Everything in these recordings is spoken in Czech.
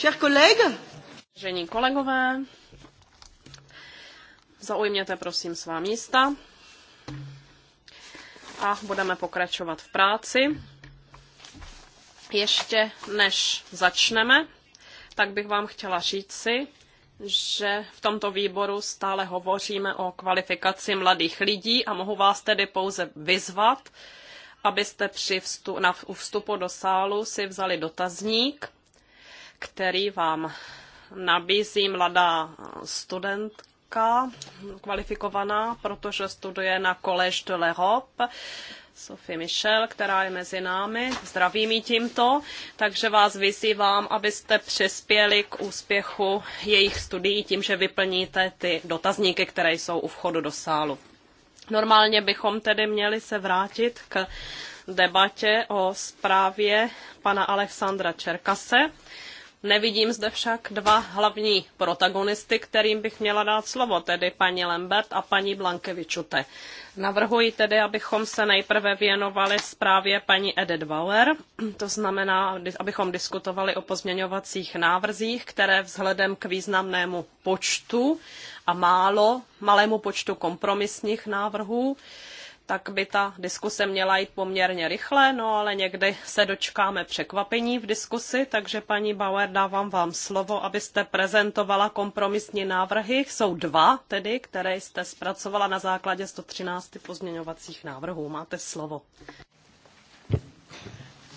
Chers collègues, Žení kolegové, zaujměte prosím svá místa a budeme pokračovat v práci. Ještě než začneme, tak bych vám chtěla říct si, že v tomto výboru stále hovoříme o kvalifikaci mladých lidí a mohu vás tedy pouze vyzvat, abyste při vstup, na, u vstupu do sálu si vzali dotazník který vám nabízí mladá studentka, kvalifikovaná, protože studuje na Collège de l'Europe, Sophie Michel, která je mezi námi. Zdravím ji tímto, takže vás vyzývám, abyste přispěli k úspěchu jejich studií tím, že vyplníte ty dotazníky, které jsou u vchodu do sálu. Normálně bychom tedy měli se vrátit k debatě o zprávě pana Alexandra Čerkase, Nevidím zde však dva hlavní protagonisty, kterým bych měla dát slovo, tedy paní Lambert a paní Blankevičute. Navrhuji tedy, abychom se nejprve věnovali zprávě paní Edith Bauer, to znamená, abychom diskutovali o pozměňovacích návrzích, které vzhledem k významnému počtu a málo, malému počtu kompromisních návrhů, tak by ta diskuse měla jít poměrně rychle, no ale někdy se dočkáme překvapení v diskusi, takže paní Bauer, dávám vám slovo, abyste prezentovala kompromisní návrhy. Jsou dva tedy, které jste zpracovala na základě 113 pozměňovacích návrhů. Máte slovo.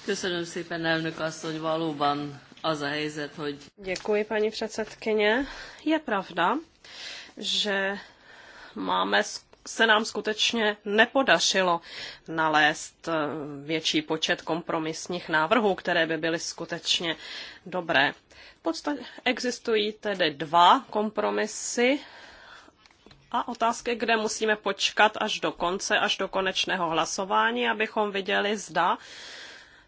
Köszönöm szépen, elnök asszony, valóban az a helyzet, hogy... Děkuji, paní předsedkyně. Je pravda, že máme se nám skutečně nepodařilo nalézt eh, větší počet kompromisních návrhů, které by byly skutečně dobré. V podstatě existují tedy dva kompromisy a otázky, kde musíme počkat až do konce, až do konečného hlasování, abychom viděli, zda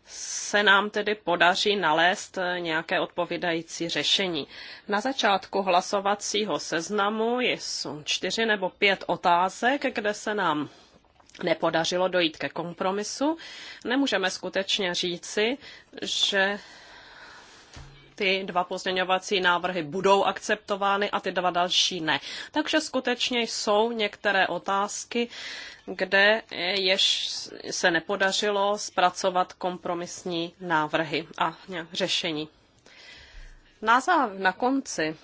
se nám tedy podaří nalézt eh, nějaké odpovídající řešení. Na začátku hlasovacího seznamu jsou čtyři nebo pět otázek, kde se nám nepodařilo dojít ke kompromisu. Nemůžeme skutečně říci, že ty dva pozměňovací návrhy budou akceptovány a ty dva další ne. Takže skutečně jsou některé otázky, kde jež se nepodařilo zpracovat kompromisní návrhy a řešení. Na, záv- na konci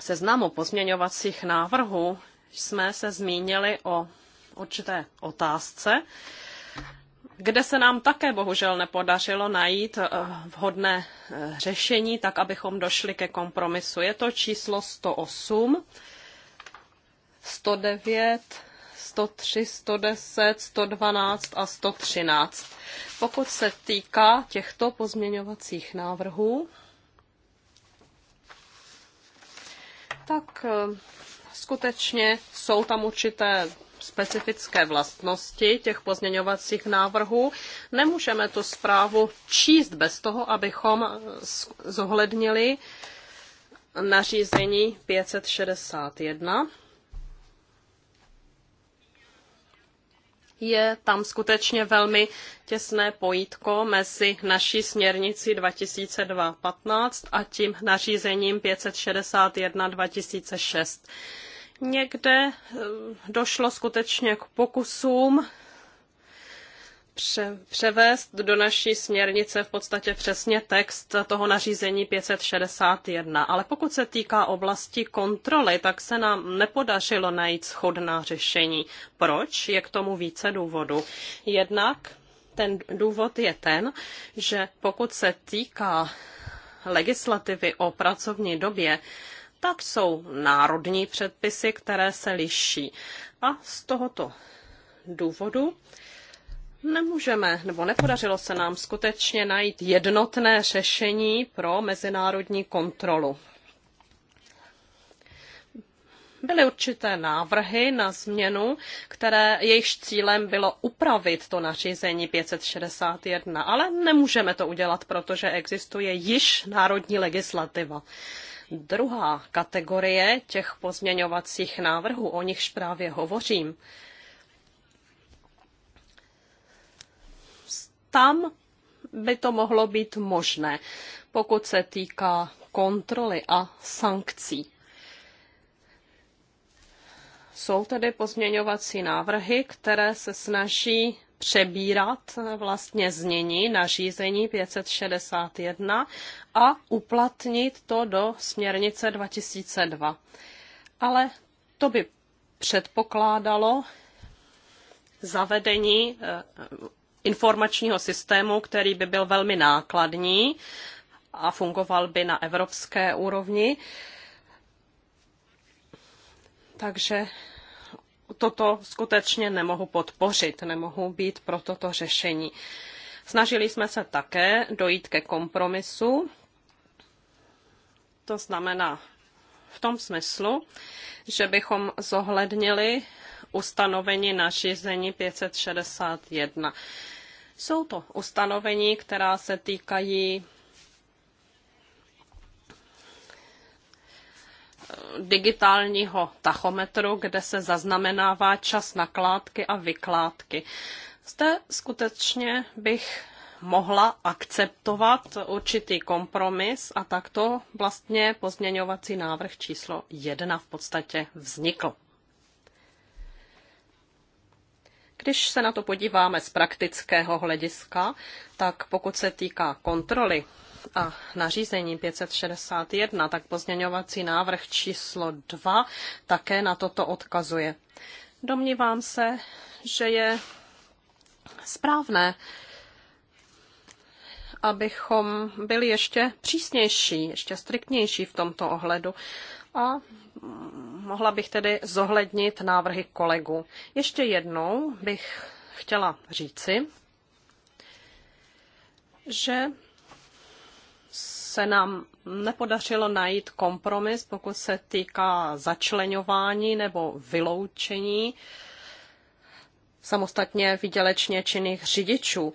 seznamu pozměňovacích návrhů jsme se zmínili o určité otázce, kde se nám také bohužel nepodařilo najít eh, vhodné eh, řešení, tak abychom došli ke kompromisu. Je to číslo 108, 109, 103, 110, 112 a 113. Pokud se týká těchto pozměňovacích návrhů, tak eh, skutečně jsou tam určité specifické vlastnosti těch pozměňovacích návrhů. Nemůžeme tu zprávu číst bez toho, abychom zohlednili nařízení 561. Je tam skutečně velmi těsné pojítko mezi naší směrnicí 2002-15 a tím nařízením 561-2006. Někde eh, došlo skutečně k pokusům převést do naší směrnice v podstatě přesně text toho nařízení 561. Ale pokud se týká oblasti kontroly, tak se nám nepodařilo najít schodná řešení. Proč? Je k tomu více důvodů. Jednak ten důvod je ten, že pokud se týká legislativy o pracovní době, tak jsou národní předpisy, které se liší. A z tohoto důvodu nemůžeme, nebo nepodařilo se nám skutečně najít jednotné řešení pro mezinárodní kontrolu. Byly určité návrhy na změnu, které jejich cílem bylo upravit to nařízení 561, ale nemůžeme to udělat, protože existuje již národní legislativa. Druhá kategorie těch pozměňovacích návrhů, o nichž právě hovořím, tam by to mohlo být možné, pokud se týká kontroly a sankcí. Jsou tedy pozměňovací návrhy, které se snaží přebírat eh, vlastně znění nařízení 561 a uplatnit to do směrnice 2002. Ale to by předpokládalo zavedení eh, informačního systému, který by byl velmi nákladný a fungoval by na evropské úrovni. Takže toto skutečně nemohu podpořit, nemohu být pro toto řešení. Snažili jsme se také dojít ke kompromisu, to znamená v tom smyslu, že bychom zohlednili ustanovení nařízení 561. Jsou to ustanovení, která se týkají digitálního tachometru, kde se zaznamenává čas nakládky a vykládky. Zde skutečně bych mohla akceptovat určitý kompromis a takto vlastně pozměňovací návrh číslo jedna v podstatě vznikl. Když se na to podíváme z praktického hlediska, tak pokud se týká kontroly a nařízení 561, tak pozměňovací návrh číslo 2 také na toto odkazuje. Domnívám se, že je správné, abychom byli ještě přísnější, ještě striktnější v tomto ohledu. A mohla bych tedy zohlednit návrhy kolegů. Ještě jednou bych chtěla říci, že se nám nepodařilo najít kompromis, pokud se týká začlenování nebo vyloučení samostatně výdělečně činných řidičů.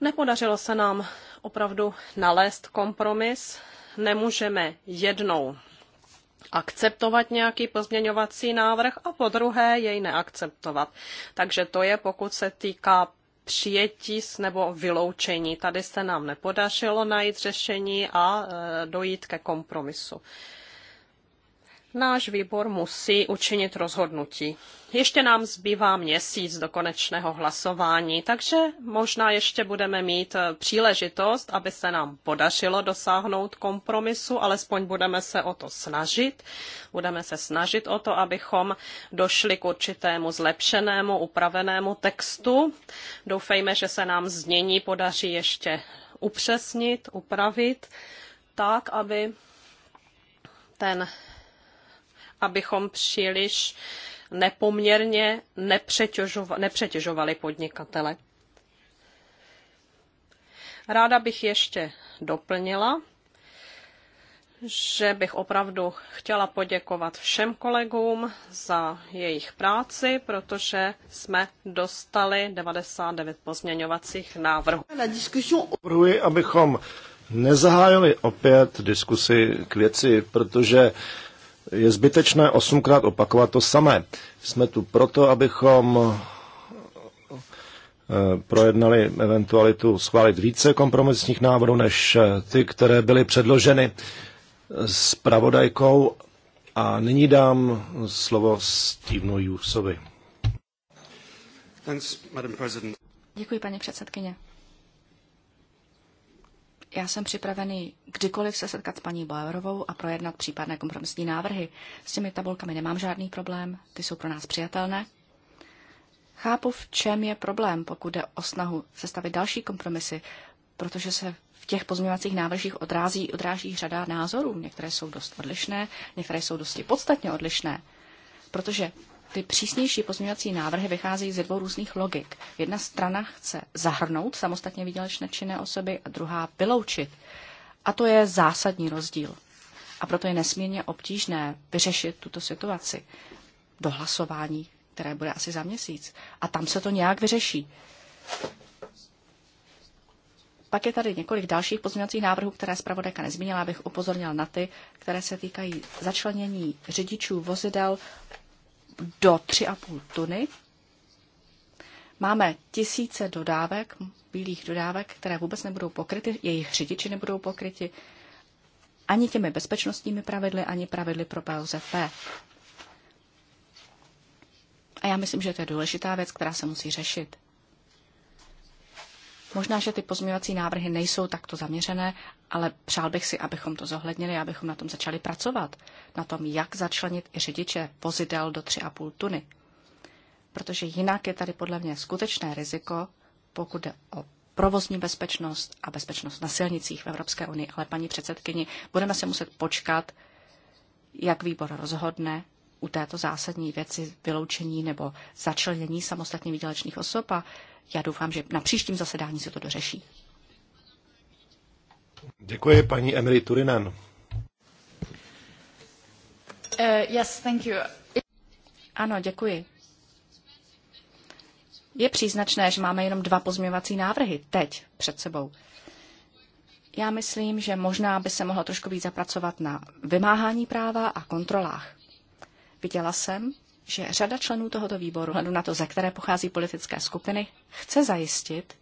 Nepodařilo se nám opravdu nalézt kompromis. Nemůžeme jednou akceptovat nějaký pozměňovací návrh a po druhé jej neakceptovat. Takže to je, pokud se týká přijetí nebo vyloučení. Tady se nám nepodařilo najít řešení a e, dojít ke kompromisu. Náš výbor musí učinit rozhodnutí. Ještě nám zbývá měsíc do konečného hlasování, takže možná ještě budeme mít eh, příležitost, aby se nám podařilo dosáhnout kompromisu, alespoň budeme se o to snažit. Budeme se snažit o to, abychom došli k určitému zlepšenému, upravenému textu. Doufejme, že se nám znění podaří ještě upřesnit, upravit, tak, aby ten abychom příliš nepoměrně nepřetěžovali, nepřetěžovali podnikatele. Ráda bych ještě doplnila, že bych opravdu chtěla poděkovat všem kolegům za jejich práci, protože jsme dostali 99 pozměňovacích návrhů. Navrhuji, abychom nezahájili opět diskusi k věci, protože je zbytečné osmkrát opakovat to samé. Jsme tu proto, abychom eh, projednali eventualitu schválit více kompromisních návrhů než eh, ty, které byly předloženy s pravodajkou. A nyní dám slovo Stevenu Jusovi. Děkuji, paní předsedkyně. Já jsem připravený kdykoliv se setkat s paní Bauerovou a projednat případné kompromisní návrhy. S těmi tabulkami nemám žádný problém, ty jsou pro nás přijatelné. Chápu, v čem je problém, pokud jde o snahu sestavit další kompromisy, protože se v těch pozměňovacích návrzích odrází, odráží řada názorů. Některé jsou dost odlišné, některé jsou dosti podstatně odlišné, protože ty přísnější pozměňovací návrhy vycházejí ze dvou různých logik. Jedna strana chce zahrnout samostatně výdělečné činné osoby a druhá vyloučit. A to je zásadní rozdíl. A proto je nesmírně obtížné vyřešit tuto situaci do hlasování, které bude asi za měsíc. A tam se to nějak vyřeší. Pak je tady několik dalších pozměňovacích návrhů, které zpravodajka nezmínila, abych upozornil na ty, které se týkají začlenění řidičů vozidel do 3,5 tuny. Máme tisíce dodávek, bílých dodávek, které vůbec nebudou pokryty, jejich řidiči nebudou pokryti ani těmi bezpečnostními pravidly, ani pravidly pro POZP. A já myslím, že to je důležitá věc, která se musí řešit. Možná, že ty pozměňovací návrhy nejsou takto zaměřené, ale přál bych si, abychom to zohlednili, abychom na tom začali pracovat. Na tom, jak začlenit i řidiče vozidel do 3,5 tuny. Protože jinak je tady podle mě skutečné riziko, pokud jde o provozní bezpečnost a bezpečnost na silnicích v Evropské unii. Ale paní předsedkyni, budeme se muset počkat, jak výbor rozhodne u této zásadní věci vyloučení nebo začlenění samostatně výdělečných osob a já doufám, že na příštím zasedání se to dořeší. Děkuji, paní Emily Turinen. Uh, yes, thank you. Ano, děkuji. Je příznačné, že máme jenom dva pozměňovací návrhy teď před sebou. Já myslím, že možná by se mohlo trošku víc zapracovat na vymáhání práva a kontrolách. Viděla jsem, že řada členů tohoto výboru, hledu na to, ze které pochází politické skupiny, chce zajistit,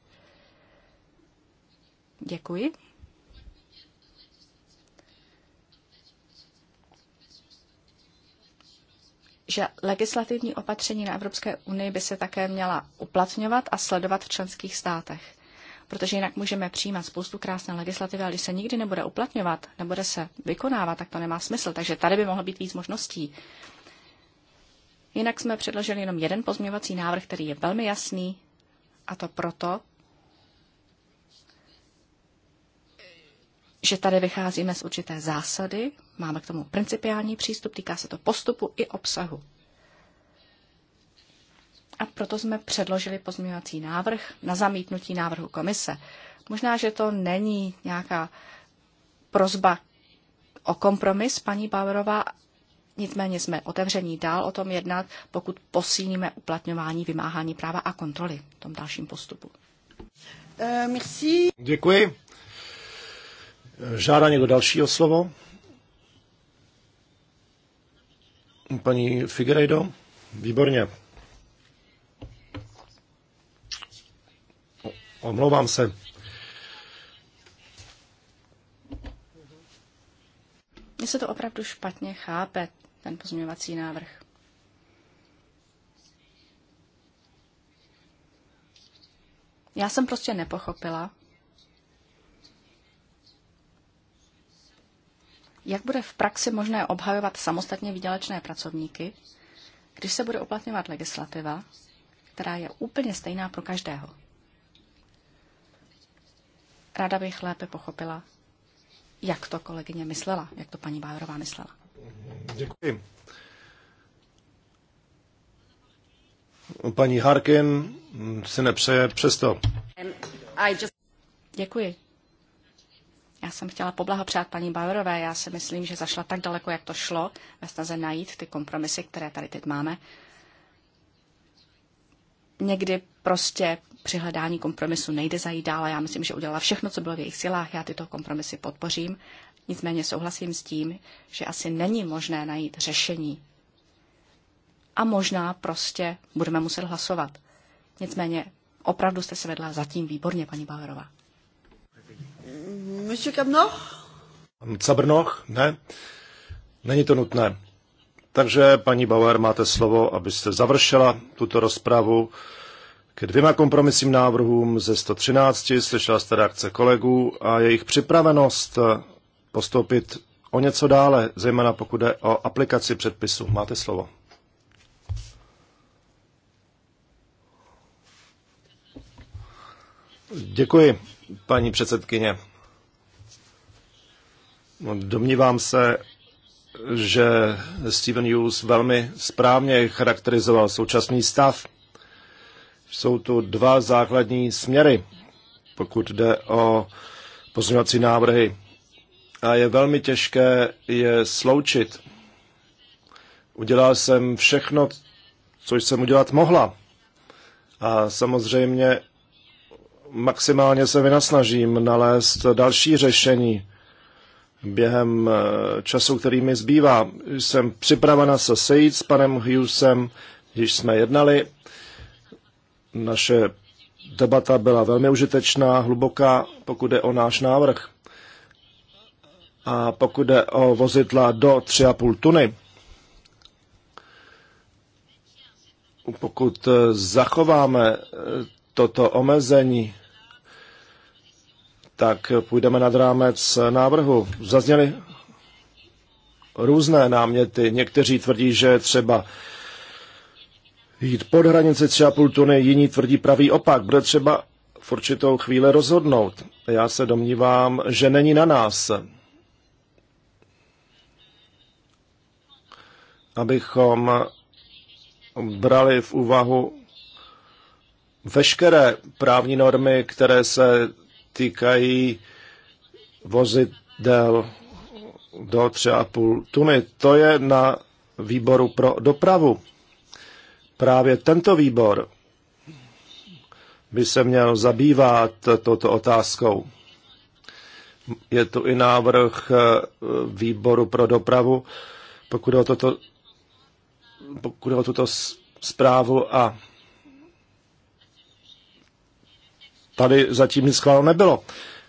děkuji, že legislativní opatření na Evropské unii by se také měla uplatňovat a sledovat v členských státech. Protože jinak můžeme přijímat spoustu krásné legislativy, ale když se nikdy nebude uplatňovat, nebude se vykonávat, tak to nemá smysl. Takže tady by mohlo být víc možností. Jinak jsme předložili jenom jeden pozměňovací návrh, který je velmi jasný, a to proto, že tady vycházíme z určité zásady, máme k tomu principiální přístup, týká se to postupu i obsahu. A proto jsme předložili pozměňovací návrh na zamítnutí návrhu komise. Možná, že to není nějaká prozba o kompromis, paní Bauerová, Nicméně jsme otevření dál o tom jednat, pokud posílíme uplatňování, vymáhání práva a kontroly v tom dalším postupu. Eh, Děkuji. Žádá někdo dalšího slovo? Paní Figueiredo? Výborně. Omlouvám se. Mně se to opravdu špatně chápe ten pozměňovací návrh. Já jsem prostě nepochopila, jak bude v praxi možné obhajovat samostatně výdělečné pracovníky, když se bude uplatňovat legislativa, která je úplně stejná pro každého. Ráda bych lépe pochopila, jak to kolegyně myslela, jak to paní Bájerová myslela. Děkuji. Paní Harkin si nepřeje přesto. Děkuji. Já jsem chtěla poblahopřát paní Bauerové. Já si myslím, že zašla tak daleko, jak to šlo, ve snaze najít ty kompromisy, které tady teď máme. Někdy prostě při hledání kompromisu nejde zajít dál a já myslím, že udělala všechno, co bylo v jejich silách. Já tyto kompromisy podpořím Nicméně souhlasím s tím, že asi není možné najít řešení. A možná prostě budeme muset hlasovat. Nicméně opravdu jste se vedla zatím výborně, paní Bauerová. Monsieur Kabnoch? Pan Cabrnoch? Ne. Není to nutné. Takže, paní Bauer, máte slovo, abyste završila tuto rozpravu ke dvěma kompromisním návrhům ze 113. Slyšela jste reakce kolegů a jejich připravenost postoupit o něco dále, zejména pokud jde o aplikaci předpisu. Máte slovo. Děkuji, paní předsedkyně. No, domnívám se, že Steven Hughes velmi správně charakterizoval současný stav. Jsou tu dva základní směry, pokud jde o pozměňovací návrhy a je velmi těžké je sloučit. Udělal jsem všechno, co jsem udělat mohla. A samozřejmě maximálně se vynasnažím nalézt další řešení během eh, času, který mi zbývá. Jsem připravena se sejít s panem Hughesem, když jsme jednali. Naše debata byla velmi užitečná, hluboká, pokud je o náš návrh. A pokud jde o vozidla do 3,5 tuny, pokud eh, zachováme eh, toto omezení, tak půjdeme nad rámec návrhu. Zazněly různé náměty. Někteří tvrdí, že třeba jít pod hranici 3,5 tuny, jiní tvrdí pravý opak. Bude třeba v určitou chvíli rozhodnout. Já se domnívám, že není na nás abychom brali v úvahu veškeré právní normy, které se týkají vozidel do 3,5 tuny. To je na výboru pro dopravu. Právě tento výbor by se měl zabývat toto otázkou. Je tu i návrh eh, výboru pro dopravu, pokud o toto pokud o tuto zprávu a tady zatím nic schváleno nebylo.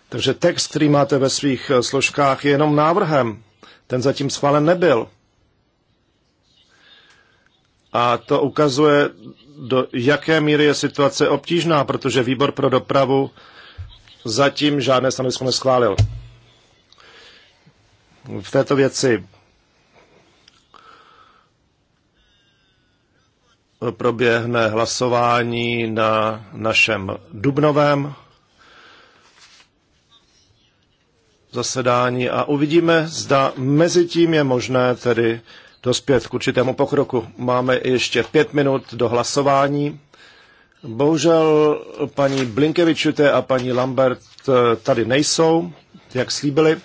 Takže text, který máte ve svých eh, složkách, je jenom návrhem. Ten zatím schválen nebyl. A to ukazuje, do jaké míry je situace obtížná, protože výbor pro dopravu zatím žádné stanovisko neschválil. V této věci proběhne hlasování na našem dubnovém zasedání a uvidíme, zda mezi tím je možné tedy dospět k určitému pokroku. Máme ještě pět minut do hlasování. Bohužel paní Blinkevičute a paní Lambert eh, tady nejsou, jak slíbili,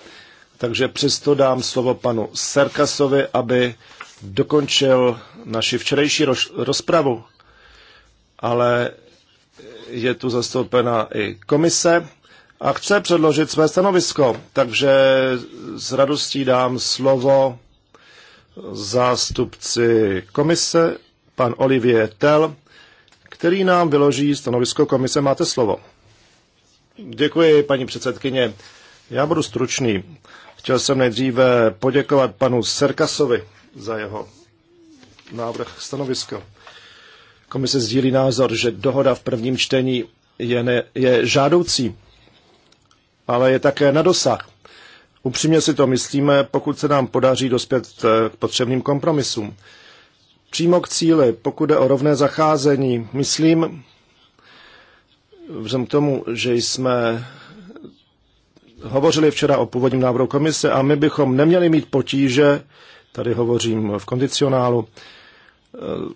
takže přesto dám slovo panu Serkasovi, aby dokončil naši včerejší rozpravu, ale je tu zastoupena i komise a chce předložit své stanovisko, takže s radostí dám slovo zástupci komise, pan Olivier Tell, který nám vyloží stanovisko komise. Máte slovo. Děkuji, paní předsedkyně. Já budu stručný. Chtěl jsem nejdříve poděkovat panu Serkasovi za jeho návrh stanoviska. Komise sdílí názor, že dohoda v prvním čtení je, ne, je žádoucí, ale je také na dosah. Upřímně si to myslíme, pokud se nám podaří dospět eh, k potřebným kompromisům. Přímo k cíli, pokud jde o rovné zacházení, myslím, vzhledem k tomu, že jsme hovořili včera o původním návrhu komise a my bychom neměli mít potíže, tady hovořím v kondicionálu, Eh,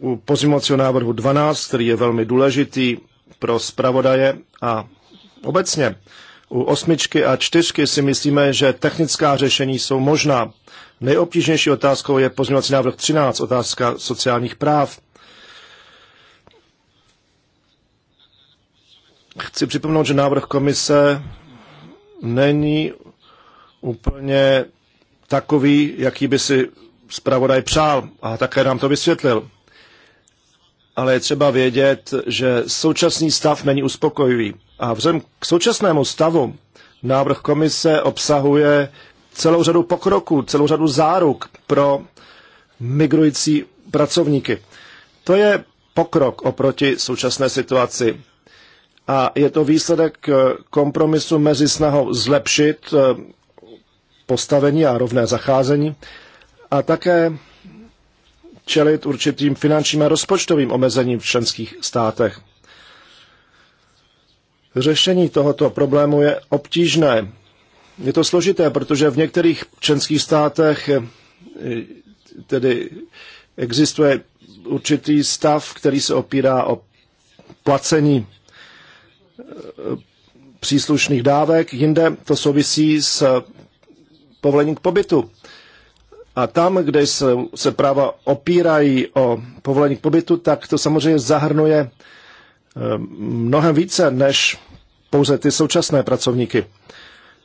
u pozimocího návrhu 12, který je velmi důležitý pro zpravodaje a obecně u osmičky a čtyřky si myslíme, že technická řešení jsou možná. Nejobtížnější otázkou je pozměňovací návrh 13, otázka sociálních práv. Chci připomenout, že návrh komise není úplně takový, jaký by si zpravodaj přál a také nám to vysvětlil. Ale je třeba vědět, že současný stav není uspokojivý. A vzhledem k současnému stavu návrh komise obsahuje celou řadu pokroků, celou řadu záruk pro migrující pracovníky. To je pokrok oproti současné situaci. A je to výsledek eh, kompromisu mezi snahou zlepšit eh, postavení a rovné zacházení a také čelit určitým finančním a rozpočtovým omezením v členských státech. Řešení tohoto problému je obtížné. Je to složité, protože v některých členských státech eh, tedy existuje určitý stav, který se opírá o placení eh, příslušných dávek. Jinde to souvisí s povolením k pobytu. A tam, kde se, se práva opírají o povolení k pobytu, tak to samozřejmě zahrnuje eh, mnohem více než pouze ty současné pracovníky.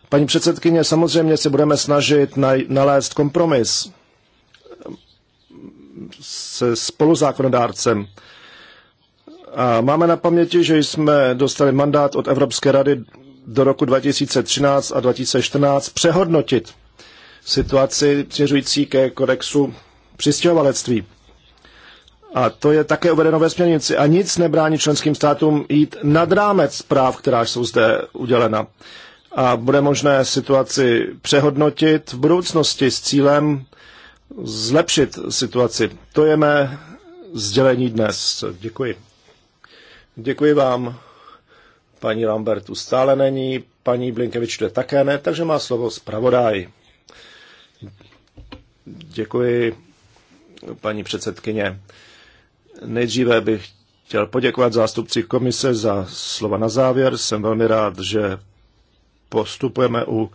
Paní předsedkyně, samozřejmě se budeme snažit nalézt kompromis eh, se spoluzákonodárcem. A máme na paměti, že jsme dostali mandát od Evropské rady do roku 2013 a 2014 přehodnotit situaci přiřující ke kodexu přistěhovalectví. A to je také uvedeno ve směrnici. A nic nebrání členským státům jít nad rámec práv, která jsou zde udělena. A bude možné situaci přehodnotit v budoucnosti s cílem zlepšit situaci. To je mé sdělení dnes. Děkuji. Děkuji vám. Paní Lambertu, stále není, paní Blinkevič tu také ne, takže má slovo zpravodaj. Děkuji, paní předsedkyně. Nejdříve bych chtěl poděkovat zástupci komise za slova na závěr. Jsem velmi rád, že postupujeme u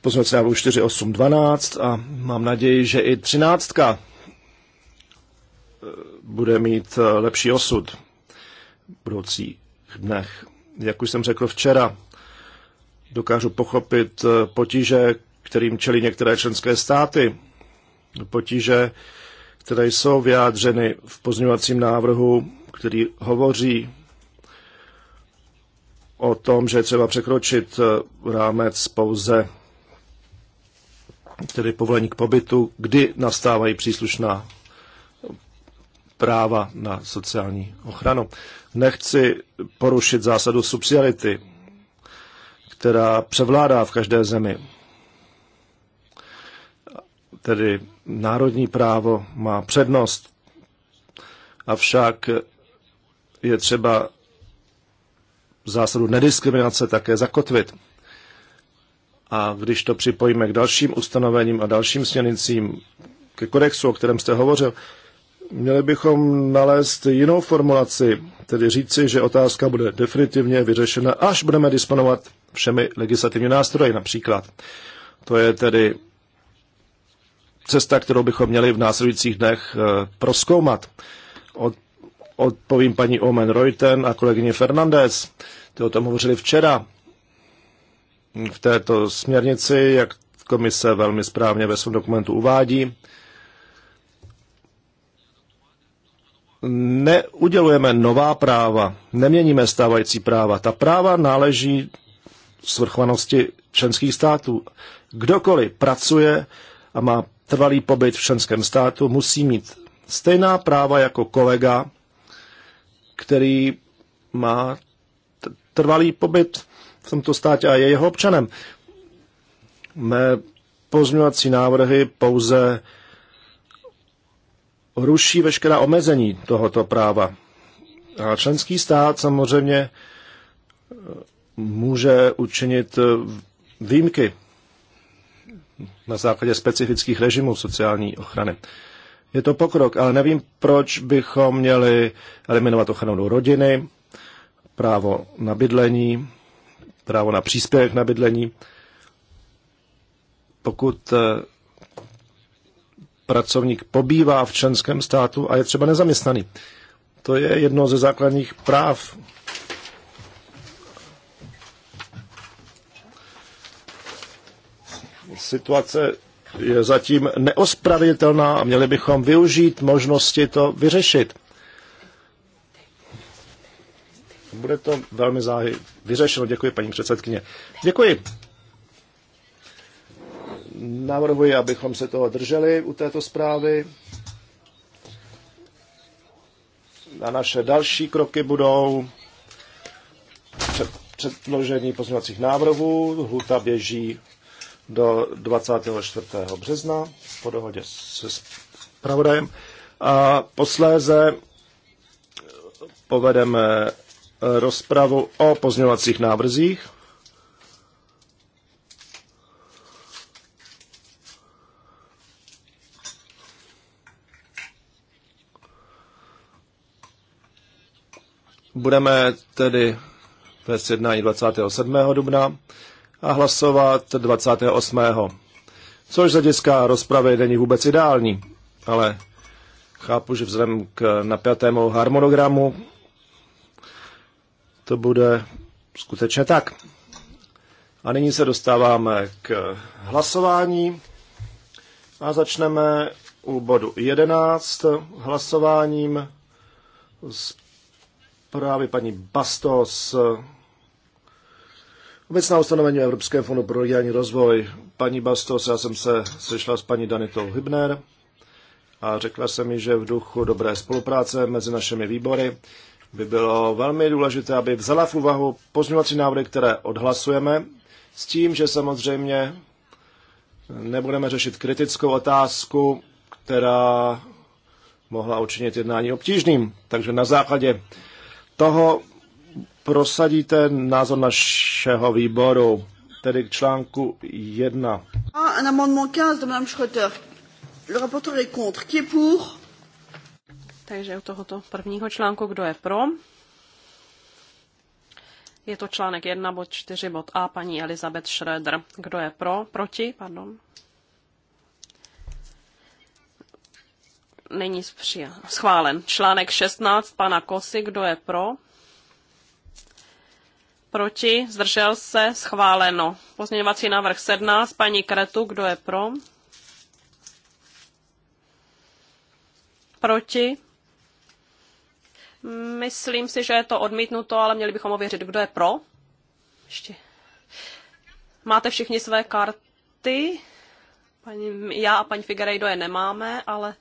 pozměnce návrhu 4812 a mám naději, že i 13 eh, bude mít eh, lepší osud v budoucích dnech. Jak už jsem řekl včera, dokážu pochopit eh, potíže, kterým čelí některé členské státy. Potíže, které jsou vyjádřeny v pozňovacím návrhu, který hovoří o tom, že je třeba překročit eh, rámec pouze tedy povolení k pobytu, kdy nastávají příslušná práva na sociální ochranu. Nechci porušit zásadu subsidiarity, která převládá v každé zemi tedy národní právo má přednost, avšak je třeba zásadu nediskriminace také zakotvit. A když to připojíme k dalším ustanovením a dalším směrnicím, ke kodexu, o kterém jste hovořil, měli bychom nalézt jinou formulaci, tedy říci, že otázka bude definitivně vyřešena, až budeme disponovat všemi legislativní nástroji například. To je tedy cesta, kterou bychom měli v následujících dnech eh, proskoumat. Od, odpovím paní Omen Reuten a kolegyně Fernandez. Ty o tom hovořili včera v této směrnici, jak komise velmi správně ve svém dokumentu uvádí. Neudělujeme nová práva, neměníme stávající práva. Ta práva náleží svrchovanosti členských států. Kdokoliv pracuje a má trvalý pobyt v členském státu musí mít stejná práva jako kolega, který má trvalý pobyt v tomto státě a je jeho občanem. Mé pozměňovací návrhy pouze ruší veškerá omezení tohoto práva. A členský stát samozřejmě může učinit výjimky na základě specifických režimů sociální ochrany. Je to pokrok, ale nevím, proč bychom měli eliminovat ochranu rodiny, právo na bydlení, právo na příspěvek na bydlení. Pokud eh, pracovník pobývá v členském státu a je třeba nezaměstnaný. To je jedno ze základních práv situace je zatím neospravitelná a měli bychom využít možnosti to vyřešit. Bude to velmi záhy vyřešeno. Děkuji, paní předsedkyně. Děkuji. Navrhuji, abychom se toho drželi u této zprávy. A naše další kroky budou předložení pozměňovacích návrhů. Hluta běží do 24. března po dohodě se zpravodajem. A posléze povedeme rozpravu o pozměňovacích návrzích. Budeme tedy ve jednání 27. dubna a hlasovat 28. Což z hlediska rozpravy není vůbec ideální, ale chápu, že vzhledem k napjatému harmonogramu to bude skutečně tak. A nyní se dostáváme k hlasování a začneme u bodu 11 hlasováním z právě paní Bastos Obecná ustanovení Evropského fondu pro regionální rozvoj. Paní Bastos, já jsem se sešla s paní Danitou Hybner a řekla jsem mi, že v duchu dobré spolupráce mezi našimi výbory by bylo velmi důležité, aby vzala v úvahu pozměňovací návrhy, které odhlasujeme, s tím, že samozřejmě nebudeme řešit kritickou otázku, která mohla učinit jednání obtížným. Takže na základě toho prosadíte názor našeho výboru, tedy k článku 1. Ah, un amendement 15 de Mme Schroeter. Le rapporteur est contre. Qui est pour? Takže u tohoto prvního článku, kdo je pro? Je to článek 1 bod 4 bod A paní Elizabeth Schröder. Kdo je pro? Proti? Pardon. Není přijat. Schválen. Článek 16 pana Kosy. Kdo je pro? Proti? Zdržel se? Schváleno. Pozměňovací návrh 17. Paní Kretu, kdo je pro? Proti? Myslím si, že je to odmítnuto, ale měli bychom ověřit, kdo je pro. Ještě. Máte všichni své karty? Paní, já a paní Figueiredo je nemáme, ale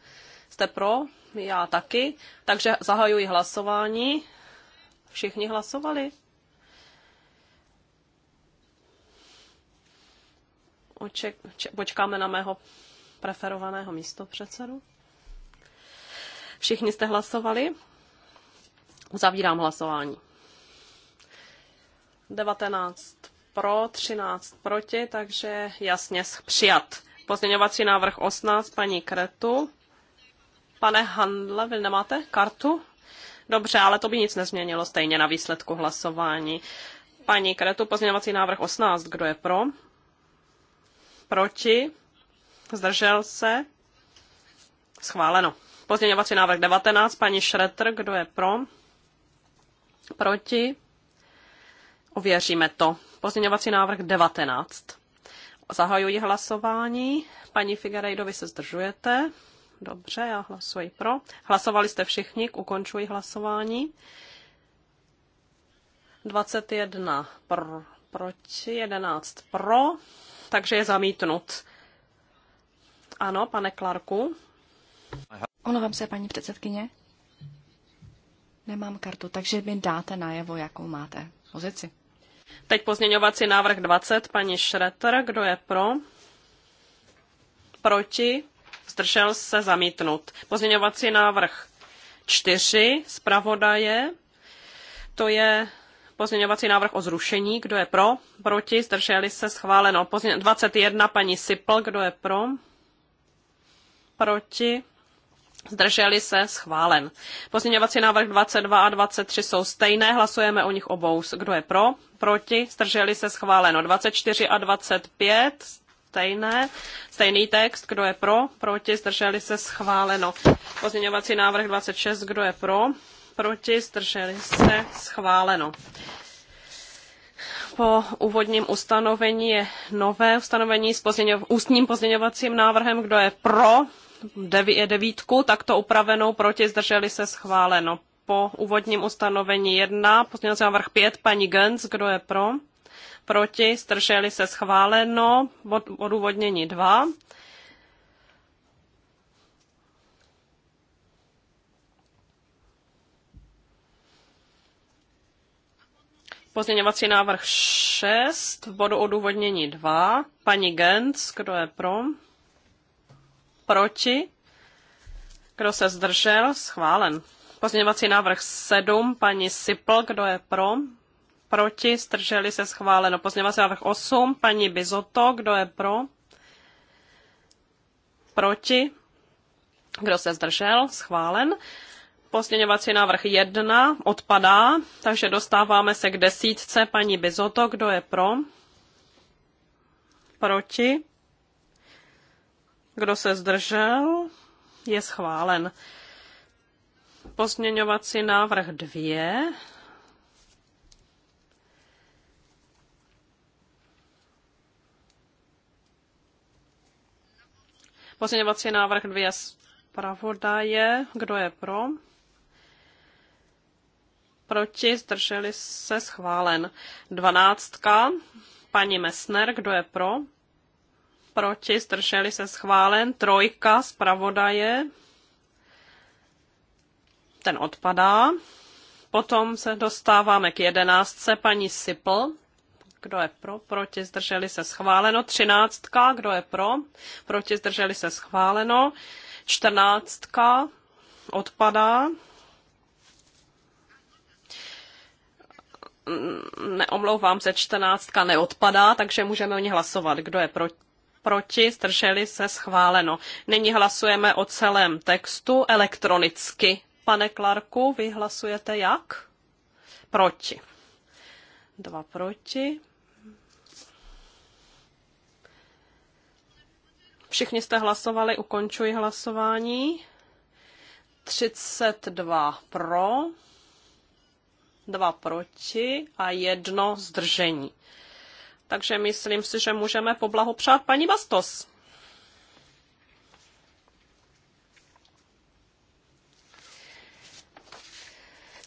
jste pro, já taky. Takže zahajuji hlasování. Všichni hlasovali? oček, počkáme na mého preferovaného místo předsedu. Všichni jste hlasovali. Uzavírám hlasování. 19 pro, 13 proti, takže jasně přijat. Pozměňovací návrh 18, paní Kretu. Pane Handle, vy nemáte kartu? Dobře, ale to by nic nezměnilo stejně na výsledku hlasování. Paní Kretu, pozměňovací návrh 18, kdo je pro? proti, zdržel se, schváleno. Pozměňovací návrh 19, paní Šretr, kdo je pro, proti, ověříme to. Pozměňovací návrh 19. Zahajuji hlasování. Paní Figarejdo, vy se zdržujete. Dobře, já hlasuji pro. Hlasovali jste všichni, ukončuji hlasování. 21 pro, proti, 11 pro, takže je zamítnut. Ano, pane Ono Omlouvám se, paní předsedkyně. Nemám kartu, takže mi dáte najevo, jakou máte pozici. Teď pozměňovací návrh 20, paní Šreter, kdo je pro? Proti? Zdržel se zamítnut. Pozměňovací návrh 4, zpravodaje, to je pozměňovací návrh o zrušení. Kdo je pro? Proti? Zdrželi se? Schváleno. Pozměň... 21. Paní Sipl. Kdo je pro? Proti? Zdrželi se? Schválen. Pozměňovací návrh 22 a 23 jsou stejné. Hlasujeme o nich obou. Kdo je pro? Proti? Zdrželi se? Schváleno. 24 a 25 stejné. Stejný text, kdo je pro, proti, zdrželi se schváleno. Pozměňovací návrh 26, kdo je pro, proti, zdrželi se, schváleno. Po úvodním ustanovení je nové ustanovení s pozděňov, ústním pozměňovacím návrhem, kdo je pro, devi, je devítku, takto upravenou, proti, zdrželi se, schváleno. Po úvodním ustanovení 1, pozměňovací návrh 5, paní Gens, kdo je pro, proti, zdrželi se, schváleno, bod, odůvodnění 2 Pozměňovací návrh 6 v bodu odůvodnění 2. Paní Gens, kdo je pro? Proti? Kdo se zdržel? Schválen. Pozměňovací návrh 7, paní Sipl, kdo je pro? Proti, zdrželi se schváleno. Pozměňovací návrh 8, paní Bizoto, kdo je pro? Proti, kdo se zdržel? Schválen. Pozměňovací návrh 1 odpadá, takže dostáváme se k desítce paní Bizoto. Kdo je pro? Proti? Kdo se zdržel? Je schválen. Pozměňovací návrh 2. Pozměňovací návrh 2 zpravodaje. Kdo je pro? proti, zdrželi se, schválen. Dvanáctka, paní Mesner, kdo je pro, proti, zdrželi se, schválen. Trojka, zpravodaje, ten odpadá. Potom se dostáváme k jedenáctce, paní Sipl, kdo je pro, proti, zdrželi se, schváleno. Třináctka, kdo je pro, proti, zdrželi se, schváleno. Čtrnáctka, odpadá. neomlouvám se, čtrnáctka neodpadá, takže můžeme o ní hlasovat. Kdo je proti? Proti, Strželi se, schváleno. Nyní hlasujeme o celém textu elektronicky. Pane Klarku, vy hlasujete jak? Proti. Dva proti. Všichni jste hlasovali, ukončuji hlasování. 32 pro, dva proti a jedno zdržení. Takže myslím si, že můžeme poblahopřát paní Bastos.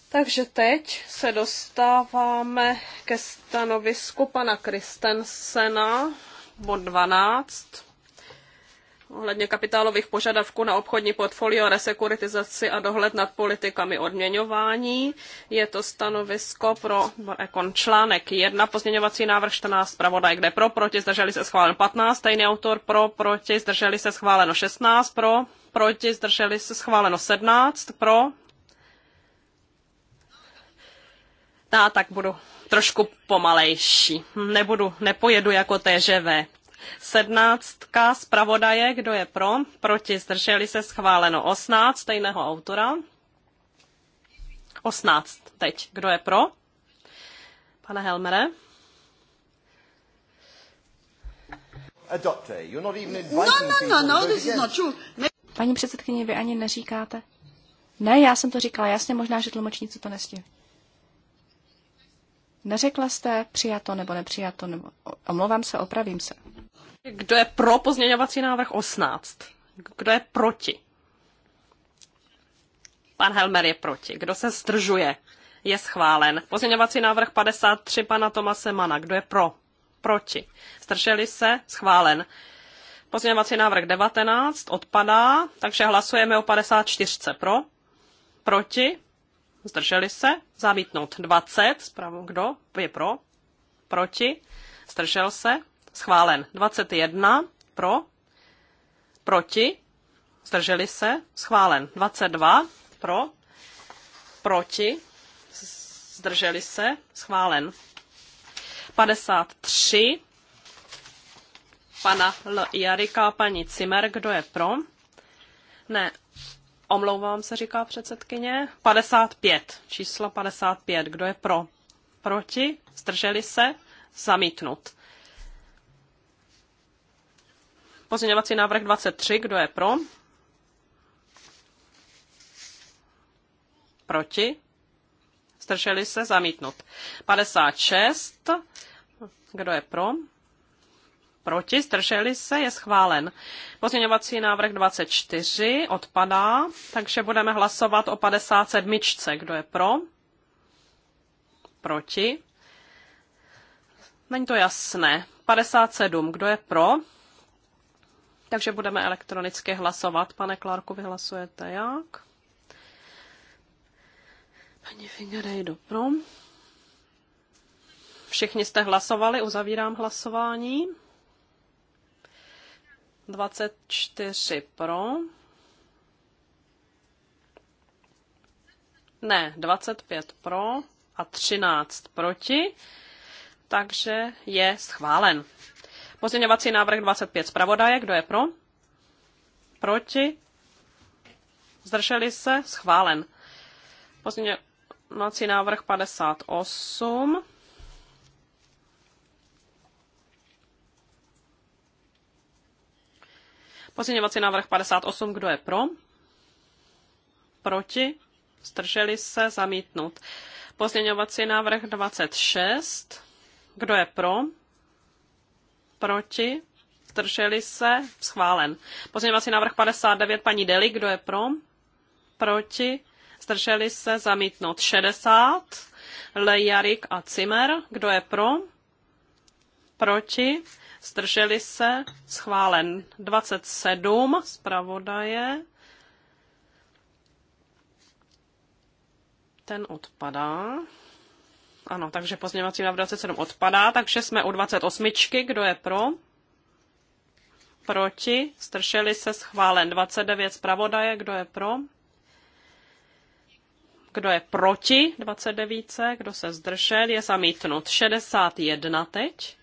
Takže teď se dostáváme ke stanovisku pana Kristensena, bod 12 ohledně kapitálových požadavků na obchodní portfolio, resekuritizaci a dohled nad politikami odměňování. Je to stanovisko pro ekon článek 1, pozměňovací návrh 14, pravodaj, kde pro, proti, zdrželi se schváleno 15, stejný autor pro, proti, zdrželi se schváleno 16, pro, proti, zdrželi se schváleno 17, pro. Tá, tak budu trošku pomalejší. Nebudu, nepojedu jako TŽV. Sednáctka zpravodaje, kdo je pro, proti, zdrželi se, schváleno. Osmnáct stejného autora. Osmnáct teď, kdo je pro? Pane Helmere. No, no, no, no, this is not true. Paní předsedkyně, vy ani neříkáte. Ne, já jsem to říkala jasně, možná, že tlumočníci to nestihli. Neřekla jste přijato nebo nepřijato, nebo omlouvám se, opravím se. Kdo je pro pozměňovací návrh 18? Kdo je proti? Pan Helmer je proti. Kdo se zdržuje? Je schválen. Pozměňovací návrh 53 pana Tomase Mana. Kdo je pro? Proti. Zdrželi se? Schválen. Pozměňovací návrh 19 odpadá, takže hlasujeme o 54 pro. Proti. Zdrželi se? Zamítnout 20. Zpravo, kdo je pro? Proti. Zdržel se? schválen. 21 pro, proti, zdrželi se, schválen. 22 pro, proti, zdrželi se, schválen. 53 pana L. Jarika a paní Cimer, kdo je pro? Ne, omlouvám se, říká předsedkyně. 55, číslo 55, kdo je pro? Proti, zdrželi se, zamítnut. Pozměňovací návrh 23, kdo je pro? Proti? Zdrželi se zamítnut. 56, kdo je pro? Proti, zdrželi se, je schválen. Pozměňovací návrh 24 odpadá, takže budeme hlasovat o 57. Kdo je pro? Proti. Není to jasné. 57. Kdo je pro? Takže budeme elektronicky hlasovat. Pane Klárku, vy hlasujete jak? Paní Fingerej, pro. Všichni jste hlasovali, uzavírám hlasování. 24 pro. Ne, 25 pro a 13 proti, takže je schválen. Pozměňovací návrh 25 zpravodaje, kdo je pro? Proti? Zdrželi se? Schválen. Pozměňovací návrh 58. Pozměňovací návrh 58, kdo je pro? Proti? Zdrželi se? Zamítnut. Pozměňovací návrh 26. Kdo je pro? proti, zdrželi se, schválen. Pozměňovací návrh 59, paní Deli, kdo je pro, proti, zdrželi se, zamítnout 60, Lejarik a Cimer, kdo je pro, proti, zdrželi se, schválen 27, zpravodaje, ten odpadá. Ano, takže pozměňovací návrh 27 odpadá, takže jsme u 28. Kdo je pro? Proti? Stršeli se schválen 29 zpravodaje. Kdo je pro? Kdo je proti 29? Kdo se zdržel? Je zamítnut 61 teď.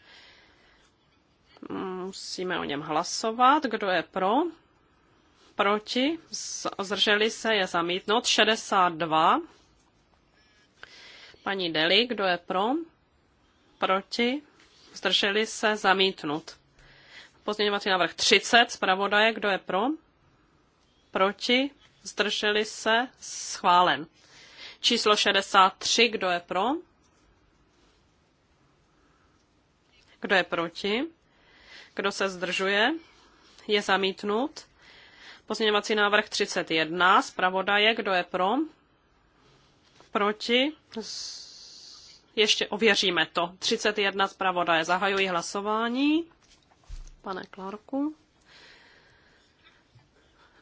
Musíme o něm hlasovat. Kdo je pro? Proti? Zdrželi se je zamítnut 62. Paní Deli, kdo je pro? Proti? Zdrželi se zamítnut. Pozměňovací návrh 30 zpravodaje, kdo je pro? Proti? Zdrželi se schválen. Číslo 63, kdo je pro? Kdo je proti? Kdo se zdržuje? Je zamítnut. Pozměňovací návrh 31. Zpravodaje, kdo je pro? proti, ještě ověříme to. 31 zpravodaje. Zahajuji hlasování. Pane Klárku,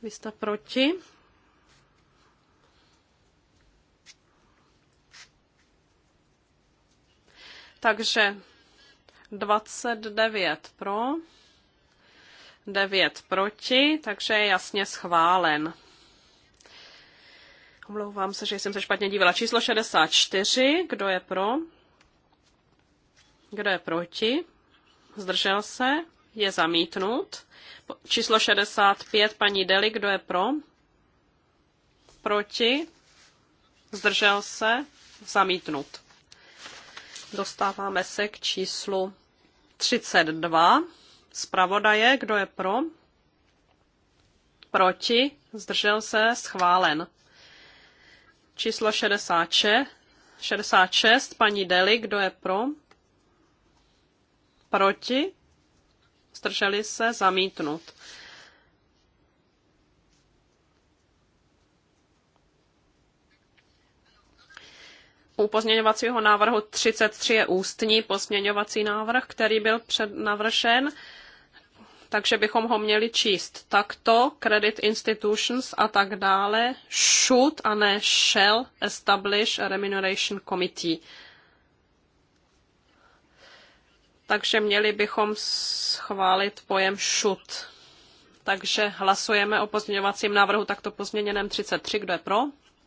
vy jste proti. Takže 29 pro, 9 proti, takže je jasně schválen. Omlouvám se, že jsem se špatně dívala. Číslo 64, kdo je pro? Kdo je proti? Zdržel se? Je zamítnut. Číslo 65, paní Deli, kdo je pro? Proti? Zdržel se? Zamítnut. Dostáváme se k číslu 32. Zpravodaje, kdo je pro? Proti? Zdržel se? Schválen. Číslo 66, 66 paní Deli, kdo je pro? Proti? Zdrželi se? Zamítnut. U pozměňovacího návrhu 33 je ústní pozměňovací návrh, který byl přednavržen takže bychom ho měli číst takto, credit institutions a tak dále, should a ne shall establish a remuneration committee. Takže měli bychom schválit pojem should. Takže hlasujeme o pozměňovacím návrhu takto pozměněném 33. Kdo je pro?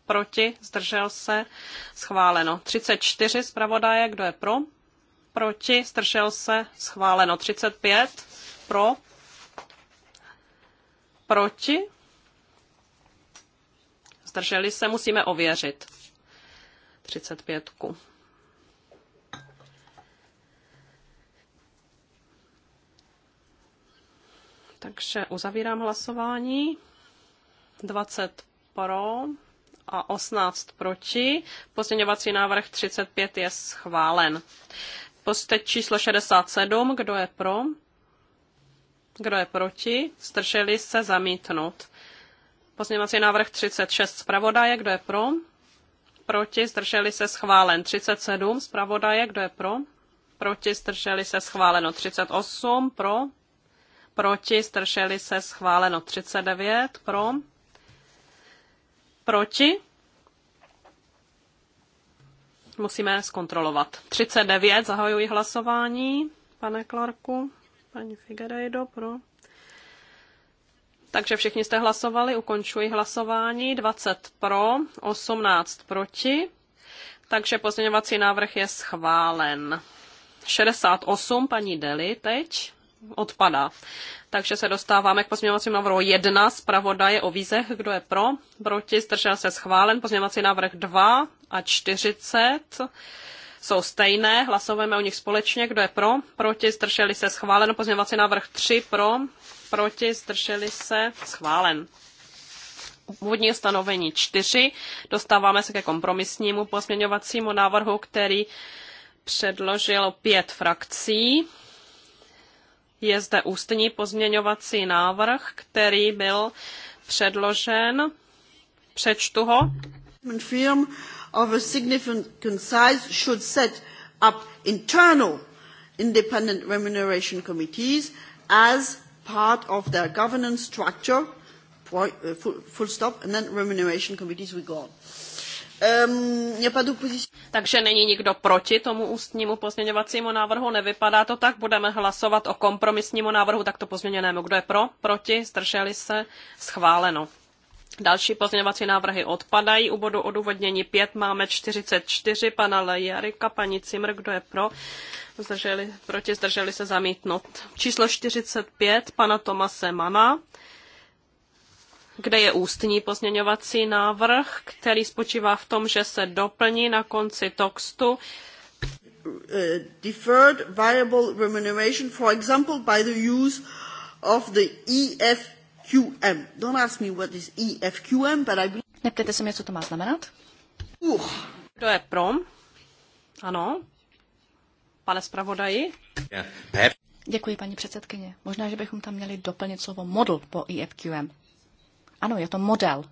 Proti? Zdržel se? Schváleno. 34 zpravodaje. Kdo je pro? Proti? Zdržel se? Schváleno. 35 pro? Proti? Zdrželi se, musíme ověřit. 35. -ku. Takže uzavírám hlasování. 20 pro a 18 proti. Pozměňovací návrh 35 je schválen. Posteč číslo 67, kdo je pro? Kdo je proti? Zdrželi se zamítnout. Pozměňovací návrh 36 zpravodaje, kdo je pro? Proti, zdrželi se schválen. 37 zpravodaje, kdo je pro? Proti, zdrželi se schváleno. 38 pro? Proti, zdrželi se schváleno. 39 pro? Proti? Musíme zkontrolovat. 39, zahajuji hlasování, pane Klarku. Paní je pro. Takže všichni jste hlasovali, ukončuji hlasování. 20 pro, 18 proti. Takže pozměňovací návrh je schválen. 68 paní Deli teď odpadá. Takže se dostáváme k pozměňovacím návrhu 1 zpravodaje o vízech. Kdo je pro? Proti? Zdržel se schválen. Pozměňovací návrh 2 a 40 jsou stejné, hlasujeme o nich společně, kdo je pro, proti, zdrželi se, schváleno, pozměňovací návrh 3 pro, proti, zdrželi se, schválen. Původní stanovení 4. Dostáváme se ke kompromisnímu pozměňovacímu návrhu, který předložilo pět frakcí. Je zde ústní pozměňovací návrh, který byl předložen. Přečtu ho. Firm of a significant size should set up internal independent remuneration committees as part of their governance structure, uh, full stop, and then remuneration committees will go on. Um, Takže není nikdo proti tomu ústnímu pozměňovacímu návrhu, nevypadá to tak. Budeme hlasovat o kompromisnímu návrhu takto pozměněnému. Kdo je pro, proti, zdrželi se, schváleno. Další pozměňovací návrhy odpadají. U bodu odůvodnění 5 máme 44 pana Lejarika, paní Cimr, kdo je pro, zdrželi, proti, zdrželi se zamítnout. Číslo 45 pana Tomase Mana, kde je ústní pozměňovací návrh, který spočívá v tom, že se doplní na konci textu eh, deferred variable remuneration, for example, by the use of the EF E QM. Don't ask me what is EFQM, but I believe... Neptejte se mě, co to má znamenat. Uch. Kdo je prom? Ano. Pane zpravodaji? Yeah. Děkuji, paní předsedkyně. Možná, že bychom tam měli doplnit slovo model po EFQM. Ano, je to model.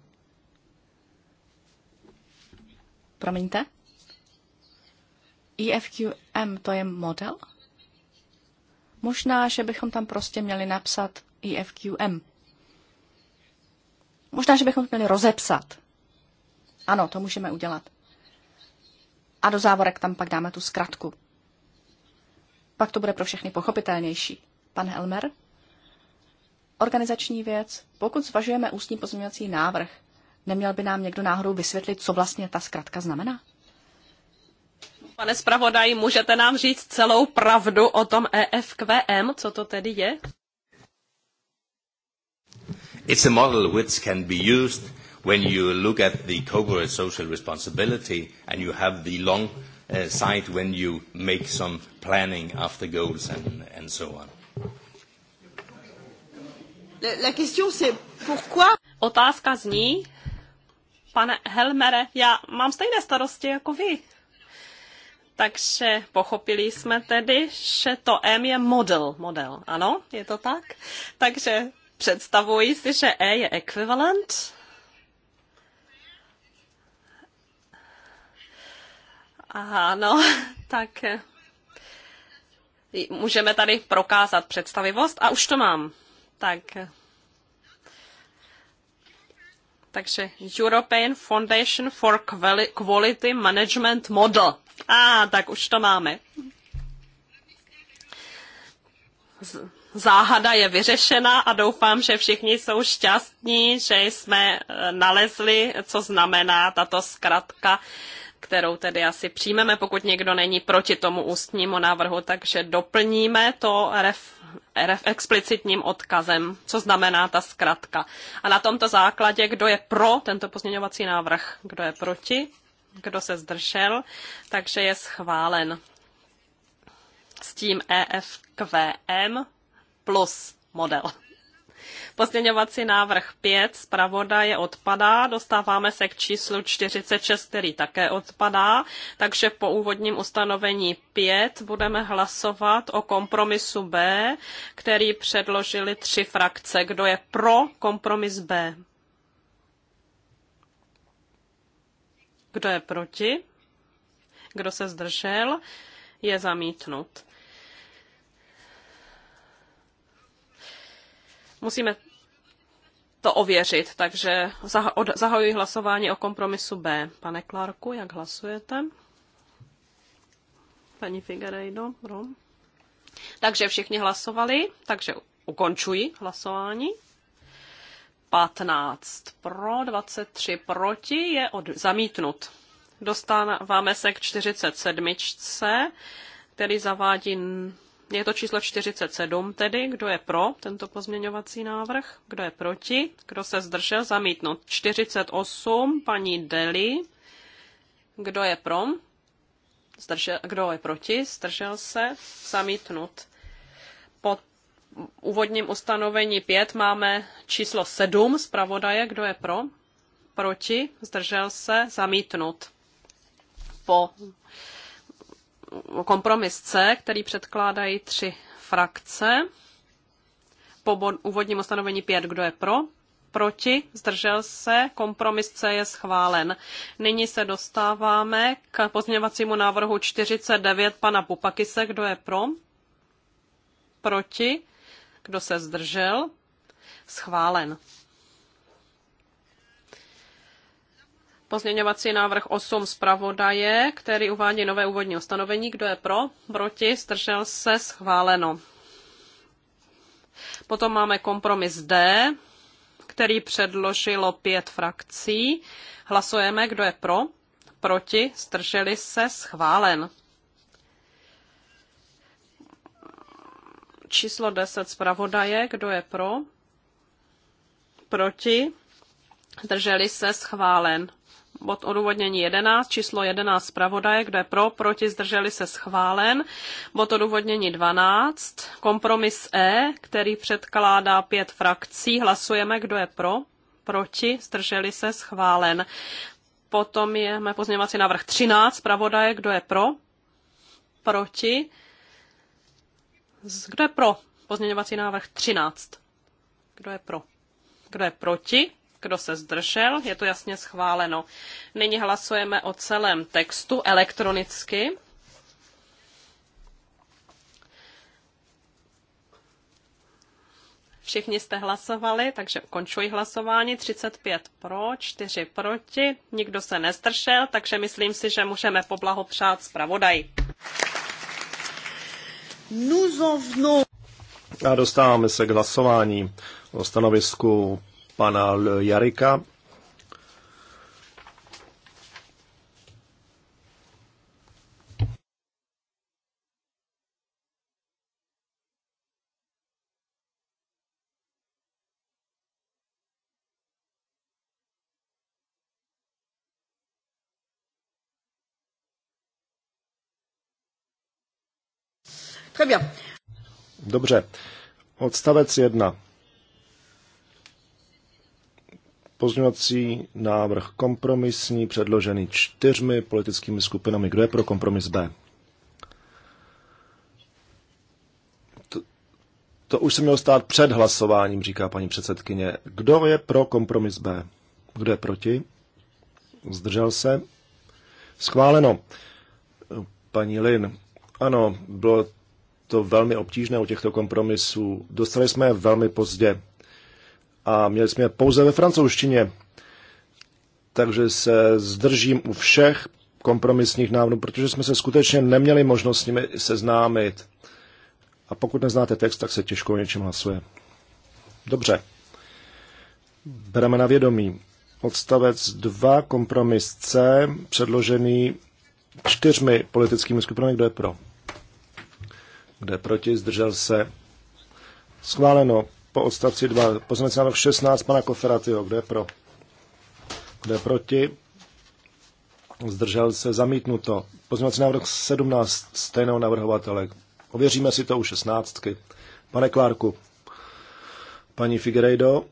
Promiňte? EFQM to je model? Možná, že bychom tam prostě měli napsat EFQM. Možná, že bychom to měli rozepsat. Ano, to můžeme udělat. A do závorek tam pak dáme tu zkratku. Pak to bude pro všechny pochopitelnější. Pan Helmer? Organizační věc. Pokud zvažujeme ústní pozměňovací návrh, neměl by nám někdo náhodou vysvětlit, co vlastně ta zkratka znamená? Pane zpravodaji, můžete nám říct celou pravdu o tom EFQM, co to tedy je? It's a model which can be used when you look at the corporate social responsibility and you have the long uh, sight when you make some planning after goals and, and so on. La, la question c'est pourquoi... Otázka zní, pane Helmere, já mám stejné starosti jako vy. Takže pochopili jsme tedy, že to M je model, model, ano, je to tak? Takže Představuji si, že E je ekvivalent. Aha, no, tak eh, můžeme tady prokázat představivost a už to mám. Tak. Eh, takže European Foundation for Quality Management Model. A, ah, tak už to máme záhada je vyřešena a doufám, že všichni jsou šťastní, že jsme e, nalezli, co znamená tato zkratka, kterou tedy asi přijmeme, pokud někdo není proti tomu ústnímu návrhu, takže doplníme to ref, ref, explicitním odkazem, co znamená ta zkratka. A na tomto základě, kdo je pro tento pozměňovací návrh, kdo je proti, kdo se zdržel, takže je schválen s tím EFQM plus model. Pozměňovací návrh 5 je odpadá, dostáváme se k číslu 46, který také odpadá, takže po úvodním ustanovení 5 budeme hlasovat o kompromisu B, který předložili tři frakce. Kdo je pro kompromis B? Kdo je proti? Kdo se zdržel? Je zamítnut. Musíme to ověřit, takže zahajuji hlasování o kompromisu B. Pane Klárku, jak hlasujete? Paní Figueiredo, pro. Takže všichni hlasovali, takže ukončuji hlasování. 15 pro, 23 proti je od, zamítnut. Dostáváme se k 47, který zavádí je to číslo 47 tedy. Kdo je pro tento pozměňovací návrh? Kdo je proti? Kdo se zdržel? Zamítnout. 48 paní Deli. Kdo je pro? Zdržel, kdo je proti? Zdržel se? Zamítnut. Po úvodním ustanovení 5 máme číslo 7 zpravodaje. Kdo je pro? Proti? Zdržel se? Zamítnut. Po kompromis C, který předkládají tři frakce. Po úvodním ustanovení 5, kdo je pro? Proti? Zdržel se? Kompromis C je schválen. Nyní se dostáváme k pozměňovacímu návrhu 49 pana Pupakise. Kdo je pro? Proti? Kdo se zdržel? Schválen. Pozměňovací návrh 8 zpravodaje, který uvádí nové úvodní ustanovení. Kdo je pro? Proti? Zdržel se? Schváleno. Potom máme kompromis D, který předložilo pět frakcí. Hlasujeme, kdo je pro? Proti? Zdrželi se? Schválen. Číslo 10 zpravodaje, kdo je pro? Proti? Zdrželi se? Schválen bod odůvodnění 11, číslo 11 zpravodaje, kde pro, proti, zdrželi se schválen. Bod odůvodnění 12, kompromis E, který předkládá pět frakcí. Hlasujeme, kdo je pro, proti, zdrželi se schválen. Potom je mé pozměňovací návrh 13, zpravodaje, kdo je pro, proti, kdo je pro? Pozměňovací návrh 13. Kdo je pro? Kdo je proti? Kdo se zdržel? Je to jasně schváleno. Nyní hlasujeme o celém textu elektronicky. Všichni jste hlasovali, takže ukončuji hlasování. 35 pro, 4 proti, nikdo se nestršel, takže myslím si, že můžeme poblahopřát zpravodaj. A dostáváme se k hlasování o stanovisku pana Jarika. Dobře. Odstavec 1. Pozňovací návrh kompromisní, předložený čtyřmi politickými skupinami. Kdo je pro kompromis B? To, to už se mělo stát před hlasováním, říká paní předsedkyně. Kdo je pro kompromis B? Kdo je proti? Zdržel se? Schváleno. Paní Lin, ano, bylo to velmi obtížné u těchto kompromisů. Dostali jsme je velmi pozdě a měli jsme je pouze ve francouzštině. Takže se zdržím u všech kompromisních návrhů, protože jsme se skutečně neměli možnost s nimi seznámit. A pokud neznáte text, tak se těžko o něčem hlasuje. Dobře. Bereme na vědomí. Odstavec 2, kompromis C, předložený čtyřmi politickými skupinami. Kdo je pro? Kdo je proti? Zdržel se? Schváleno po odstavci 2. Pozměnit návrh 16 pana Koferatyho. Kdo je pro? Kdo je proti? Zdržel se zamítnuto. Pozměňovací návrh 17 stejného navrhovatele. Ověříme si to u 16. Pane Klárku, paní Figueiredo,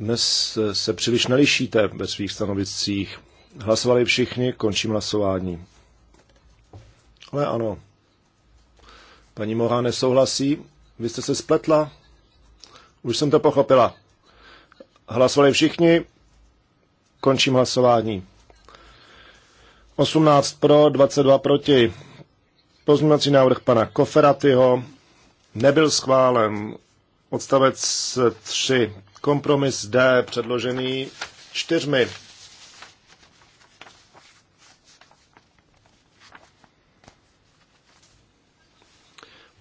dnes se příliš nelišíte ve svých stanoviscích. Hlasovali všichni, končím hlasování. Ale ano, paní Mohá nesouhlasí, vy jste se spletla? Už jsem to pochopila. Hlasovali všichni. Končím hlasování. 18 pro, 22 proti. Pozměňovací návrh pana Koferatyho nebyl schválen. Odstavec 3. Kompromis D předložený čtyřmi.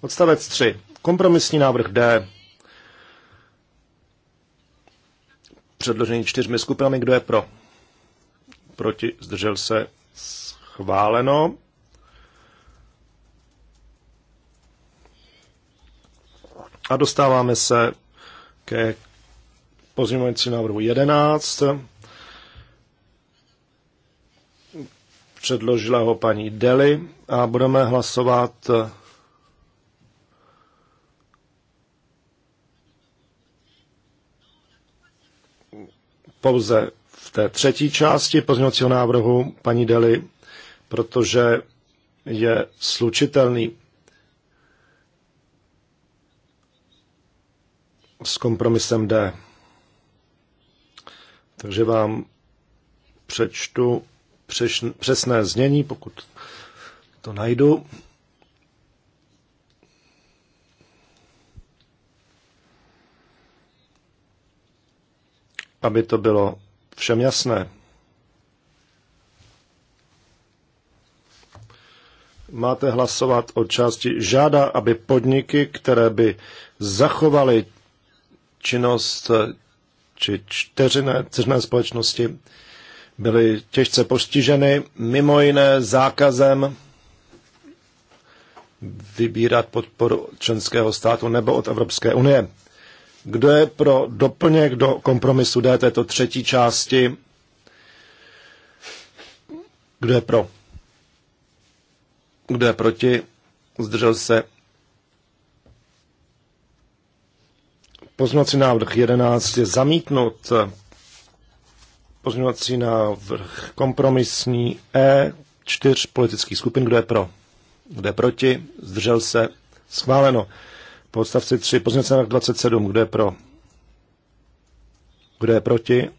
Odstavec 3. Kompromisní návrh D, předložený čtyřmi skupinami, kdo je pro? Proti, zdržel se, schváleno. A dostáváme se ke pozměňovacímu návrhu 11. Předložila ho paní Deli a budeme hlasovat pouze v té třetí části pozměňovacího návrhu paní Deli, protože je slučitelný s kompromisem D. Takže vám přečtu přesné znění, pokud to najdu. aby to bylo všem jasné. Máte hlasovat o části žádá, aby podniky, které by zachovaly činnost či čtyřiné, čtyřné společnosti, byly těžce postiženy, mimo jiné zákazem vybírat podporu členského státu nebo od Evropské unie. Kdo je pro doplněk do kompromisu D této třetí části? Kdo je pro? Kdo je proti? Zdržel se. Pozměňovací návrh 11 je zamítnut. Pozměňovací návrh kompromisní E, čtyř politických skupin. Kdo je pro? Kdo je proti? Zdržel se. Schváleno. Po odstavci 3, pozměnce návrh 27, kdo je pro? Kdo je proti?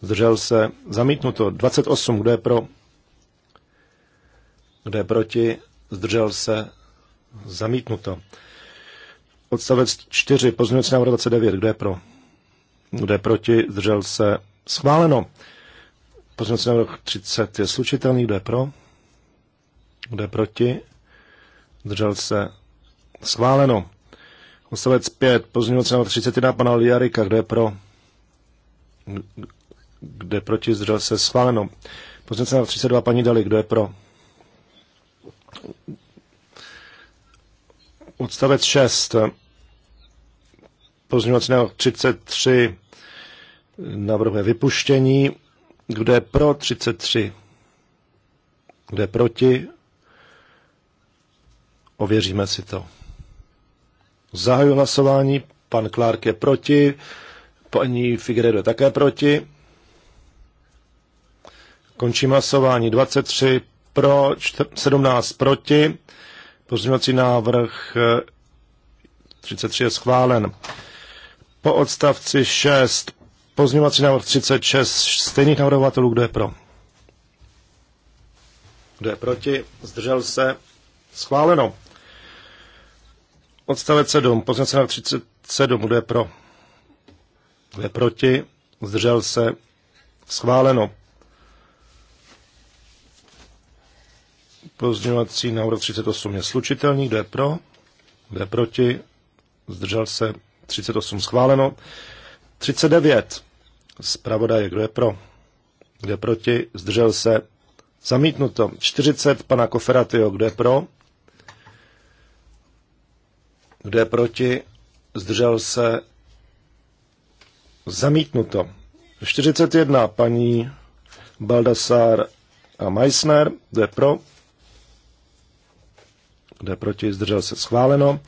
Zdržel se. Zamítnuto. 28, kdo je pro? Kdo je proti? Zdržel se. Zamítnuto. Odstavec 4, pozměnce návrh 29, kdo je pro? Kdo je proti? Zdržel se. Schváleno. Pozměnce návrh 30 je slučitelný, kdo je pro? Kdo je proti? Zdržel se. Schváleno. Odstavec 5, pozměňovací návrh 31 pana Liarika, kde pro, kde proti zdržel se schváleno. Pozměňovací návrh 32 paní Dali, kdo je pro. Odstavec 6, pozměňovací návrh 33 navrhuje vypuštění, kdo je pro 33, kdo je proti, ověříme si to. Zahajuji hlasování. Pan Clark je proti. Paní Figueredo je také proti. Končím hlasování. 23 pro, 17 proti. Pozměňovací návrh 33 eh, je schválen. Po odstavci 6 pozměňovací návrh 36 stejných navrhovatelů, kdo je pro? Kdo je proti? Zdržel se? Schváleno. Odstavec 7, poznací na 37, kdo je pro? Kdo je proti? Zdržel se? Schváleno. Pozdňovací návrh 38 je slučitelný. Kdo je pro? Kdo je proti? Zdržel se? 38 schváleno. 39. Zpravodaje, kdo je pro? Kdo je proti? Zdržel se? Zamítnuto. 40. Pana Koferatio, kdo je pro? Kdo je proti? Zdržel se? Zamítnuto. 41. Paní Baldassar a Meissner. Kdo je pro? Kdo je proti? Zdržel se? Schváleno.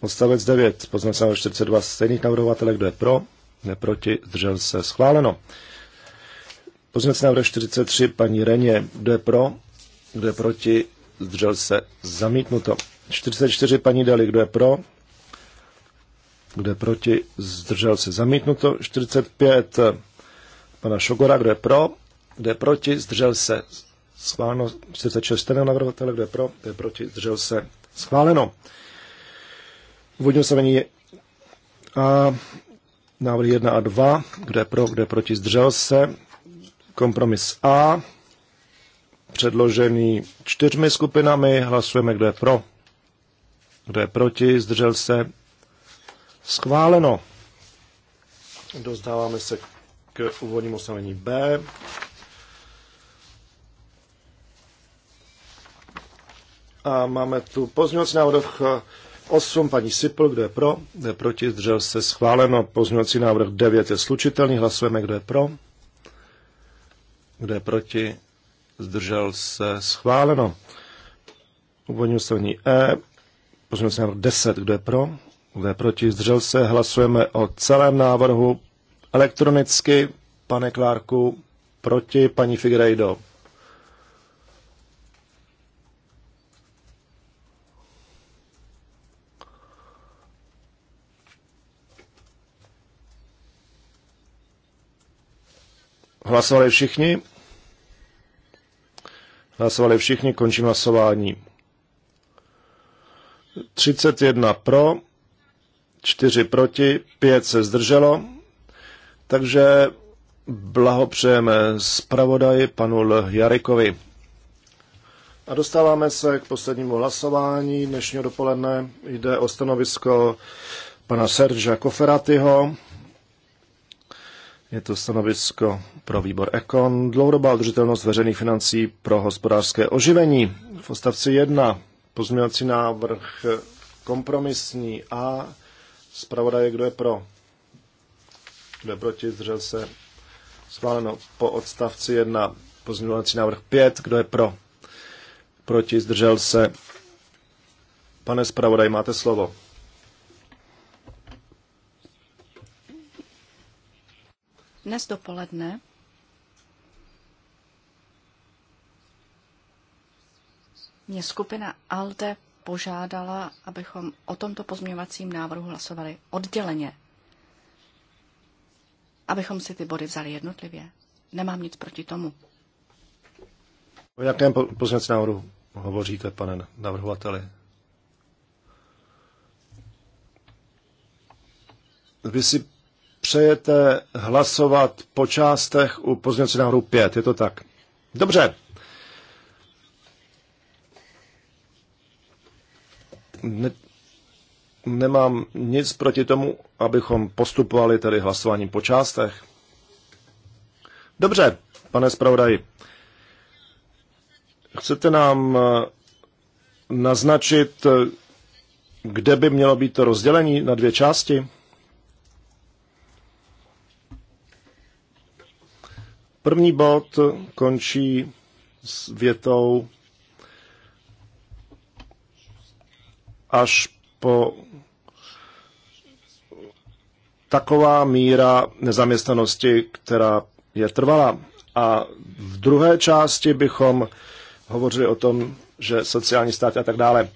Odstavec 9. Poznací 42 stejných navrhovatelek. Kdo je pro? Kdo je proti? Zdržel se? Schváleno. Pozměnec návrh 43, paní Reně, kdo je pro, kdo je proti, zdržel se, zamítnuto. 44 paní Dali, kdo je pro? Kdo je proti? Zdržel se zamítnuto. 45 pana Šogora, kdo je pro? Kdo je proti? Zdržel se schváleno. 46 ten navrhovatele, kdo je pro? Kdo je proti? Zdržel se schváleno. Uvodní ustavení a návrhy 1 a 2, kde pro, kde proti zdržel se. Kompromis A, předložený čtyřmi skupinami, hlasujeme, kdo je pro, kdo je proti? Zdržel se? Schváleno. Dozdáváme se k úvodnímu ustanovení B. A máme tu pozměňovací návrh 8, paní Sipl, kdo je pro, kdo je proti, zdržel se schváleno. Pozměňovací návrh 9 je slučitelný, hlasujeme, kdo je pro, kdo je proti, zdržel se schváleno. Úvodní ustanovení E, Pozměňovací návrh 10. Kdo je pro? Kdo je proti? Zdržel se? Hlasujeme o celém návrhu elektronicky. Pane Klárku, proti paní Figrejdo. Hlasovali všichni? Hlasovali všichni, končím hlasování. 31 pro, 4 proti, 5 se zdrželo. Takže blahopřejeme zpravodaji panu L. Jarikovi. A dostáváme se k poslednímu hlasování dnešního dopoledne. Jde o stanovisko pana Serža Koferatyho. Je to stanovisko pro výbor Ekon. Dlouhodobá udržitelnost veřejných financí pro hospodářské oživení. V ostavci 1 Pozměňovací návrh kompromisní A. Zpravodaj, kdo je pro? Kdo je proti? Zdržel se. Schváleno po odstavci 1. Pozměňovací návrh 5. Kdo je pro? Proti? Zdržel se. Pane zpravodaj, máte slovo. Dnes dopoledne Mě skupina ALDE požádala, abychom o tomto pozměňovacím návrhu hlasovali odděleně. Abychom si ty body vzali jednotlivě. Nemám nic proti tomu. O jakém pozměňovacím návrhu hovoříte, pane navrhovateli? Vy si přejete hlasovat po částech u pozměňovacího návrhu 5, je to tak? Dobře, ne, nemám nic proti tomu, abychom postupovali tedy hlasováním po částech. Dobře, pane zpravodaji, chcete nám eh, naznačit, eh, kde by mělo být to rozdělení na dvě části? První bod končí s větou až po taková míra nezaměstnanosti, která je trvalá. A v druhé části bychom hovořili o tom, že sociální stát a tak dále.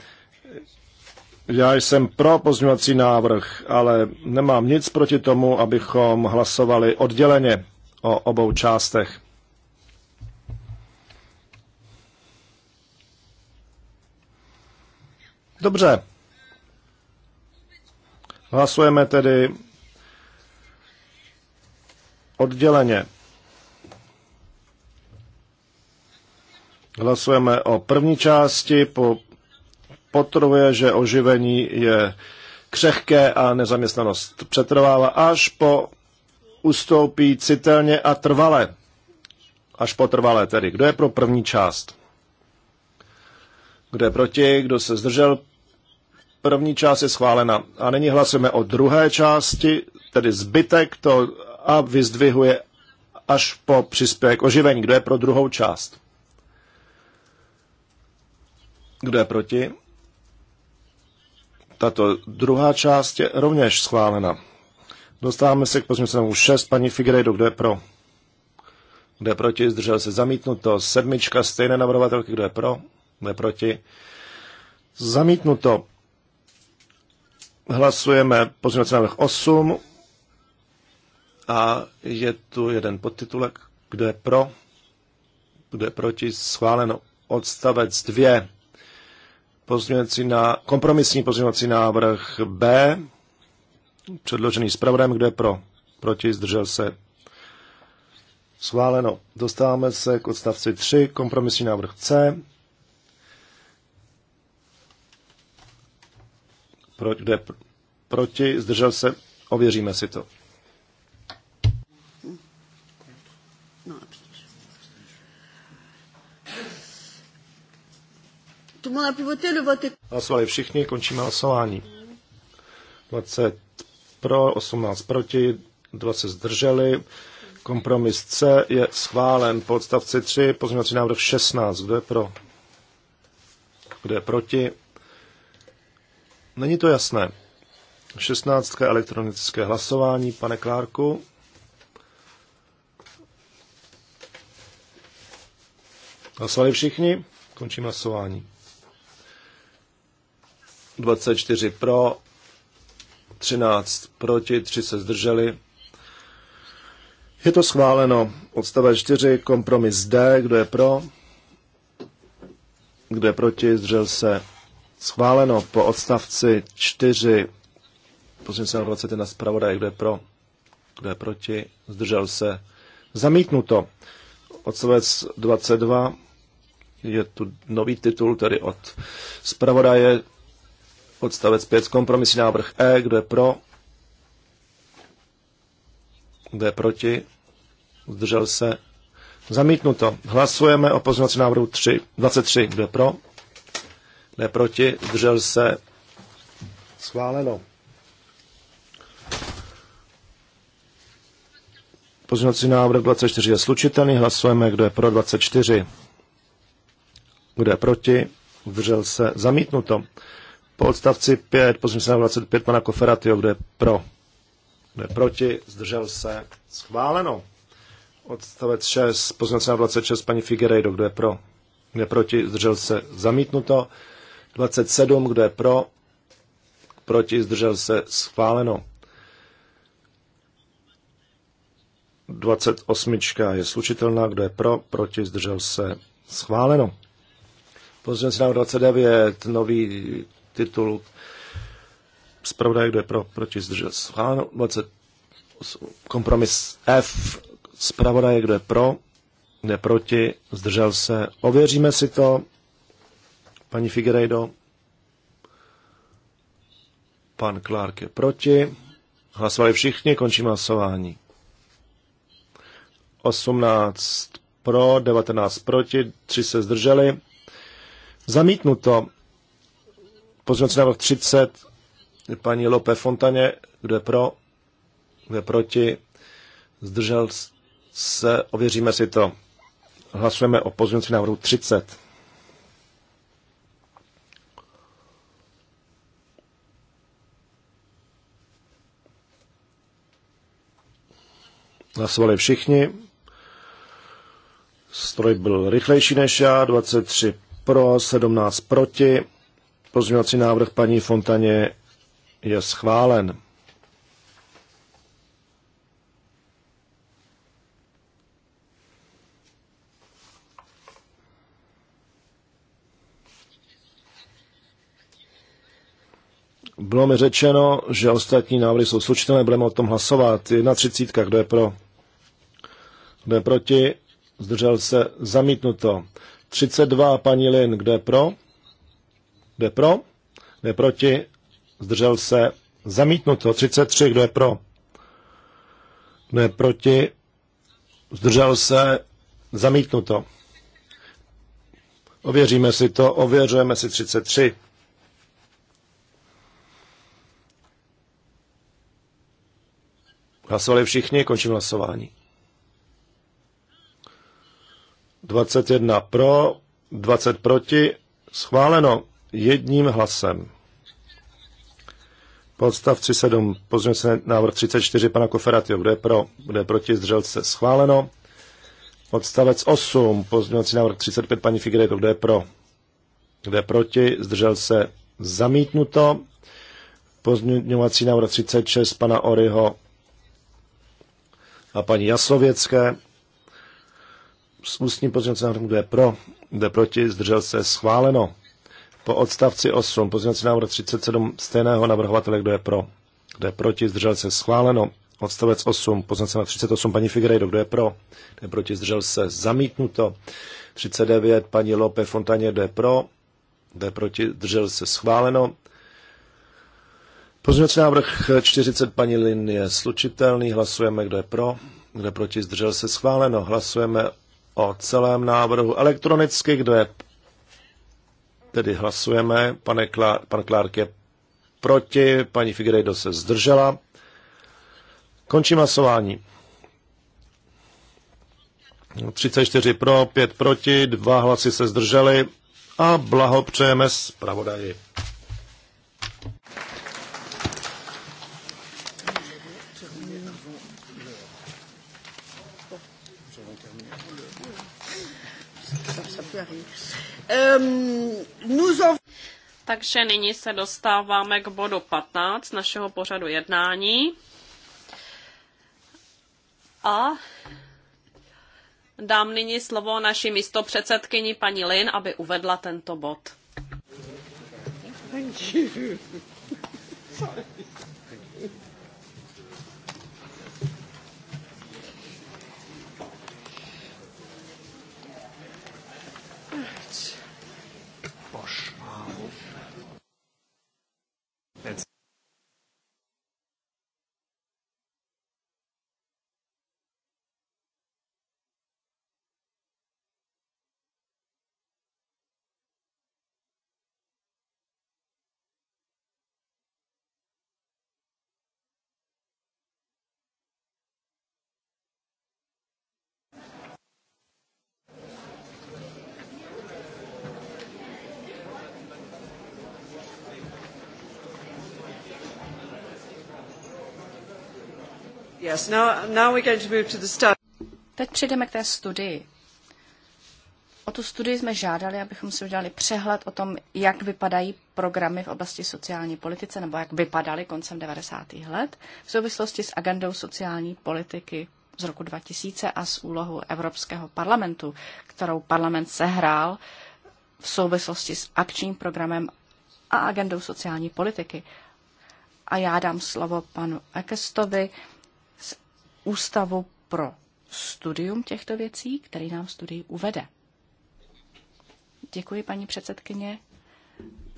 Já jsem pro pozměňovací návrh, ale nemám nic proti tomu, abychom hlasovali odděleně o obou částech. Dobře. Hlasujeme tedy odděleně. Hlasujeme o první části po potrvuje, že oživení je křehké a nezaměstnanost přetrvává až po ustoupí citelně a trvale. Až po trvale tedy. Kdo je pro první část? Kdo je proti? Kdo se zdržel? První část je schválena. A nyní hlasujeme o druhé části, tedy zbytek to a vyzdvihuje až po příspěvek oživení. Kdo je pro druhou část? Kdo je proti? Tato druhá část je rovněž schválena. Dostáváme se k pozměcenému 6. Paní Figueiredo, kdo je pro? Kdo je proti? Zdržel se zamítnuto. Sedmička stejné navrhovatelky, kdo je pro? Kdo je proti? Zamítnuto. Hlasujeme pozměňovací návrh 8 a je tu jeden podtitulek, kdo je pro, kdo je proti, schváleno odstavec 2, pozměňovací na, kompromisní pozměňovací návrh B, předložený zpravodajem, kdo je pro, proti, zdržel se, schváleno. Dostáváme se k odstavci 3, kompromisní návrh C, pro, kdo je proti, zdržel se, ověříme si to. No, Hlasovali všichni, končíme hlasování. 20 pro, 18 proti, 20 zdrželi. Kompromis C je schválen. Po odstavci 3 pozměňovací návrh 16. Kdo je pro? Kdo je proti? Není to jasné. 16. elektronické hlasování, pane Klárku. Hlasovali všichni? Končím hlasování. 24 pro, 13 proti, 3 se zdrželi. Je to schváleno. Odstavec 4, kompromis D, kdo je pro, kdo je proti, zdržel se Schváleno po odstavci 4, se na 21 zpravodaj, kdo je pro, kdo je proti, zdržel se. Zamítnuto. Odstavec 22, je tu nový titul, tedy od zpravodaje, odstavec 5, kompromisní návrh E, kdo je pro, kdo je proti, zdržel se. Zamítnuto. Hlasujeme o pozměňovacím návrhu 3, 23, kdo je pro, ne proti, zdržel se schváleno. Pozměňovací návrh 24 je slučitelný, hlasujeme, kdo je pro 24, kdo je proti, zdržel se zamítnuto. Po odstavci 5, pozměňovací návrh 25 pana Koferatio, kdo je pro, kdo je proti, zdržel se schváleno. Odstavec 6, pozměňovací návrh 26 paní Figueiredo, kdo je pro, kdo je proti, zdržel se zamítnuto. 27, kdo je pro, proti, zdržel se, schváleno. 28 je slučitelná, kdo je pro, proti, zdržel se, schváleno. se návrh 29, nový titul, zpravodaj, kdo je pro, proti, zdržel se, schváleno. 20, kompromis F, zpravodaj, kdo je pro, kdo je proti, zdržel se, ověříme si to, Paní Figueiredo. Pan Clark je proti. Hlasovali všichni, končím hlasování. 18 pro, 19 proti, 3 se zdrželi. Zamítnuto. Pozměňovací návrh 30, paní Lope Fontaně, kdo je pro, kdo je proti, zdržel se, ověříme si to. Hlasujeme o pozměňovacím návrhu 30. Hlasovali všichni. Stroj byl rychlejší než já, 23 pro, 17 proti. Pozměňovací návrh paní Fontaně je schválen. Bylo mi řečeno, že ostatní návrhy jsou slučitelné, budeme o tom hlasovat. 31. Kdo je pro? Kdo je proti? Zdržel se zamítnuto. 32 paní Lin, kdo je pro? Kdo je pro? Kdo je proti? Zdržel se zamítnuto. 33, kdo je pro? Kdo je proti? Zdržel se zamítnuto. Ověříme si to, ověřujeme si 33. Hlasovali všichni, končím hlasování. 21 pro, 20 proti, schváleno jedním hlasem. Podstavci odstavci 7 pozměňující návrh 34 pana Koferatio, kdo je pro, kdo je proti, zdržel se, schváleno. Odstavec 8 pozměňující návrh 35 paní Figueredo, kdo je pro, kdo je proti, zdržel se, zamítnuto. Pozměňovací návrh 36 pana Oryho a paní Jasověcké, s ústním pozměňovacím návrhem, kdo je pro, kdo je proti, zdržel se, schváleno. Po odstavci 8, pozměňovací návrh 37 stejného navrhovatele, kdo je pro, kdo je proti, zdržel se, schváleno. Odstavec 8, pozměňovací návrh 38, paní Figueiredo, kdo je pro, kdo je proti, zdržel se, zamítnuto. 39, paní Lope Fontaně, kdo je pro, kdo je proti, zdržel se, schváleno. Pozměňovací návrh 40 paní Lin je slučitelný. Hlasujeme, kdo je pro, kdo je proti, zdržel se schváleno. Hlasujeme o celém návrhu elektronicky, kde tedy hlasujeme. Pane Klár, pan Klárk je proti, paní Figueiredo se zdržela. Končím hlasování. 34 pro, 5 proti, dva hlasy se zdrželi a blahopřejeme zpravodaji. Ehm, Takže nyní se dostáváme k bodu 15 našeho pořadu jednání. A dám nyní slovo naší místopředsedkyni paní Lin, aby uvedla tento bod. Thank you. Yes, now, now we're going to move to the study. Teď přejdeme k té studii. O tu studii jsme žádali, abychom si udělali přehled o tom, jak vypadají programy v oblasti sociální politice, nebo jak vypadaly koncem 90. let v souvislosti s agendou sociální politiky z roku 2000 a s úlohou Evropského parlamentu, kterou parlament sehrál v souvislosti s akčním programem a agendou sociální politiky. A já dám slovo panu Ekestovi, ústavu pro studium těchto věcí, který nám studii uvede. Děkuji, paní předsedkyně.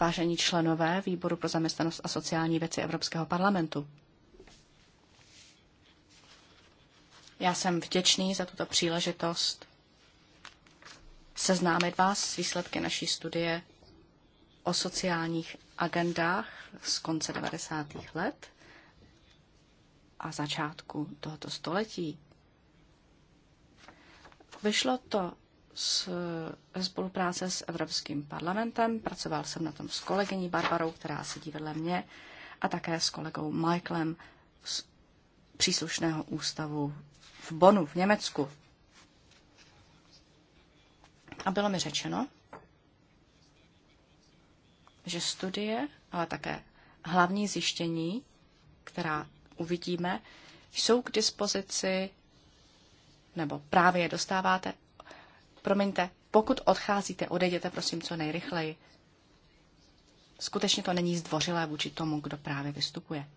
Vážení členové Výboru pro zaměstnanost a sociální věci Evropského parlamentu. Já jsem vděčný za tuto příležitost seznámit vás s výsledky naší studie o sociálních agendách z konce 90. let a začátku tohoto století. Vyšlo to s, ve spolupráce s Evropským parlamentem. Pracoval jsem na tom s kolegyní Barbarou, která sedí vedle mě, a také s kolegou Michaelem z příslušného ústavu v Bonu v Německu. A bylo mi řečeno, že studie, ale také hlavní zjištění, která uvidíme, jsou k dispozici, nebo právě je dostáváte. Promiňte, pokud odcházíte, odejděte prosím co nejrychleji. Skutečně to není zdvořilé vůči tomu, kdo právě vystupuje.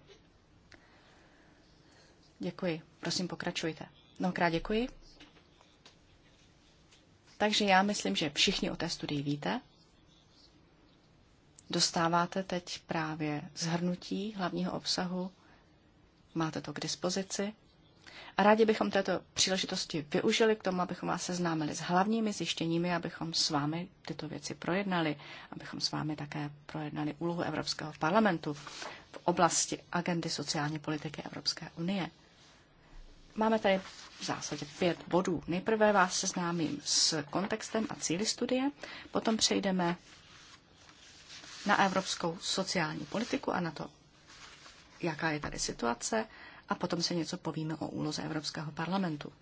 Děkuji. Prosím, pokračujte. Mnohokrát děkuji. Takže já myslím, že všichni o té studii víte. Dostáváte teď právě zhrnutí hlavního obsahu Máte to k dispozici. A rádi bychom této příležitosti využili k tomu, abychom vás seznámili s hlavními zjištěními, abychom s vámi tyto věci projednali, abychom s vámi také projednali úlohu Evropského parlamentu v oblasti agendy sociální politiky Evropské unie. Máme tady v zásadě pět bodů. Nejprve vás seznámím s kontextem a cíly studie, potom přejdeme na evropskou sociální politiku a na to, jaká je tady situace a potom se něco povíme o úloze Evropského parlamentu.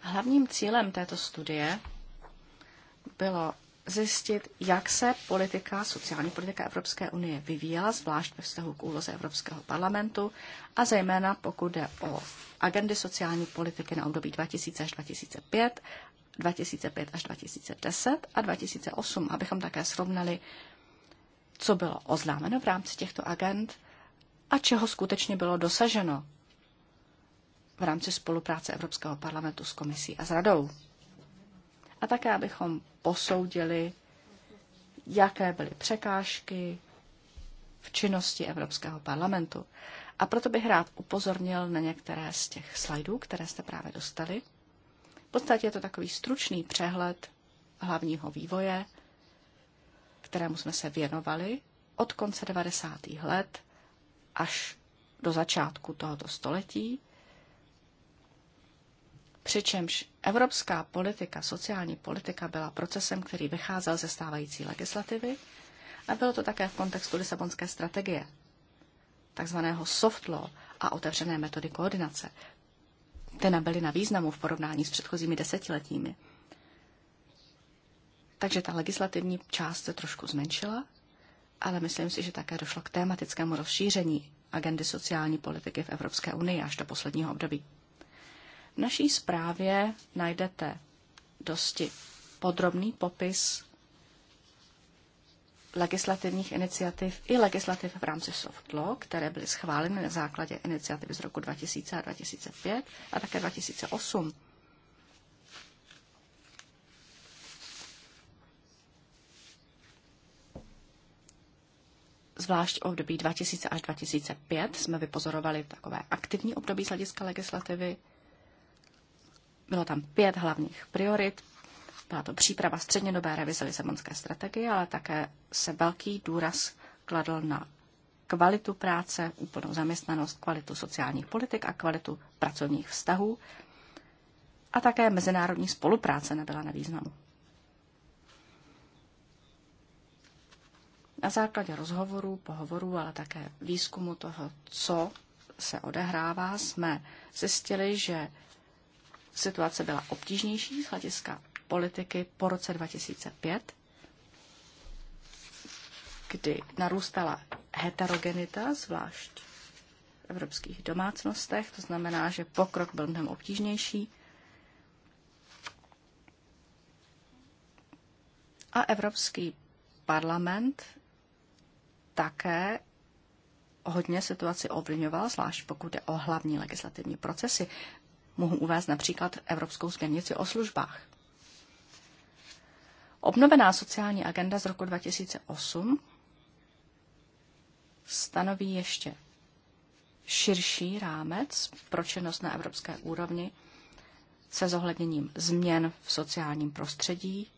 Hlavním cílem této studie bylo zjistit, jak se politika, sociální politika Evropské unie vyvíjela, zvlášť ve vztahu k úloze Evropského parlamentu a zejména pokud jde o agendy sociální politiky na období 2000 až 2005 2005 až 2010 a 2008, abychom také srovnali, co bylo oznámeno v rámci těchto agent a čeho skutečně bylo dosaženo v rámci spolupráce Evropského parlamentu s komisí a s radou. A také, abychom posoudili, jaké byly překážky v činnosti Evropského parlamentu. A proto bych rád upozornil na některé z těch slajdů, které jste právě dostali. V podstatě je to takový stručný přehled hlavního vývoje, kterému jsme se věnovali od konce 90. let až do začátku tohoto století. Přičemž evropská politika, sociální politika byla procesem, který vycházel ze stávající legislativy a bylo to také v kontextu Lisabonské strategie, takzvaného soft law a otevřené metody koordinace ty nabyly na významu v porovnání s předchozími desetiletími. Takže ta legislativní část se trošku zmenšila, ale myslím si, že také došlo k tématickému rozšíření agendy sociální politiky v Evropské unii až do posledního období. V naší zprávě najdete dosti podrobný popis legislativních iniciativ i legislativ v rámci soft law, které byly schváleny na základě iniciativy z roku 2000 a 2005 a také 2008. Zvlášť v období 2000 až 2005 jsme vypozorovali takové aktivní období z hlediska legislativy. Bylo tam pět hlavních priorit, byla to příprava střednědobé revize Lisabonské strategie, ale také se velký důraz kladl na kvalitu práce, úplnou zaměstnanost, kvalitu sociálních politik a kvalitu pracovních vztahů. A také mezinárodní spolupráce nebyla na významu. Na základě rozhovorů, pohovorů, ale také výzkumu toho, co se odehrává, jsme zjistili, že situace byla obtížnější z hlediska politiky po roce 2005, kdy narůstala heterogenita, zvlášť v evropských domácnostech, to znamená, že pokrok byl mnohem obtížnější. A Evropský parlament také hodně situaci ovlivňoval, zvlášť pokud je o hlavní legislativní procesy. Mohu uvést například Evropskou směrnici o službách. Obnovená sociální agenda z roku 2008 stanoví ještě širší rámec pro činnost na evropské úrovni se zohledněním změn v sociálním prostředí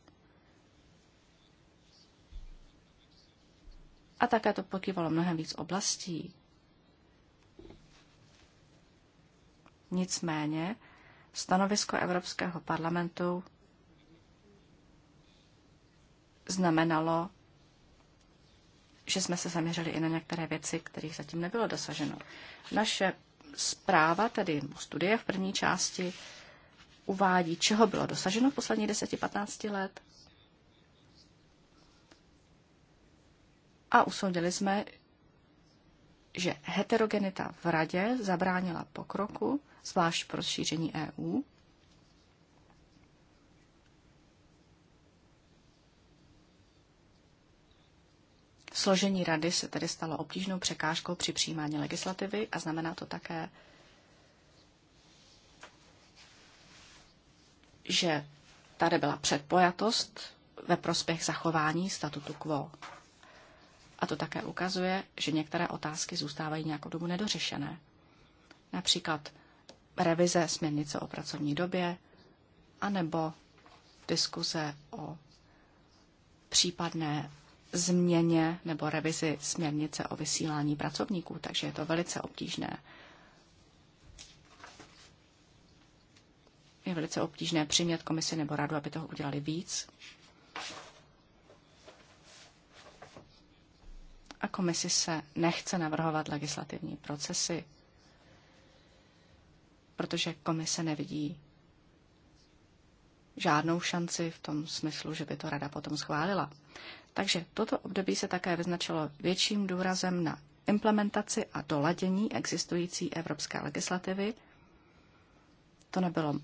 a také to pokývalo mnohem víc oblastí. Nicméně stanovisko Evropského parlamentu znamenalo, že jsme se zaměřili i na některé věci, kterých zatím nebylo dosaženo. Naše zpráva, tedy studie v první části, uvádí, čeho bylo dosaženo v posledních 10-15 let. A usoudili jsme, že heterogenita v radě zabránila pokroku, zvlášť pro šíření EU. Složení rady se tedy stalo obtížnou překážkou při přijímání legislativy a znamená to také, že tady byla předpojatost ve prospěch zachování statutu quo. A to také ukazuje, že některé otázky zůstávají nějakou dobu nedořešené. Například revize směrnice o pracovní době, anebo diskuze o případné změně nebo revizi směrnice o vysílání pracovníků, takže je to velice obtížné. Je velice obtížné přimět komisi nebo radu, aby toho udělali víc. A komisi se nechce navrhovat legislativní procesy, protože komise nevidí žádnou šanci v tom smyslu, že by to rada potom schválila. Takže toto období se také vyznačilo větším důrazem na implementaci a doladění existující evropské legislativy. To nebylo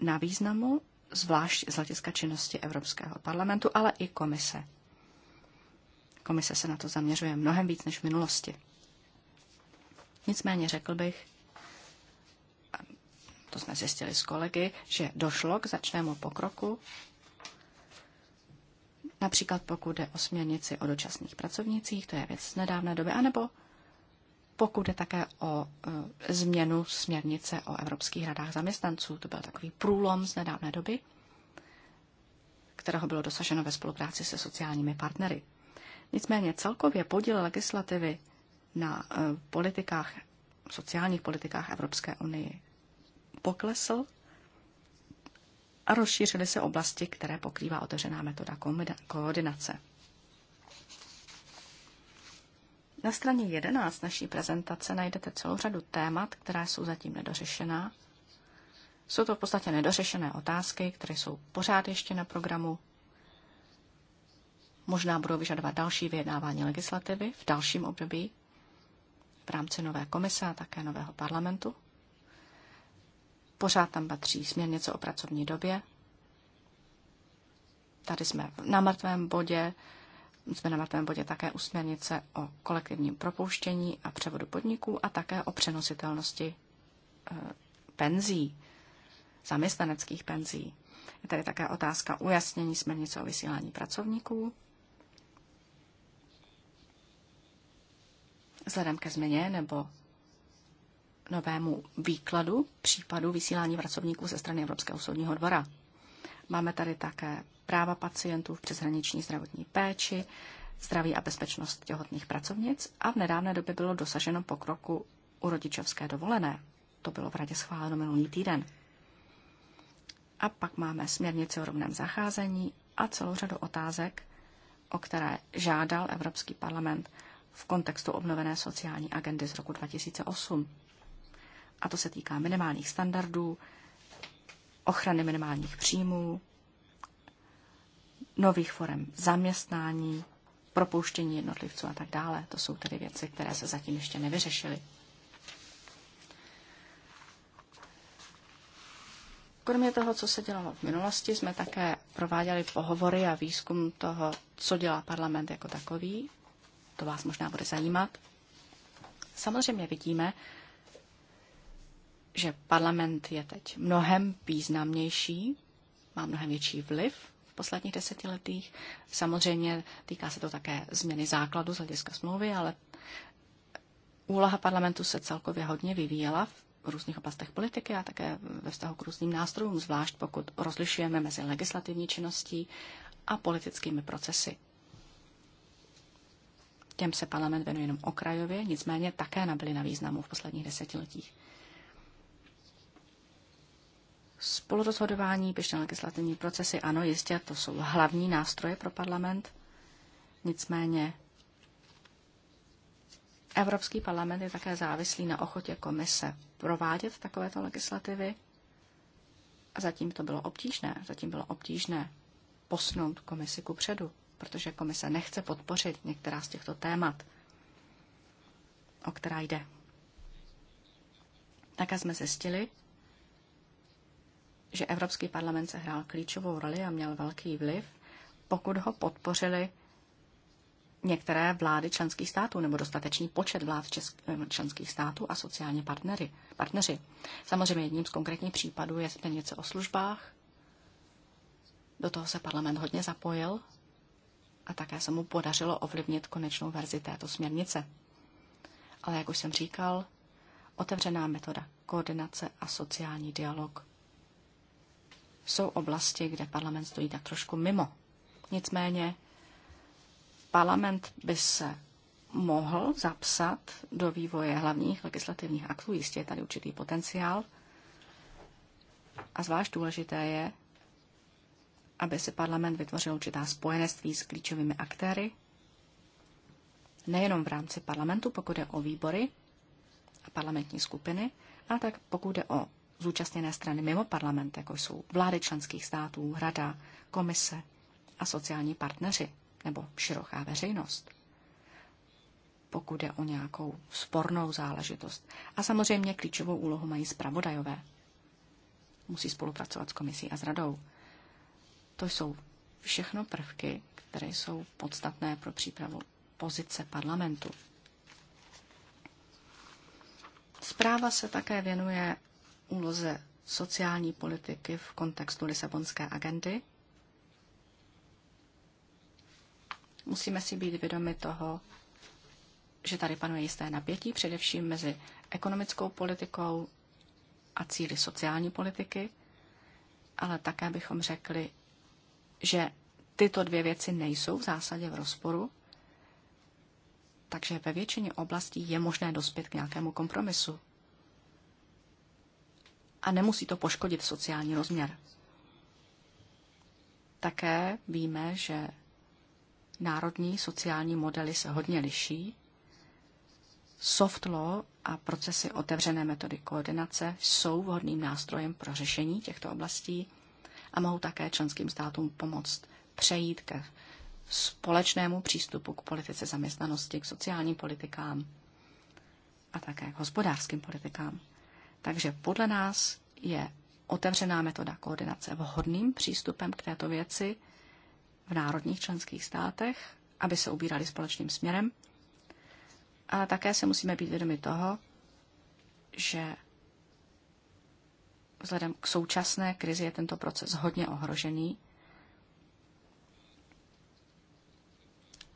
na významu, zvlášť z hlediska činnosti Evropského parlamentu, ale i komise. Komise se na to zaměřuje mnohem víc než v minulosti. Nicméně řekl bych, to jsme zjistili s kolegy, že došlo k začnému pokroku Například pokud jde o směrnici o dočasných pracovnicích, to je věc z nedávné doby, anebo pokud jde také o e, změnu směrnice o Evropských radách zaměstnanců, to byl takový průlom z nedávné doby, kterého bylo dosaženo ve spolupráci se sociálními partnery. Nicméně celkově podíl legislativy na e, politikách, sociálních politikách Evropské unii poklesl a rozšířily se oblasti, které pokrývá otevřená metoda koordinace. Na straně 11 naší prezentace najdete celou řadu témat, která jsou zatím nedořešená. Jsou to v podstatě nedořešené otázky, které jsou pořád ještě na programu. Možná budou vyžadovat další vyjednávání legislativy v dalším období v rámci nové komise a také nového parlamentu. Pořád tam patří směrnice o pracovní době. Tady jsme na mrtvém bodě. Jsme na mrtvém bodě také u směrnice o kolektivním propouštění a převodu podniků a také o přenositelnosti eh, penzí, zaměstnaneckých penzí. Je tady také otázka ujasnění směrnice o vysílání pracovníků. Vzhledem ke změně nebo novému výkladu případu vysílání pracovníků ze strany Evropského soudního dvora. Máme tady také práva pacientů v přeshraniční zdravotní péči, zdraví a bezpečnost těhotných pracovnic a v nedávné době bylo dosaženo pokroku u rodičovské dovolené. To bylo v radě schváleno minulý týden. A pak máme směrnici o rovném zacházení a celou řadu otázek, o které žádal Evropský parlament v kontextu obnovené sociální agendy z roku 2008 a to se týká minimálních standardů, ochrany minimálních příjmů, nových forem zaměstnání, propouštění jednotlivců a tak dále. To jsou tedy věci, které se zatím ještě nevyřešily. Kromě toho, co se dělalo v minulosti, jsme také prováděli pohovory a výzkum toho, co dělá parlament jako takový. To vás možná bude zajímat. Samozřejmě vidíme, že parlament je teď mnohem významnější, má mnohem větší vliv v posledních desetiletích. Samozřejmě týká se to také změny základu z hlediska smlouvy, ale úloha parlamentu se celkově hodně vyvíjela v různých oblastech politiky a také ve vztahu k různým nástrojům, zvlášť pokud rozlišujeme mezi legislativní činností a politickými procesy. Těm se parlament věnuje jenom okrajově, nicméně také nabyly na významu v posledních desetiletích. Spolurozhodování, běžné legislativní procesy, ano, jistě, to jsou hlavní nástroje pro parlament. Nicméně Evropský parlament je také závislý na ochotě komise provádět takovéto legislativy. A zatím to bylo obtížné. Zatím bylo obtížné posnout komisi ku předu, protože komise nechce podpořit některá z těchto témat, o která jde. Také jsme zjistili, že Evropský parlament se hrál klíčovou roli a měl velký vliv, pokud ho podpořili některé vlády členských států nebo dostatečný počet vlád česk- členských států a sociální partnery, partneři. Samozřejmě jedním z konkrétních případů je směrnice o službách. Do toho se parlament hodně zapojil a také se mu podařilo ovlivnit konečnou verzi této směrnice. Ale jak už jsem říkal, otevřená metoda koordinace a sociální dialog jsou oblasti, kde parlament stojí tak trošku mimo. Nicméně parlament by se mohl zapsat do vývoje hlavních legislativních aktů, jistě je tady určitý potenciál. A zvlášť důležité je, aby si parlament vytvořil určitá spojenectví s klíčovými aktéry, nejenom v rámci parlamentu, pokud je o výbory a parlamentní skupiny, a tak pokud je o zúčastněné strany mimo parlament, jako jsou vlády členských států, rada, komise a sociální partneři nebo široká veřejnost, pokud je o nějakou spornou záležitost. A samozřejmě klíčovou úlohu mají zpravodajové. Musí spolupracovat s komisí a s radou. To jsou všechno prvky, které jsou podstatné pro přípravu pozice parlamentu. Zpráva se také věnuje úloze sociální politiky v kontextu Lisabonské agendy. Musíme si být vědomi toho, že tady panuje jisté napětí, především mezi ekonomickou politikou a cíly sociální politiky, ale také bychom řekli, že tyto dvě věci nejsou v zásadě v rozporu, takže ve většině oblastí je možné dospět k nějakému kompromisu a nemusí to poškodit sociální rozměr. Také víme, že národní sociální modely se hodně liší. Soft law a procesy otevřené metody koordinace jsou vhodným nástrojem pro řešení těchto oblastí a mohou také členským státům pomoct přejít ke společnému přístupu k politice zaměstnanosti, k sociálním politikám a také k hospodářským politikám. Takže podle nás je otevřená metoda koordinace vhodným přístupem k této věci v národních členských státech, aby se ubírali společným směrem. Ale také se musíme být vědomi toho, že vzhledem k současné krizi je tento proces hodně ohrožený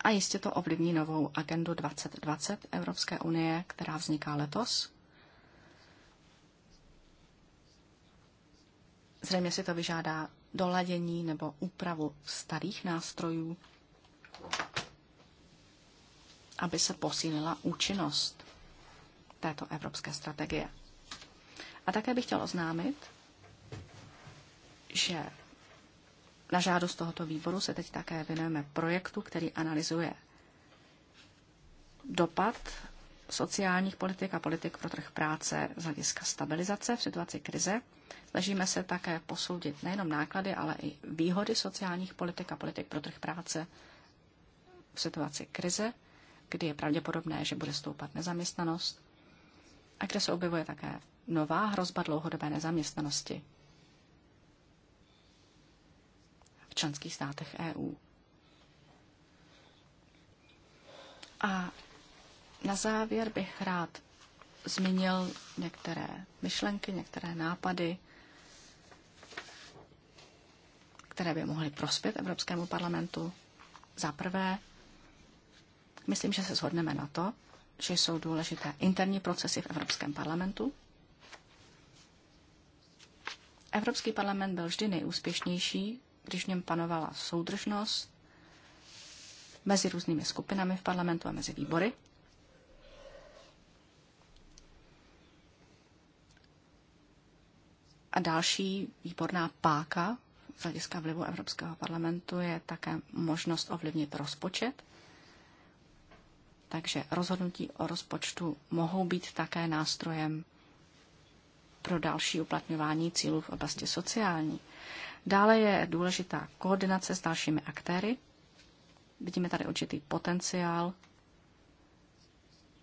a jistě to ovlivní novou agendu 2020 Evropské unie, která vzniká letos Zřejmě si to vyžádá doladění nebo úpravu starých nástrojů, aby se posílila účinnost této evropské strategie. A také bych chtěl oznámit, že na žádost tohoto výboru se teď také věnujeme projektu, který analyzuje dopad sociálních politik a politik pro trh práce z hlediska stabilizace v situaci krize. Snažíme se také posoudit nejenom náklady, ale i výhody sociálních politik a politik pro trh práce v situaci krize, kdy je pravděpodobné, že bude stoupat nezaměstnanost a kde se objevuje také nová hrozba dlouhodobé nezaměstnanosti v členských státech EU. A na závěr bych rád zmínil některé myšlenky, některé nápady, které by mohly prospět Evropskému parlamentu. Za prvé, myslím, že se shodneme na to, že jsou důležité interní procesy v Evropském parlamentu. Evropský parlament byl vždy nejúspěšnější, když v něm panovala soudržnost mezi různými skupinami v parlamentu a mezi výbory. A další výborná páka z hlediska vlivu Evropského parlamentu je také možnost ovlivnit rozpočet. Takže rozhodnutí o rozpočtu mohou být také nástrojem pro další uplatňování cílů v oblasti sociální. Dále je důležitá koordinace s dalšími aktéry. Vidíme tady určitý potenciál,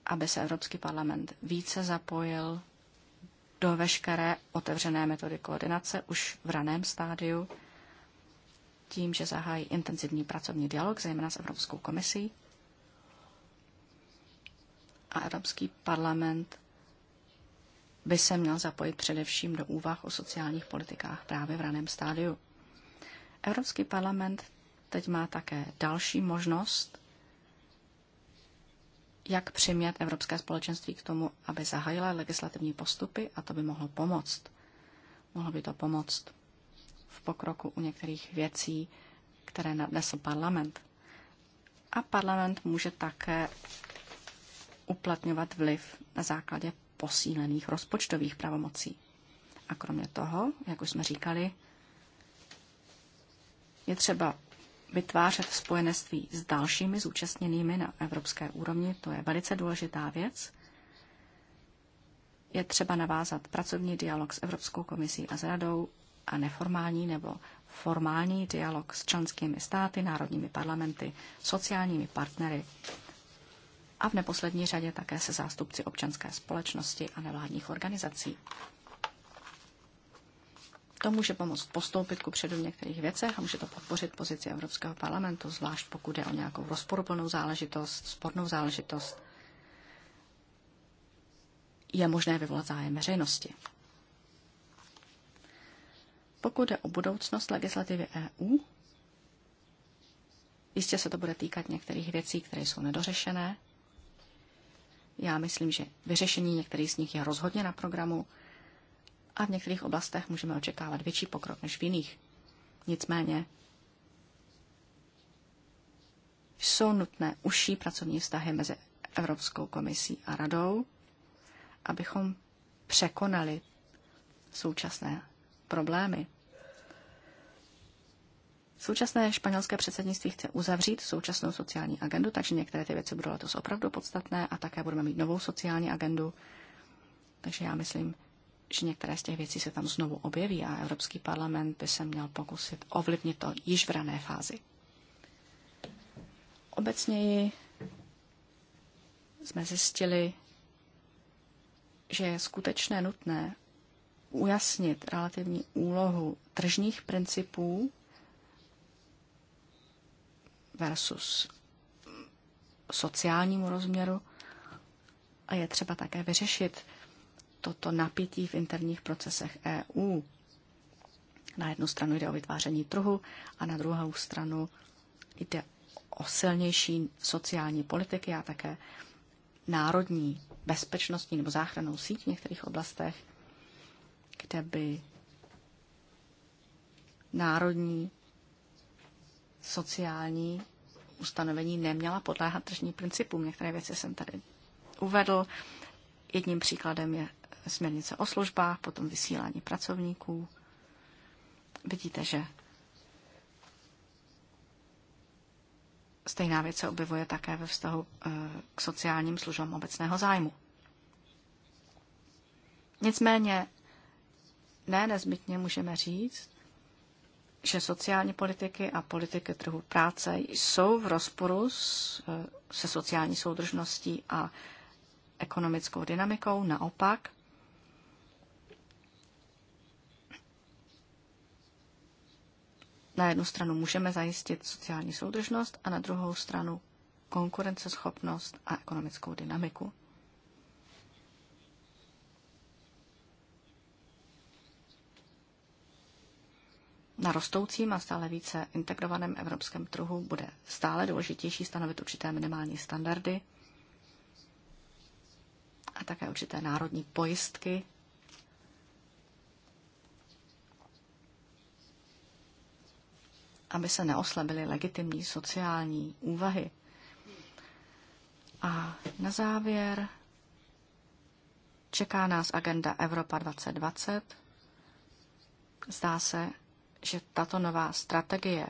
aby se Evropský parlament více zapojil do veškeré otevřené metody koordinace už v raném stádiu, tím, že zahájí intenzivní pracovní dialog, zejména s Evropskou komisí. A Evropský parlament by se měl zapojit především do úvah o sociálních politikách právě v raném stádiu. Evropský parlament teď má také další možnost jak přimět Evropské společenství k tomu, aby zahájila legislativní postupy a to by mohlo pomoct. Mohlo by to pomoct v pokroku u některých věcí, které nadnesl parlament. A parlament může také uplatňovat vliv na základě posílených rozpočtových pravomocí. A kromě toho, jak už jsme říkali, je třeba vytvářet spojenectví s dalšími zúčastněnými na evropské úrovni. To je velice důležitá věc. Je třeba navázat pracovní dialog s Evropskou komisí a s radou a neformální nebo formální dialog s členskými státy, národními parlamenty, sociálními partnery a v neposlední řadě také se zástupci občanské společnosti a nevládních organizací. To může pomoct postoupit ku předu v některých věcech a může to podpořit pozici Evropského parlamentu, zvlášť pokud je o nějakou rozporuplnou záležitost, spornou záležitost. Je možné vyvolat zájem veřejnosti. Pokud je o budoucnost legislativy EU, jistě se to bude týkat některých věcí, které jsou nedořešené. Já myslím, že vyřešení některých z nich je rozhodně na programu a v některých oblastech můžeme očekávat větší pokrok než v jiných. Nicméně jsou nutné užší pracovní vztahy mezi Evropskou komisí a radou, abychom překonali současné problémy. Současné španělské předsednictví chce uzavřít současnou sociální agendu, takže některé ty věci budou letos opravdu podstatné a také budeme mít novou sociální agendu. Takže já myslím, že některé z těch věcí se tam znovu objeví a Evropský parlament by se měl pokusit ovlivnit to již v rané fázi. Obecněji jsme zjistili, že je skutečně nutné ujasnit relativní úlohu tržních principů versus sociálnímu rozměru a je třeba také vyřešit toto napětí v interních procesech EU. Na jednu stranu jde o vytváření trhu a na druhou stranu jde o silnější sociální politiky a také národní bezpečnostní nebo záchranou síť v některých oblastech, kde by národní sociální ustanovení neměla podléhat tržním principům. Některé věci jsem tady uvedl. Jedním příkladem je směrnice o službách, potom vysílání pracovníků. Vidíte, že stejná věc se objevuje také ve vztahu eh, k sociálním službám obecného zájmu. Nicméně ne nezbytně můžeme říct, že sociální politiky a politiky trhu práce jsou v rozporu s, eh, se sociální soudržností a ekonomickou dynamikou. Naopak, na jednu stranu můžeme zajistit sociální soudržnost a na druhou stranu konkurenceschopnost a ekonomickou dynamiku. Na rostoucím a stále více integrovaném evropském trhu bude stále důležitější stanovit určité minimální standardy a také určité národní pojistky aby se neoslabily legitimní sociální úvahy. A na závěr čeká nás agenda Evropa 2020. Zdá se, že tato nová strategie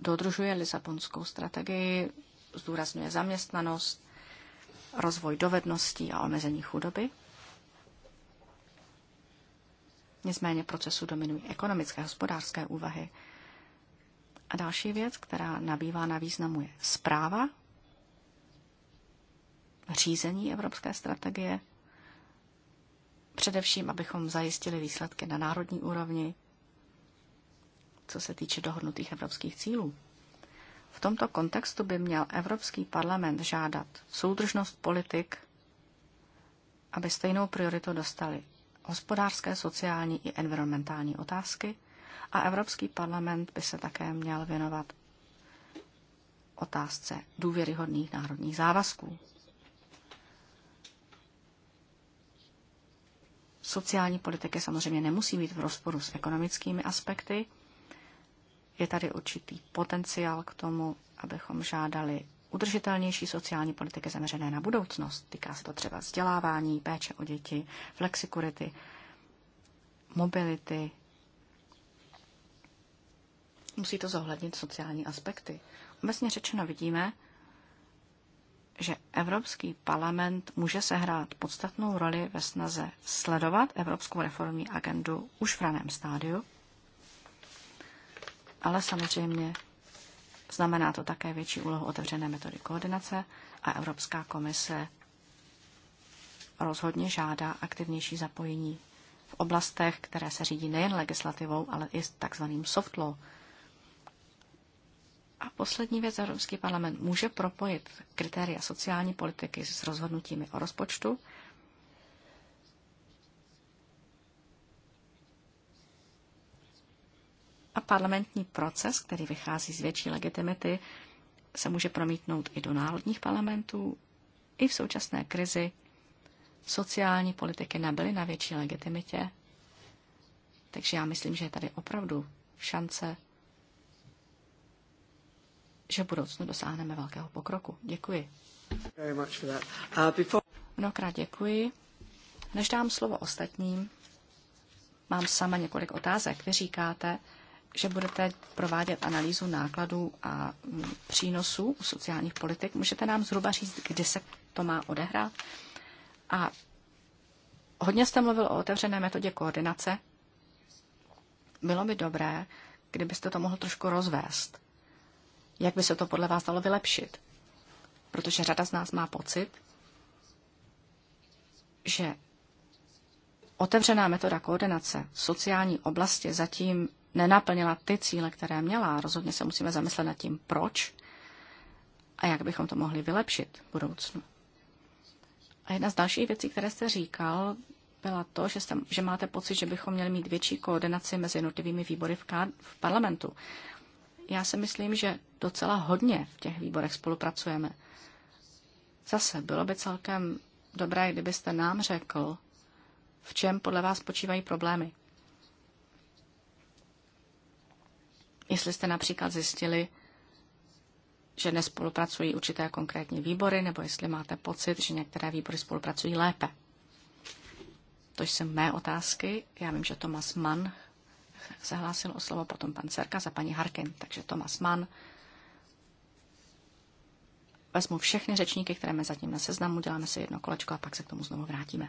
dodržuje Lisabonskou strategii, zdůrazňuje zaměstnanost, rozvoj dovedností a omezení chudoby. Nicméně procesu dominují ekonomické a hospodářské úvahy a další věc, která nabývá na významu, je zpráva, řízení evropské strategie, především, abychom zajistili výsledky na národní úrovni, co se týče dohodnutých evropských cílů. V tomto kontextu by měl Evropský parlament žádat soudržnost politik, aby stejnou prioritu dostali hospodářské, sociální i environmentální otázky – a Evropský parlament by se také měl věnovat otázce důvěryhodných národních závazků. Sociální politiky samozřejmě nemusí být v rozporu s ekonomickými aspekty. Je tady určitý potenciál k tomu, abychom žádali udržitelnější sociální politiky zaměřené na budoucnost. Týká se to třeba vzdělávání, péče o děti, flexikurity, mobility, Musí to zohlednit sociální aspekty. Obecně řečeno vidíme, že Evropský parlament může sehrát podstatnou roli ve snaze sledovat evropskou reformní agendu už v raném stádiu, ale samozřejmě znamená to také větší úlohu otevřené metody koordinace a Evropská komise rozhodně žádá aktivnější zapojení v oblastech, které se řídí nejen legislativou, ale i takzvaným soft law, a poslední věc, Evropský parlament může propojit kritéria sociální politiky s rozhodnutími o rozpočtu. A parlamentní proces, který vychází z větší legitimity, se může promítnout i do národních parlamentů. I v současné krizi sociální politiky nebyly na větší legitimitě. Takže já myslím, že je tady opravdu šance že v budoucnu dosáhneme velkého pokroku. Děkuji. Uh, Mnohokrát děkuji. Než dám slovo ostatním, mám sama několik otázek. Vy říkáte, že budete provádět analýzu nákladů a mm, přínosů u sociálních politik. Můžete nám zhruba říct, kdy se to má odehrát? A hodně jste mluvil o otevřené metodě koordinace. Bylo by dobré, kdybyste to mohl trošku rozvést. Jak by se to podle vás dalo vylepšit? Protože řada z nás má pocit, že otevřená metoda koordinace v sociální oblasti zatím nenaplnila ty cíle, které měla. Rozhodně se musíme zamyslet nad tím, proč a jak bychom to mohli vylepšit v budoucnu. A jedna z dalších věcí, které jste říkal, byla to, že, jste, že máte pocit, že bychom měli mít větší koordinaci mezi jednotlivými výbory v, v parlamentu já si myslím, že docela hodně v těch výborech spolupracujeme. Zase bylo by celkem dobré, kdybyste nám řekl, v čem podle vás počívají problémy. Jestli jste například zjistili, že nespolupracují určité konkrétní výbory, nebo jestli máte pocit, že některé výbory spolupracují lépe. To jsou mé otázky. Já vím, že Thomas Mann se hlásil o slovo, potom pan Cerka za paní Harkin, takže Tomas Mann. Vezmu všechny řečníky, které máme zatím na seznamu, děláme si jedno kolečko a pak se k tomu znovu vrátíme.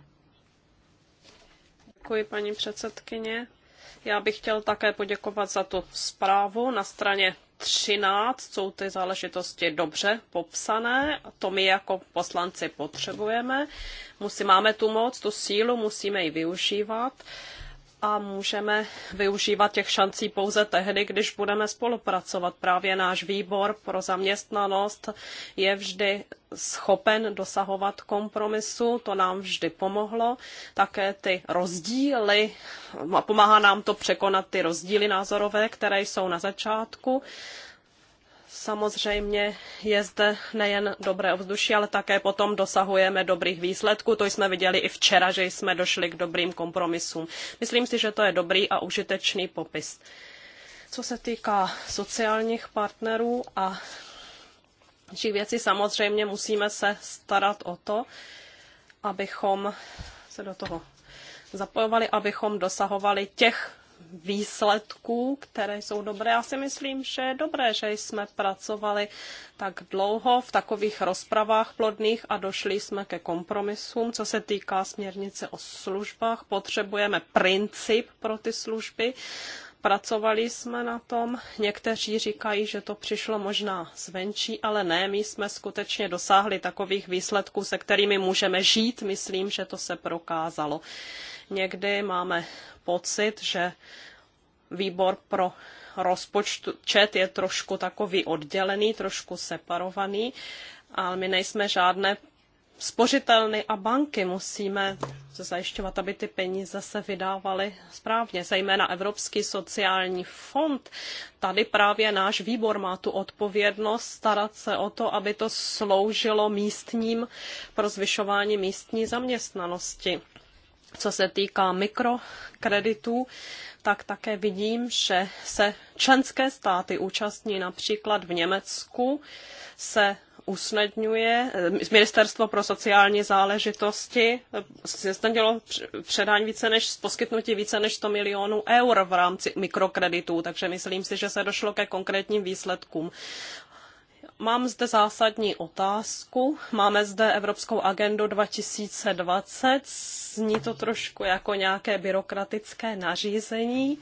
Děkuji, paní předsedkyně. Já bych chtěl také poděkovat za tu zprávu. Na straně 13 jsou ty záležitosti dobře popsané. To my jako poslanci potřebujeme. Musí, máme tu moc, tu sílu, musíme ji využívat. Uh, a můžeme využívat těch šancí pouze tehdy, když budeme spolupracovat. Právě náš výbor pro zaměstnanost je vždy schopen dosahovat kompromisu, to nám vždy pomohlo. Také ty rozdíly, pomáhá nám to překonat ty rozdíly názorové, které jsou na začátku. Samozřejmě je zde nejen dobré ovzduší, ale také potom dosahujeme dobrých výsledků. To jsme viděli i včera, že jsme došli k dobrým kompromisům. Myslím si, že to je dobrý a užitečný popis. Co se týká sociálních partnerů a těch věcí, samozřejmě musíme se starat o to, abychom se do toho zapojovali, abychom dosahovali těch výsledků, které jsou dobré. Já si myslím, že je dobré, že jsme pracovali tak dlouho v takových rozpravách plodných a došli jsme ke kompromisům. Co se týká směrnice o službách, potřebujeme princip pro ty služby Pracovali jsme na tom, někteří říkají, že to přišlo možná zvenčí, ale ne, my jsme skutečně dosáhli takových výsledků, se kterými můžeme žít, myslím, že to se prokázalo. Někdy máme pocit, že výbor pro rozpočet je trošku takový oddělený, trošku separovaný, ale my nejsme žádné spořitelny a banky musíme zajišťovat, aby ty peníze se vydávaly správně, zejména Evropský sociální fond. Tady právě náš výbor má tu odpovědnost starat se o to, aby to sloužilo místním pro zvyšování místní zaměstnanosti. Co se týká mikrokreditů, tak také vidím, že se členské státy účastní například v Německu, se usnadňuje eh, Ministerstvo pro sociální záležitosti eh, zjistilo předání více než, poskytnutí více než 100 milionů eur v rámci mikrokreditů, takže myslím si, že se došlo ke konkrétním výsledkům. Mám zde zásadní otázku. Máme zde Evropskou agendu 2020. Zní to trošku jako nějaké byrokratické nařízení.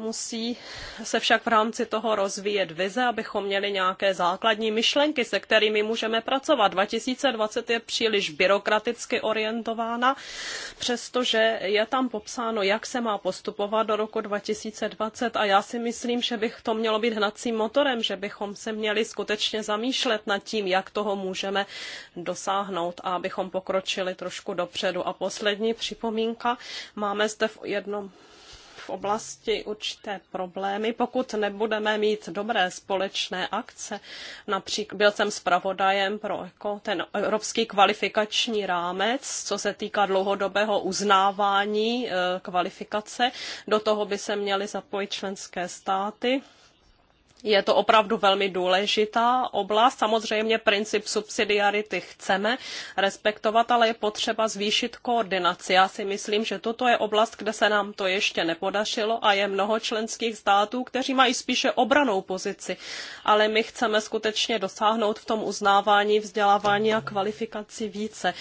Musí se však v rámci toho rozvíjet vize, abychom měli nějaké základní myšlenky, se kterými můžeme pracovat. 2020 je příliš byrokraticky orientována, přestože je tam popsáno, jak se má postupovat do roku 2020 a já si myslím, že bych to mělo být hnacím motorem, že bychom se měli skutečně zamýšlet nad tím, jak toho můžeme dosáhnout a abychom pokročili trošku dopředu. A poslední připomínka, máme zde v jednom oblasti určité problémy, pokud nebudeme mít dobré společné akce. Například byl jsem zpravodajem pro jako ten evropský kvalifikační rámec, co se týká dlouhodobého uznávání eh, kvalifikace. Do toho by se měly zapojit členské státy je to opravdu velmi důležitá oblast. Samozřejmě princip subsidiarity chceme respektovat, ale je potřeba zvýšit koordinaci. Já si myslím, že toto je oblast, kde se nám to ještě nepodařilo a je mnoho členských států, kteří mají spíše obranou pozici. Ale my chceme skutečně dosáhnout v tom uznávání, vzdělávání a kvalifikaci více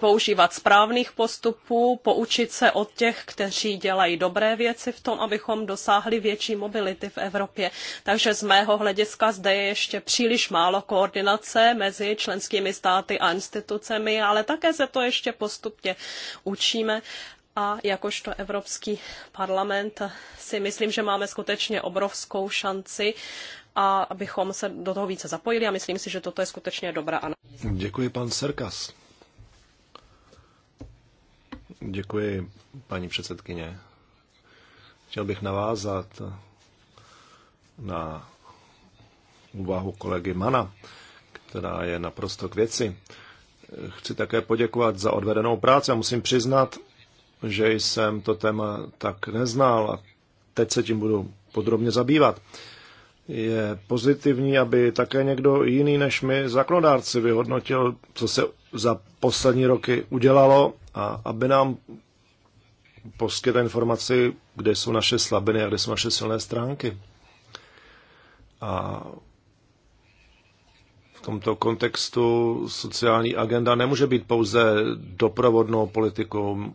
používat správných postupů, poučit se od těch, kteří dělají dobré věci v tom, abychom dosáhli větší mobility v Evropě. Takže z mého hlediska zde je ještě příliš málo koordinace mezi členskými státy a institucemi, ale také se to ještě postupně učíme a jakožto Evropský parlament si myslím, že máme skutečně obrovskou šanci, a abychom se do toho více zapojili a myslím si, že toto je skutečně dobrá analýza. Děkuji, pan Serkas. Děkuji, paní předsedkyně. Chtěl bych navázat na úvahu kolegy Mana, která je naprosto k věci. Chci také poděkovat za odvedenou práci a musím přiznat, že jsem to téma tak neznal a teď se tím budu podrobně zabývat. Je pozitivní, aby také někdo jiný než my, zakonodárci, vyhodnotil, co se za poslední roky udělalo a aby nám poskytla informaci, kde jsou naše slabiny a kde jsou naše silné stránky. A v tomto kontextu sociální agenda nemůže být pouze doprovodnou politikou,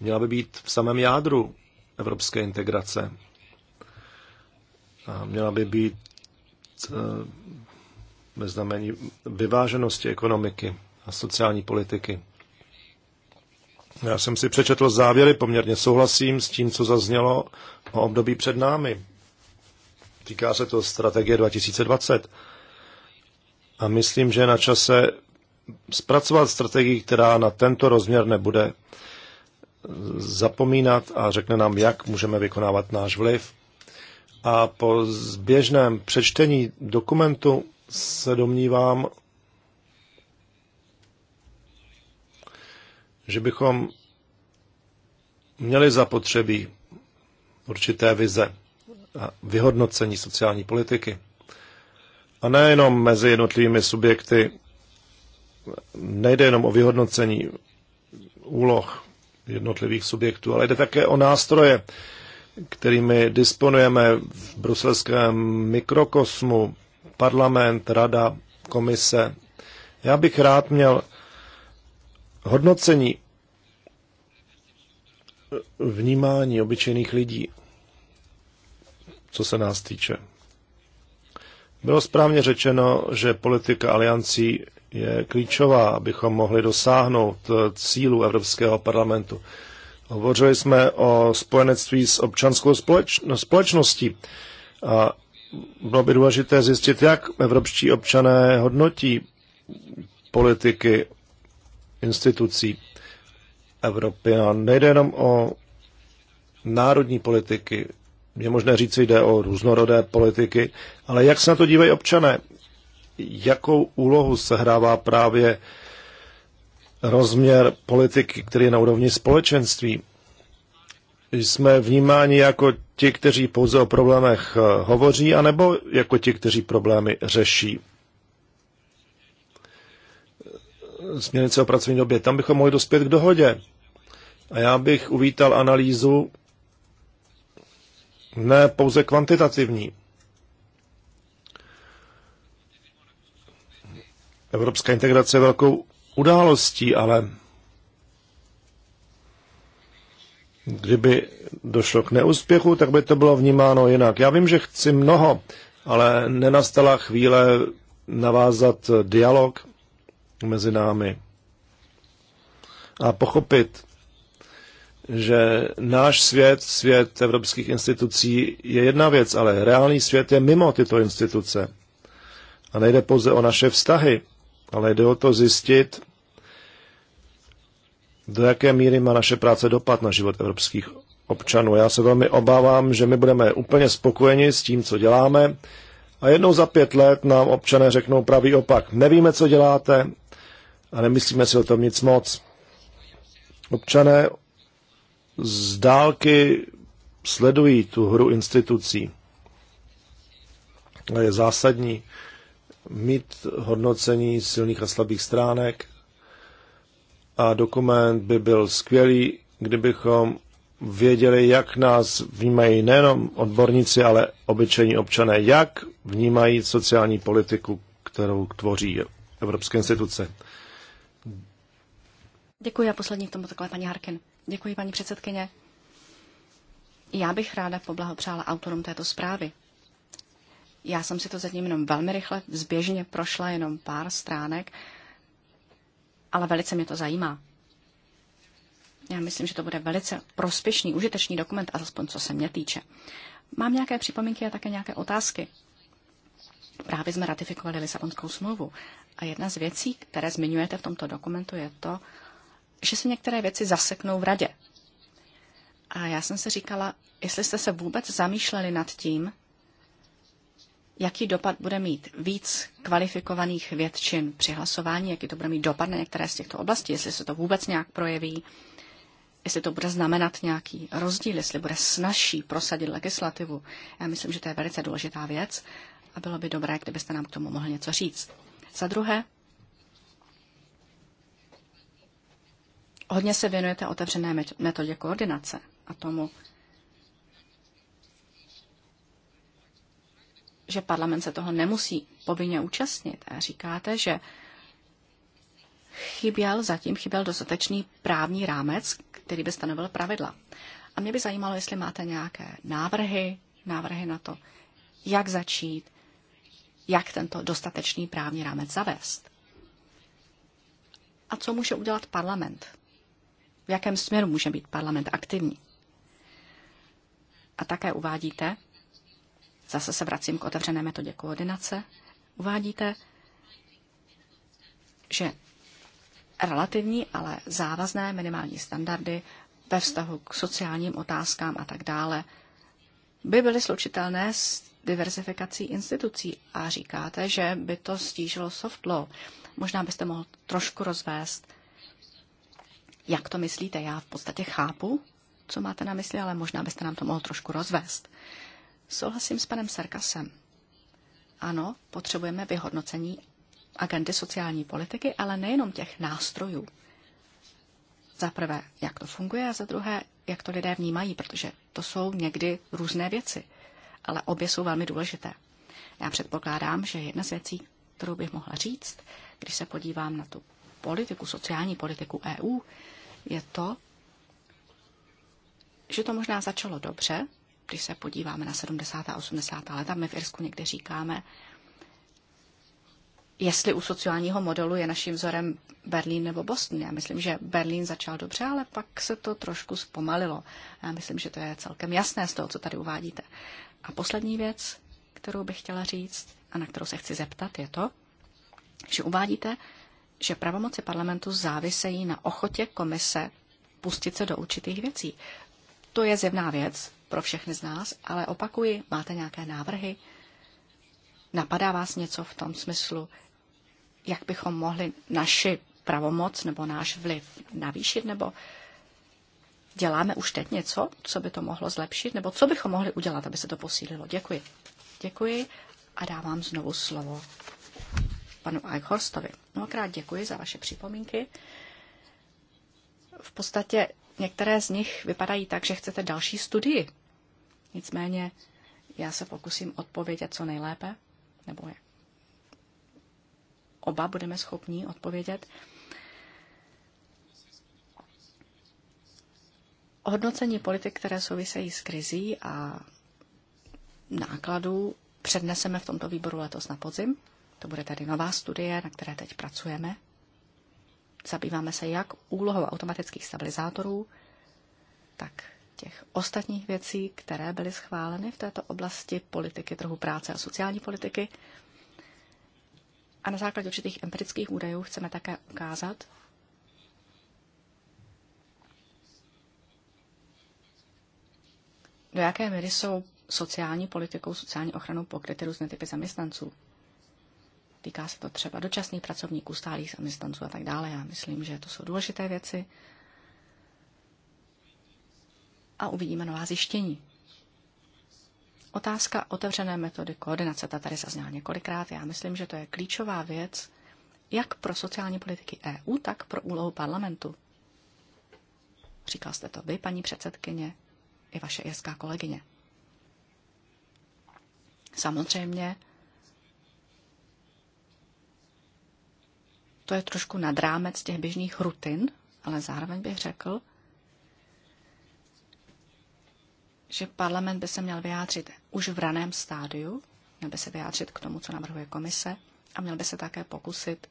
měla by být v samém jádru evropské integrace. A měla by být e, ve znamení vyváženosti ekonomiky a sociální politiky. Já jsem si přečetl závěry, poměrně souhlasím s tím, co zaznělo o období před námi. Týká se to strategie 2020. A myslím, že je na čase zpracovat strategii, která na tento rozměr nebude zapomínat a řekne nám, jak můžeme vykonávat náš vliv. A po zběžném přečtení dokumentu se domnívám, že bychom měli zapotřebí určité vize a vyhodnocení sociální politiky. A nejenom mezi jednotlivými subjekty, nejde jenom o vyhodnocení úloh jednotlivých subjektů, ale jde také o nástroje, kterými disponujeme v bruselském mikrokosmu, parlament, rada, komise. Já bych rád měl hodnocení vnímání obyčejných lidí, co se nás týče. Bylo správně řečeno, že politika aliancí je klíčová, abychom mohli dosáhnout cílu Evropského parlamentu. Hovořili jsme o spojenectví s občanskou společ- společností a bylo by důležité zjistit, jak evropští občané hodnotí politiky institucí Evropy. A nejde jenom o národní politiky, je možné říct, jde o různorodé politiky, ale jak se na to dívají občané? Jakou úlohu sehrává právě rozměr politiky, který je na úrovni společenství? Jsme vnímáni jako ti, kteří pouze o problémech hovoří, anebo jako ti, kteří problémy řeší? směrnice o pracovní době. Tam bychom mohli dospět k dohodě. A já bych uvítal analýzu ne pouze kvantitativní. Evropská integrace je velkou událostí, ale kdyby došlo k neúspěchu, tak by to bylo vnímáno jinak. Já vím, že chci mnoho, ale nenastala chvíle navázat dialog mezi námi a pochopit, že náš svět, svět evropských institucí je jedna věc, ale reálný svět je mimo tyto instituce. A nejde pouze o naše vztahy, ale jde o to zjistit, do jaké míry má naše práce dopad na život evropských občanů. Já se velmi obávám, že my budeme úplně spokojeni s tím, co děláme a jednou za pět let nám občané řeknou pravý opak. Nevíme, co děláte, a nemyslíme si o tom nic moc. Občané z dálky sledují tu hru institucí. A je zásadní mít hodnocení silných a slabých stránek a dokument by byl skvělý, kdybychom věděli, jak nás vnímají nejenom odborníci, ale obyčejní občané, jak vnímají sociální politiku, kterou tvoří evropské instituce. Děkuji a poslední v tomto takhle, paní Harkin. Děkuji, paní předsedkyně. Já bych ráda poblahopřála autorům této zprávy. Já jsem si to zatím jenom velmi rychle, zběžně prošla jenom pár stránek, ale velice mě to zajímá. Já myslím, že to bude velice prospěšný, užitečný dokument, alespoň co se mě týče. Mám nějaké připomínky a také nějaké otázky. Právě jsme ratifikovali Lisabonskou smlouvu a jedna z věcí, které zmiňujete v tomto dokumentu, je to, že se některé věci zaseknou v radě. A já jsem se říkala, jestli jste se vůbec zamýšleli nad tím, jaký dopad bude mít víc kvalifikovaných většin při hlasování, jaký to bude mít dopad na některé z těchto oblastí, jestli se to vůbec nějak projeví, jestli to bude znamenat nějaký rozdíl, jestli bude snažší prosadit legislativu. Já myslím, že to je velice důležitá věc a bylo by dobré, kdybyste nám k tomu mohli něco říct. Za druhé, hodně se věnujete otevřené metodě koordinace a tomu, že parlament se toho nemusí povinně účastnit. A říkáte, že chyběl, zatím chyběl dostatečný právní rámec, který by stanovil pravidla. A mě by zajímalo, jestli máte nějaké návrhy, návrhy na to, jak začít, jak tento dostatečný právní rámec zavést. A co může udělat parlament? v jakém směru může být parlament aktivní. A také uvádíte, zase se vracím k otevřené metodě koordinace, uvádíte, že relativní, ale závazné minimální standardy ve vztahu k sociálním otázkám a tak dále by byly slučitelné s diversifikací institucí a říkáte, že by to stížilo soft law. Možná byste mohl trošku rozvést, jak to myslíte? Já v podstatě chápu, co máte na mysli, ale možná byste nám to mohl trošku rozvést. Souhlasím s panem Sarkasem. Ano, potřebujeme vyhodnocení agendy sociální politiky, ale nejenom těch nástrojů. Za prvé, jak to funguje, a za druhé, jak to lidé vnímají, protože to jsou někdy různé věci, ale obě jsou velmi důležité. Já předpokládám, že jedna z věcí, kterou bych mohla říct, když se podívám na tu politiku, sociální politiku EU, je to, že to možná začalo dobře, když se podíváme na 70. a 80. leta, my v Irsku někde říkáme, jestli u sociálního modelu je naším vzorem Berlín nebo Boston. Já myslím, že Berlín začal dobře, ale pak se to trošku zpomalilo. Já myslím, že to je celkem jasné z toho, co tady uvádíte. A poslední věc, kterou bych chtěla říct a na kterou se chci zeptat, je to, že uvádíte, že pravomoci parlamentu závisejí na ochotě komise pustit se do určitých věcí. To je zjevná věc pro všechny z nás, ale opakuji, máte nějaké návrhy? Napadá vás něco v tom smyslu, jak bychom mohli naši pravomoc nebo náš vliv navýšit, nebo děláme už teď něco, co by to mohlo zlepšit, nebo co bychom mohli udělat, aby se to posílilo. Děkuji. Děkuji a dávám znovu slovo panu Eichhorstovi. Mnohokrát děkuji za vaše připomínky. V podstatě některé z nich vypadají tak, že chcete další studii. Nicméně já se pokusím odpovědět co nejlépe, nebo je. oba budeme schopní odpovědět. Hodnocení politik, které souvisejí s krizí a nákladů, předneseme v tomto výboru letos na podzim. To bude tady nová studie, na které teď pracujeme. Zabýváme se jak úlohou automatických stabilizátorů, tak těch ostatních věcí, které byly schváleny v této oblasti politiky trhu práce a sociální politiky. A na základě určitých empirických údajů chceme také ukázat, do jaké míry jsou sociální politikou, sociální ochranou pokryty různé typy zaměstnanců. Týká se to třeba dočasných pracovníků, stálých zaměstnanců a tak dále. Já myslím, že to jsou důležité věci. A uvidíme nová zjištění. Otázka otevřené metody koordinace, ta tady zazněla několikrát. Já myslím, že to je klíčová věc jak pro sociální politiky EU, tak pro úlohu parlamentu. Říkal jste to vy, paní předsedkyně, i vaše jeská kolegyně. Samozřejmě to je trošku nad rámec těch běžných rutin, ale zároveň bych řekl, že parlament by se měl vyjádřit už v raném stádiu, měl by se vyjádřit k tomu, co navrhuje komise a měl by se také pokusit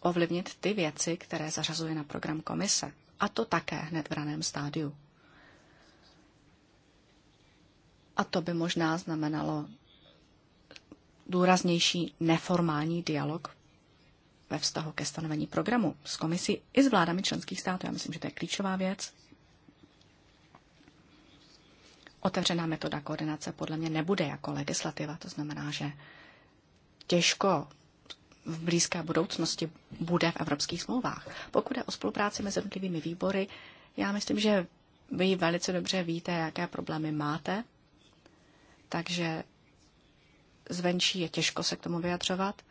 ovlivnit ty věci, které zařazuje na program komise. A to také hned v raném stádiu. A to by možná znamenalo důraznější neformální dialog ve vztahu ke stanovení programu s komisí i s vládami členských států. Já myslím, že to je klíčová věc. Otevřená metoda koordinace podle mě nebude jako legislativa, to znamená, že těžko v blízké budoucnosti bude v evropských smlouvách. Pokud je o spolupráci mezi jednotlivými výbory, já myslím, že vy velice dobře víte, jaké problémy máte, takže zvenčí je těžko se k tomu vyjadřovat.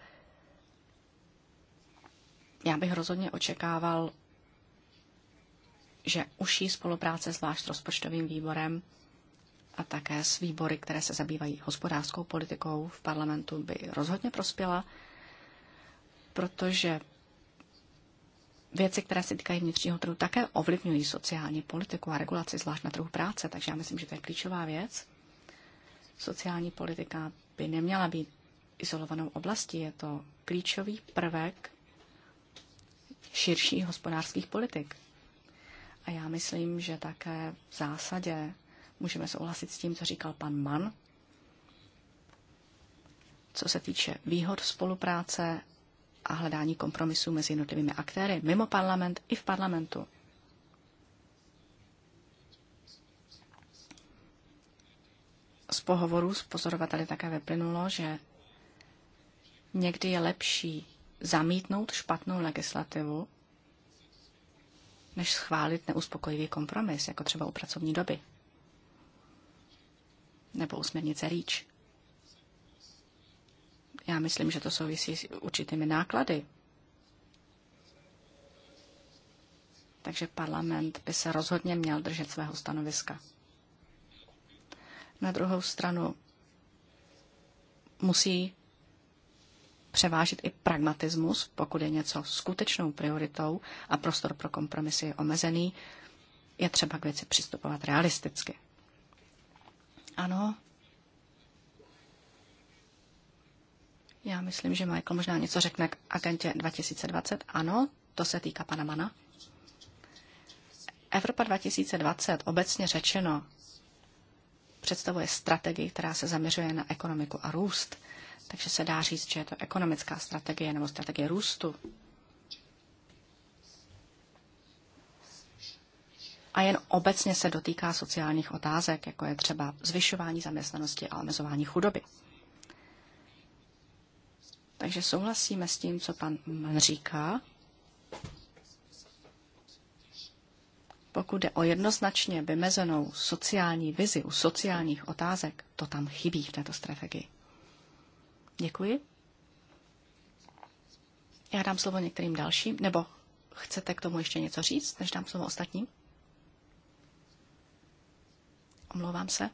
Já bych rozhodně očekával, že užší spolupráce zvlášť s rozpočtovým výborem a také s výbory, které se zabývají hospodářskou politikou v parlamentu, by rozhodně prospěla, protože věci, které se týkají vnitřního trhu, také ovlivňují sociální politiku a regulaci, zvlášť na trhu práce. Takže já myslím, že to je klíčová věc. Sociální politika by neměla být izolovanou oblastí. Je to klíčový prvek širších hospodářských politik. A já myslím, že také v zásadě můžeme souhlasit s tím, co říkal pan Mann, co se týče výhod spolupráce a hledání kompromisů mezi jednotlivými aktéry mimo parlament i v parlamentu. Z pohovoru s pozorovateli také vyplynulo, že někdy je lepší zamítnout špatnou legislativu, než schválit neuspokojivý kompromis, jako třeba u pracovní doby nebo u směrnice REACH. Já myslím, že to souvisí s určitými náklady. Takže parlament by se rozhodně měl držet svého stanoviska. Na druhou stranu musí převážit i pragmatismus, pokud je něco skutečnou prioritou a prostor pro kompromisy je omezený, je třeba k věci přistupovat realisticky. Ano, já myslím, že Michael možná něco řekne k agentě 2020. Ano, to se týká Mana. Evropa 2020 obecně řečeno představuje strategii, která se zaměřuje na ekonomiku a růst. Takže se dá říct, že je to ekonomická strategie nebo strategie růstu. A jen obecně se dotýká sociálních otázek, jako je třeba zvyšování zaměstnanosti a omezování chudoby. Takže souhlasíme s tím, co pan Mann říká. Pokud jde o jednoznačně vymezenou sociální vizi u sociálních otázek, to tam chybí v této strategii. Děkuji. Já dám slovo některým dalším, nebo chcete k tomu ještě něco říct, než dám slovo ostatním? Omlouvám se.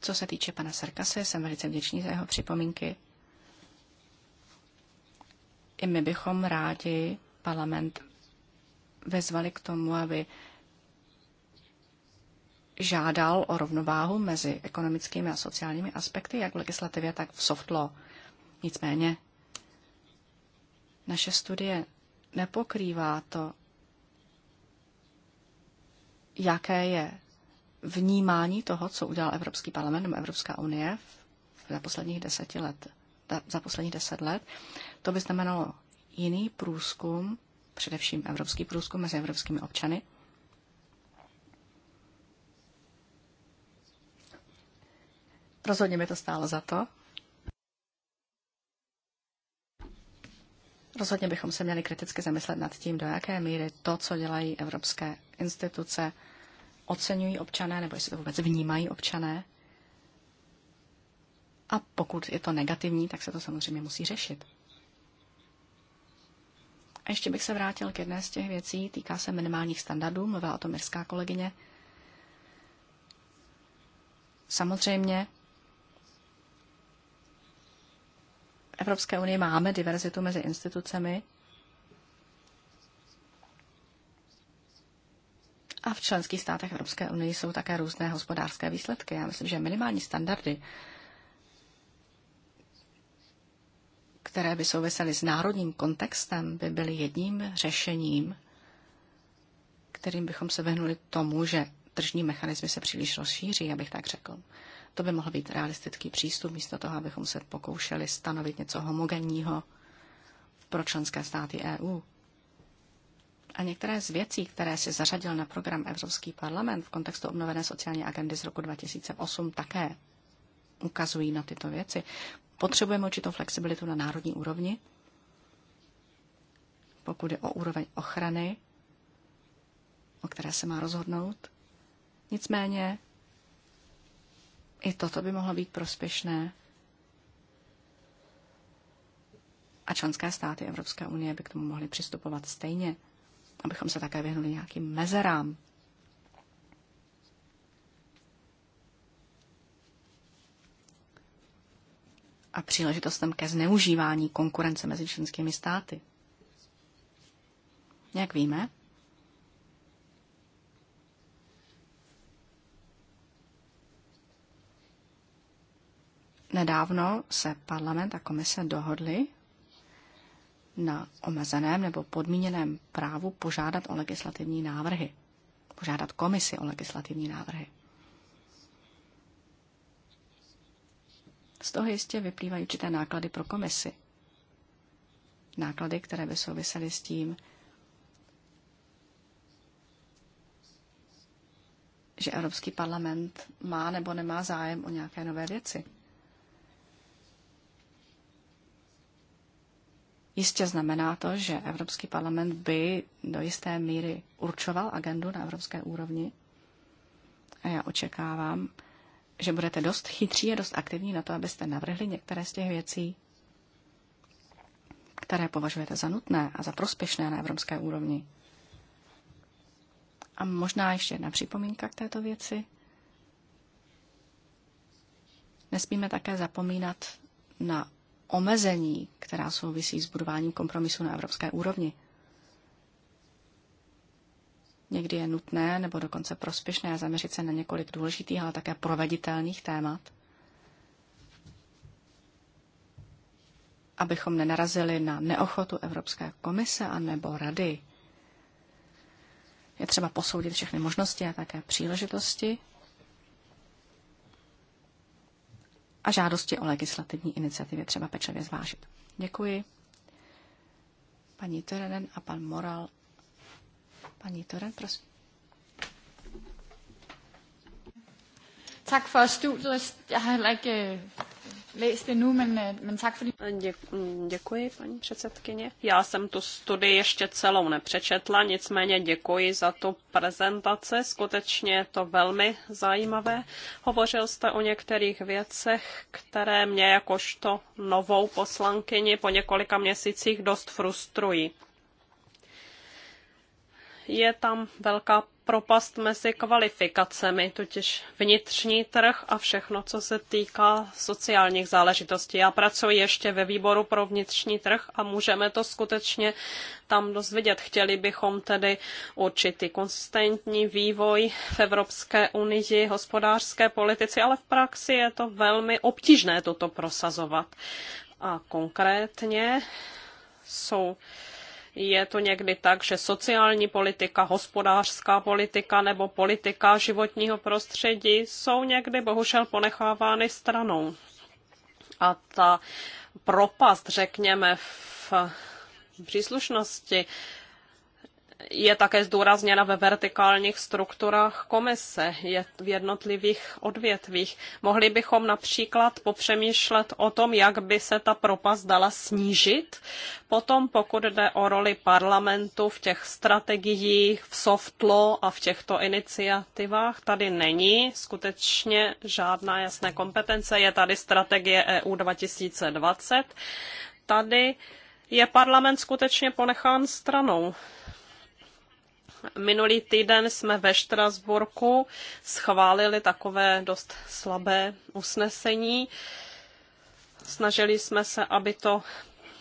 Co se týče pana Sarkase, jsem velice vděčný za jeho připomínky. I my bychom rádi parlament vezvali k tomu, aby žádal o rovnováhu mezi ekonomickými a sociálními aspekty, jak v legislativě, tak v soft law. Nicméně naše studie nepokrývá to, jaké je vnímání toho, co udělal Evropský parlament nebo Evropská unie za posledních deseti let. Za posledních deset let. To by znamenalo jiný průzkum, především evropský průzkum mezi evropskými občany, Rozhodně mi to stálo za to. Rozhodně bychom se měli kriticky zamyslet nad tím, do jaké míry to, co dělají evropské instituce, oceňují občané, nebo jestli to vůbec vnímají občané. A pokud je to negativní, tak se to samozřejmě musí řešit. A ještě bych se vrátil k jedné z těch věcí, týká se minimálních standardů, mluvila o tom mirská kolegyně. Samozřejmě Evropské unii máme diverzitu mezi institucemi a v členských státech Evropské unie jsou také různé hospodářské výsledky. Já myslím, že minimální standardy, které by souvisely s národním kontextem, by byly jedním řešením, kterým bychom se vyhnuli tomu, že tržní mechanismy se příliš rozšíří, abych tak řekl. To by mohl být realistický přístup, místo toho, abychom se pokoušeli stanovit něco homogenního pro členské státy EU. A některé z věcí, které si zařadil na program Evropský parlament v kontextu obnovené sociální agendy z roku 2008, také ukazují na tyto věci. Potřebujeme určitou flexibilitu na národní úrovni, pokud je o úroveň ochrany, o které se má rozhodnout. Nicméně i toto by mohlo být prospěšné. A členské státy Evropské unie by k tomu mohly přistupovat stejně, abychom se také vyhnuli nějakým mezerám. A příležitostem ke zneužívání konkurence mezi členskými státy. Jak víme, Nedávno se parlament a komise dohodli na omezeném nebo podmíněném právu požádat o legislativní návrhy. Požádat komisi o legislativní návrhy. Z toho jistě vyplývají určité náklady pro komisi. Náklady, které by souvisely s tím, že Evropský parlament má nebo nemá zájem o nějaké nové věci. Jistě znamená to, že Evropský parlament by do jisté míry určoval agendu na evropské úrovni. A já očekávám, že budete dost chytří a dost aktivní na to, abyste navrhli některé z těch věcí, které považujete za nutné a za prospěšné na evropské úrovni. A možná ještě jedna připomínka k této věci. Nesmíme také zapomínat na omezení, která souvisí s budováním kompromisu na evropské úrovni. Někdy je nutné nebo dokonce prospěšné zaměřit se na několik důležitých, ale také proveditelných témat, abychom nenarazili na neochotu Evropské komise a nebo rady. Je třeba posoudit všechny možnosti a také příležitosti a žádosti o legislativní iniciativě třeba pečlivě zvážit. Děkuji. Paní Törenen a pan Moral. Paní Tören, prosím. Tak for studiet. Jeg har heller ikke øh, Øh, děkuji, paní předsedkyně. Já jsem tu studii ještě celou nepřečetla, nicméně děkuji za tu prezentaci. Skutečně je to velmi zajímavé. Hovořil jste o některých věcech, které mě jakožto novou poslankyni po několika měsících dost frustrují. Je tam velká propast mezi kvalifikacemi, totiž vnitřní trh a všechno, co se týká sociálních záležitostí. Já pracuji ještě ve výboru pro vnitřní trh a můžeme to skutečně tam dozvědět. Chtěli bychom tedy určitý konsistentní vývoj v Evropské unii, hospodářské politici, ale v praxi je to velmi obtížné toto prosazovat. A konkrétně jsou je to někdy tak, že sociální politika, hospodářská politika nebo politika životního prostředí jsou někdy bohužel ponechávány stranou. A ta propast, řekněme, v příslušnosti je také zdůrazněna ve vertikálních strukturách komise, je v jednotlivých odvětvích. Mohli bychom například popřemýšlet o tom, jak by se ta propast dala snížit. Potom, pokud jde o roli parlamentu v těch strategiích, v soft law a v těchto iniciativách, tady není skutečně žádná jasné kompetence. Je tady strategie EU 2020. Tady je parlament skutečně ponechán stranou. Minulý týden jsme ve Štrasburku schválili takové dost slabé usnesení. Snažili jsme se, aby to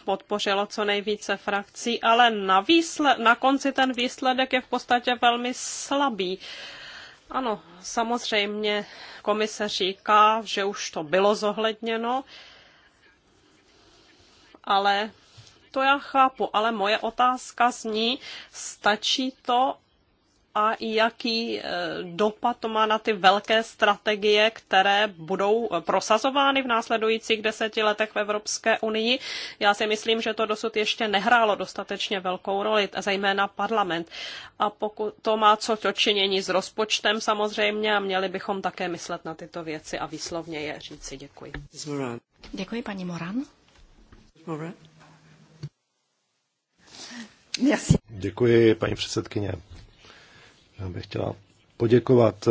podpořilo co nejvíce frakcí, ale na, výsle- na konci ten výsledek je v podstatě velmi slabý. Ano, samozřejmě komise říká, že už to bylo zohledněno, ale to já chápu, ale moje otázka zní, stačí to a jaký e, dopad to má na ty velké strategie, které budou prosazovány v následujících deseti letech v Evropské unii. Já si myslím, že to dosud ještě nehrálo dostatečně velkou roli, zejména parlament. A pokud to má co točinění s rozpočtem samozřejmě, a měli bychom také myslet na tyto věci a výslovně je říci děkuji. Děkuji, paní Moran. Moran. Merci. Děkuji, paní předsedkyně. Já bych chtěla poděkovat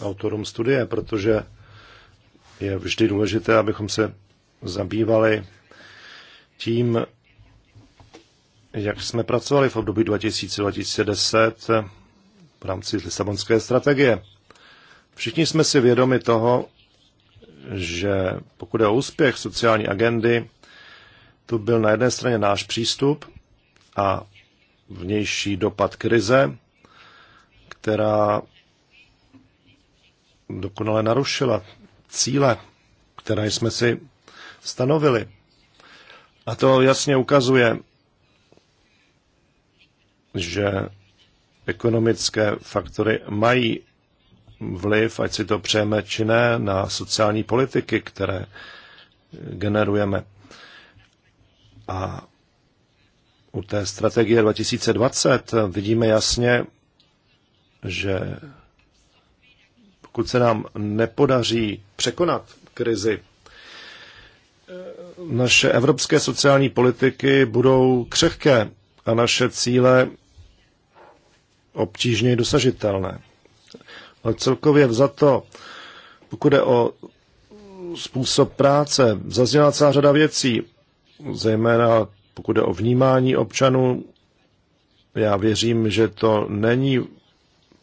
autorům studie, protože je vždy důležité, abychom se zabývali tím, jak jsme pracovali v období 2000-2010 v rámci Lisabonské strategie. Všichni jsme si vědomi toho, že pokud je o úspěch sociální agendy, tu byl na jedné straně náš přístup, a vnější dopad krize, která dokonale narušila cíle, které jsme si stanovili. A to jasně ukazuje, že ekonomické faktory mají vliv, ať si to přejeme či ne, na sociální politiky, které generujeme. A u té strategie 2020 vidíme jasně, že pokud se nám nepodaří překonat krizi, naše evropské sociální politiky budou křehké a naše cíle obtížně dosažitelné. Ale celkově vzato, pokud je o způsob práce, zazněla celá řada věcí, zejména pokud jde o vnímání občanů, já věřím, že to není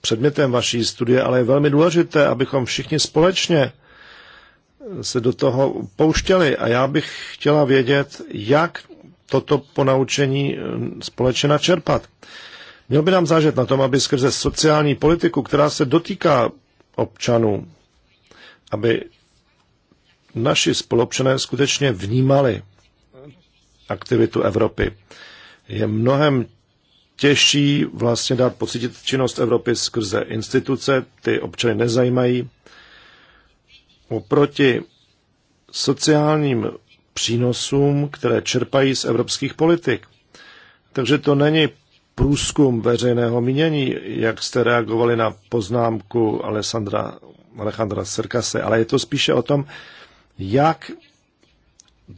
předmětem vaší studie, ale je velmi důležité, abychom všichni společně se do toho pouštěli. A já bych chtěla vědět, jak toto ponaučení eh, společně načerpat. Měl by nám zážet na tom, aby skrze sociální politiku, která se dotýká občanů, aby naši spolupčané skutečně vnímali aktivitu Evropy. Je mnohem těžší vlastně dát pocítit činnost Evropy skrze instituce, ty občany nezajímají. Oproti sociálním přínosům, které čerpají z evropských politik. Takže to není průzkum veřejného mínění, jak jste reagovali na poznámku Alessandra, Alejandra Serkase, ale je to spíše o tom, jak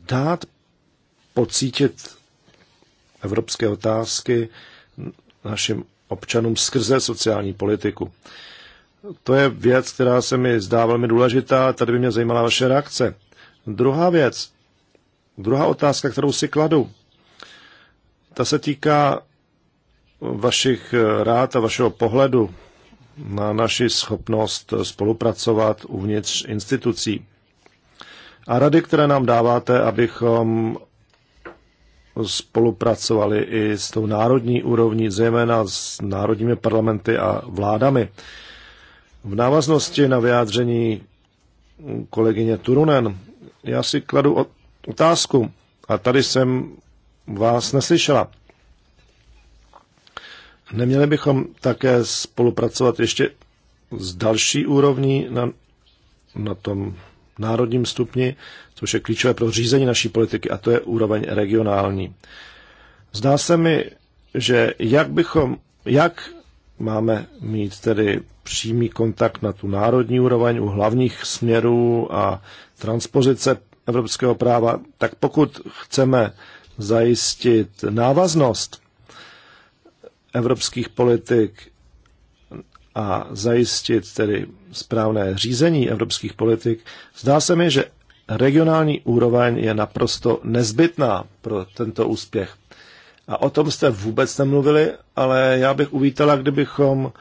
dát pocítit evropské otázky našim občanům skrze sociální politiku. To je věc, která se mi zdá velmi důležitá. Tady by mě zajímala vaše reakce. Druhá věc, druhá otázka, kterou si kladu, ta se týká vašich rád a vašeho pohledu na naši schopnost spolupracovat uvnitř institucí a rady, které nám dáváte, abychom spolupracovali i s tou národní úrovní, zejména s národními parlamenty a vládami. V návaznosti na vyjádření kolegyně Turunen, já si kladu otázku, a tady jsem vás neslyšela. Neměli bychom také spolupracovat ještě s další úrovní na, na tom národním stupni což je klíčové pro řízení naší politiky, a to je úroveň regionální. Zdá se mi, že jak bychom, jak máme mít tedy přímý kontakt na tu národní úroveň u hlavních směrů a transpozice evropského práva, tak pokud chceme zajistit návaznost evropských politik a zajistit tedy správné řízení evropských politik, zdá se mi, že regionální úroveň je naprosto nezbytná pro tento úspěch. A o tom jste vůbec nemluvili, ale já bych uvítala, kdybychom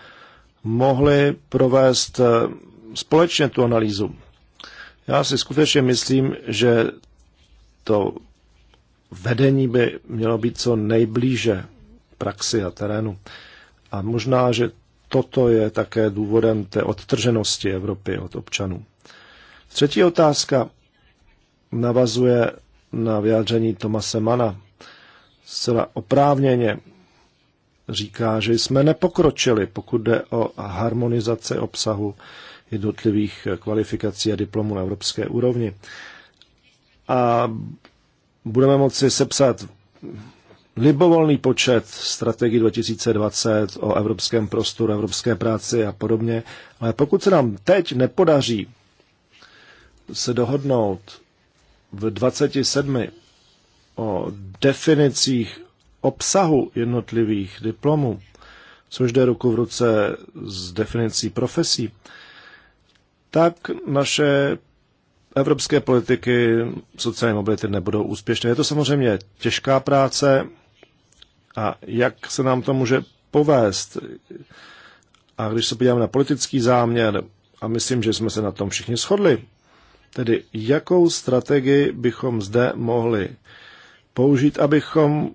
mohli provést eh, společně tu analýzu. Já si skutečně myslím, že to vedení by mělo být co nejblíže praxi a terénu. A možná, že toto je také důvodem té odtrženosti Evropy od občanů. Třetí otázka navazuje na vyjádření Tomase Mana. Zcela oprávněně říká, že jsme nepokročili, pokud jde o harmonizaci obsahu jednotlivých kvalifikací a diplomů na evropské úrovni. A budeme moci sepsat libovolný počet strategií 2020 o evropském prostoru, evropské práci a podobně, ale pokud se nám teď nepodaří se dohodnout v 27 o definicích obsahu jednotlivých diplomů, což jde ruku v ruce s definicí profesí, tak naše evropské politiky sociální mobility nebudou úspěšné. Je to samozřejmě těžká práce a jak se nám to může povést. A když se podíváme na politický záměr, a myslím, že jsme se na tom všichni shodli Tedy jakou strategii bychom zde mohli použít, abychom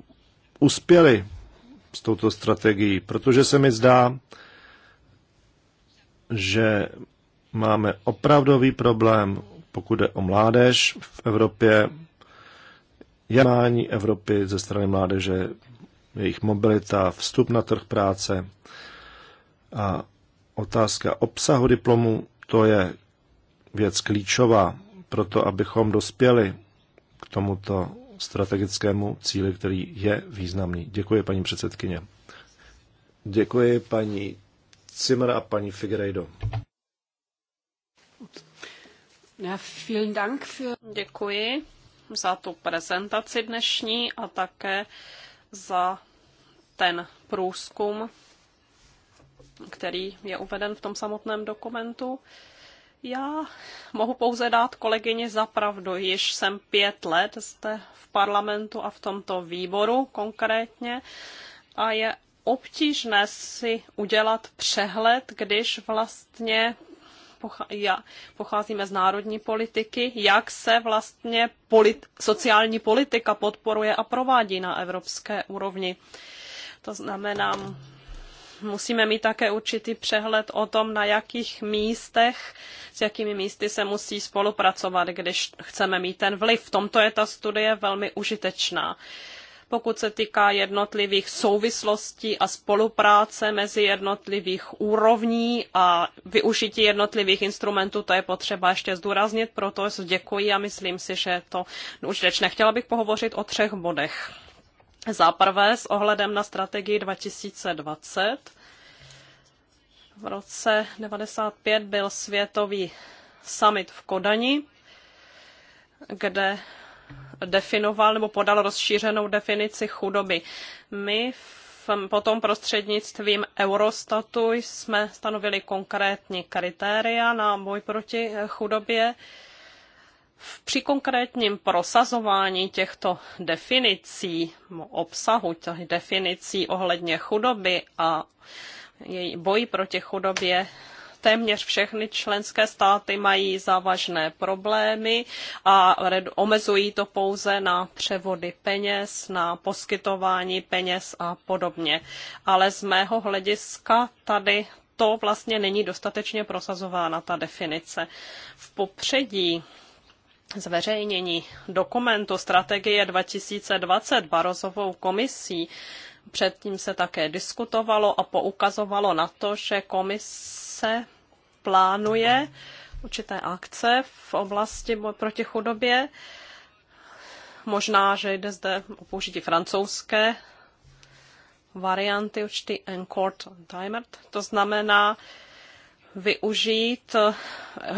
uspěli s touto strategií, protože se mi zdá, že máme opravdový problém, pokud jde o mládež v Evropě, jednání Evropy ze strany mládeže, jejich mobilita, vstup na trh práce a otázka obsahu diplomu, to je věc klíčová pro to, abychom dospěli k tomuto strategickému cíli, který je významný. Děkuji, paní předsedkyně. Děkuji, paní Zimmer a paní Figueiredo. Děkuji za tu prezentaci dnešní a také za ten průzkum, který je uveden v tom samotném dokumentu. Já mohu pouze dát kolegyně za pravdu. Již jsem pět let zde v parlamentu a v tomto výboru konkrétně a je obtížné si udělat přehled, když vlastně já, pocházíme z národní politiky, jak se vlastně polit, sociální politika podporuje a provádí na evropské úrovni. To znamená, musíme mít také určitý přehled o tom, na jakých místech, s jakými místy se musí spolupracovat, když chceme mít ten vliv. V tomto je ta studie velmi užitečná pokud se týká jednotlivých souvislostí a spolupráce mezi jednotlivých úrovní a využití jednotlivých instrumentů, to je potřeba ještě zdůraznit, proto děkuji a myslím si, že je to užitečné. Chtěla bych pohovořit o třech bodech. Za prvé s ohledem na strategii 2020. V roce 95 byl světový summit v Kodani, kde definoval nebo podal rozšířenou definici chudoby. My v, potom prostřednictvím Eurostatu jsme stanovili konkrétní kritéria na boj proti chudobě při konkrétním prosazování těchto definicí, obsahu těch definicí ohledně chudoby a její boji proti chudobě, téměř všechny členské státy mají závažné problémy a omezují to pouze na převody peněz, na poskytování peněz a podobně. Ale z mého hlediska tady to vlastně není dostatečně prosazována ta definice. V popředí zveřejnění dokumentu Strategie 2020 Barozovou komisí předtím se také diskutovalo a poukazovalo na to, že komise plánuje určité akce v oblasti boje proti chudobě. Možná, že jde zde o použití francouzské varianty určitý Encourt Timer. To znamená, využít eh,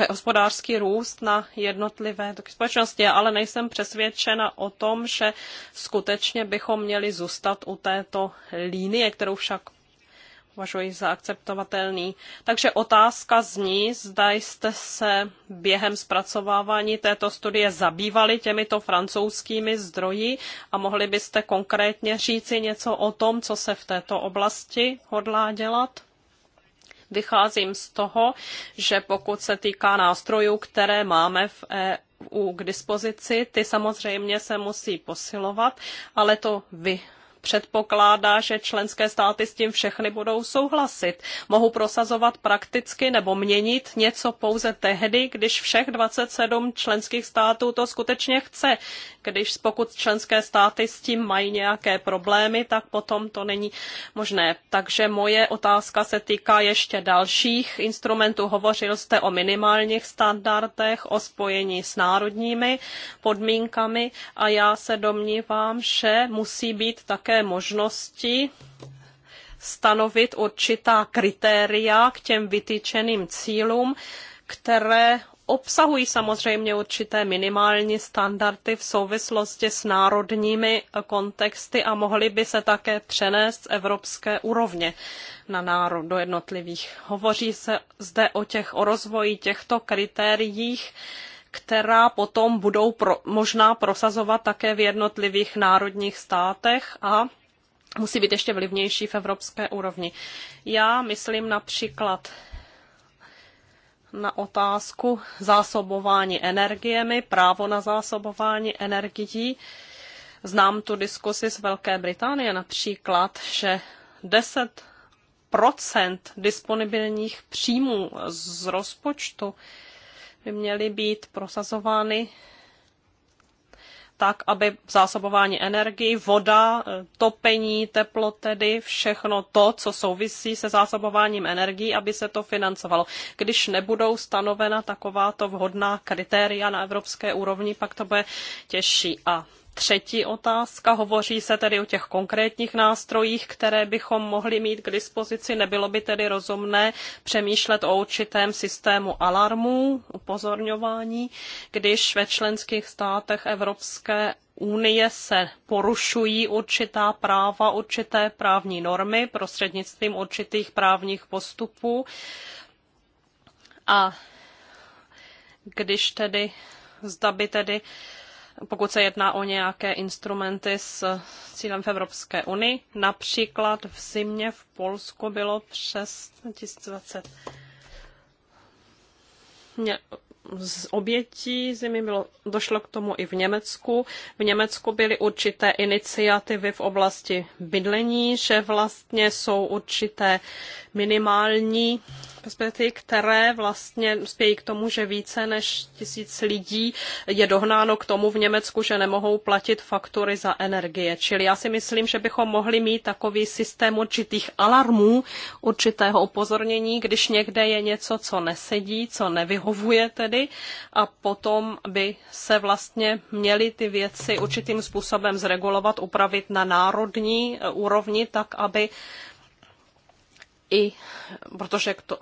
hospodářský růst na jednotlivé společnosti, ale nejsem přesvědčena o tom, že skutečně bychom měli zůstat u této línie, kterou však považuji za akceptovatelný. Takže otázka zní, zda jste se během zpracovávání této studie zabývali těmito francouzskými zdroji a mohli byste konkrétně říci něco o tom, co se v této oblasti hodlá dělat? Vycházím z toho, že pokud se týká nástrojů, které máme v EU k dispozici, ty samozřejmě se musí posilovat, ale to vy předpokládá, že členské státy s tím všechny budou souhlasit. Mohu prosazovat prakticky nebo měnit něco pouze tehdy, když všech 27 členských států to skutečně chce. Když pokud členské státy s tím mají nějaké problémy, tak potom to není možné. Takže moje otázka se týká ještě dalších instrumentů. Hovořil jste o minimálních standardech, o spojení s národními podmínkami a já se domnívám, že musí být také také možnosti stanovit určitá kritéria k těm vytyčeným cílům, které obsahují samozřejmě určité minimální standardy v souvislosti s národními kontexty a mohly by se také přenést z evropské úrovně na národ do jednotlivých. Hovoří se zde o těch o rozvoji těchto kritériích, která potom budou pro, možná prosazovat také v jednotlivých národních státech a musí být ještě vlivnější v evropské úrovni. Já myslím například na otázku zásobování energiemi, právo na zásobování energií. Znám tu diskusi z Velké Británie například, že 10 disponibilních příjmů z rozpočtu by měly být prosazovány tak, aby zásobování energii, voda, e, topení, teplo, tedy všechno to, co souvisí se zásobováním energií, aby se to financovalo. Když nebudou stanovena takováto vhodná kritéria na evropské úrovni, pak to bude těžší. A Třetí otázka, hovoří se tedy o těch konkrétních nástrojích, které bychom mohli mít k dispozici. Nebylo by tedy rozumné přemýšlet o určitém systému alarmů, upozorňování, když ve členských státech Evropské unie se porušují určitá práva, určité právní normy prostřednictvím určitých právních postupů. A když tedy, zda by tedy pokud se jedná o nějaké instrumenty s cílem v Evropské unii. Například v zimě v Polsku bylo přes 2020 z obětí zimy bylo, došlo k tomu i v Německu. V Německu byly určité iniciativy v oblasti bydlení, že vlastně jsou určité minimální perspektivy, které vlastně spějí k tomu, že více než tisíc lidí je dohnáno k tomu v Německu, že nemohou platit faktury za energie. Čili já si myslím, že bychom mohli mít takový systém určitých alarmů, určitého upozornění, když někde je něco, co nesedí, co nevyhovuje tedy tedy a potom by se vlastně měly ty věci určitým způsobem zregulovat, upravit na národní eh, úrovni, tak aby i, protože to,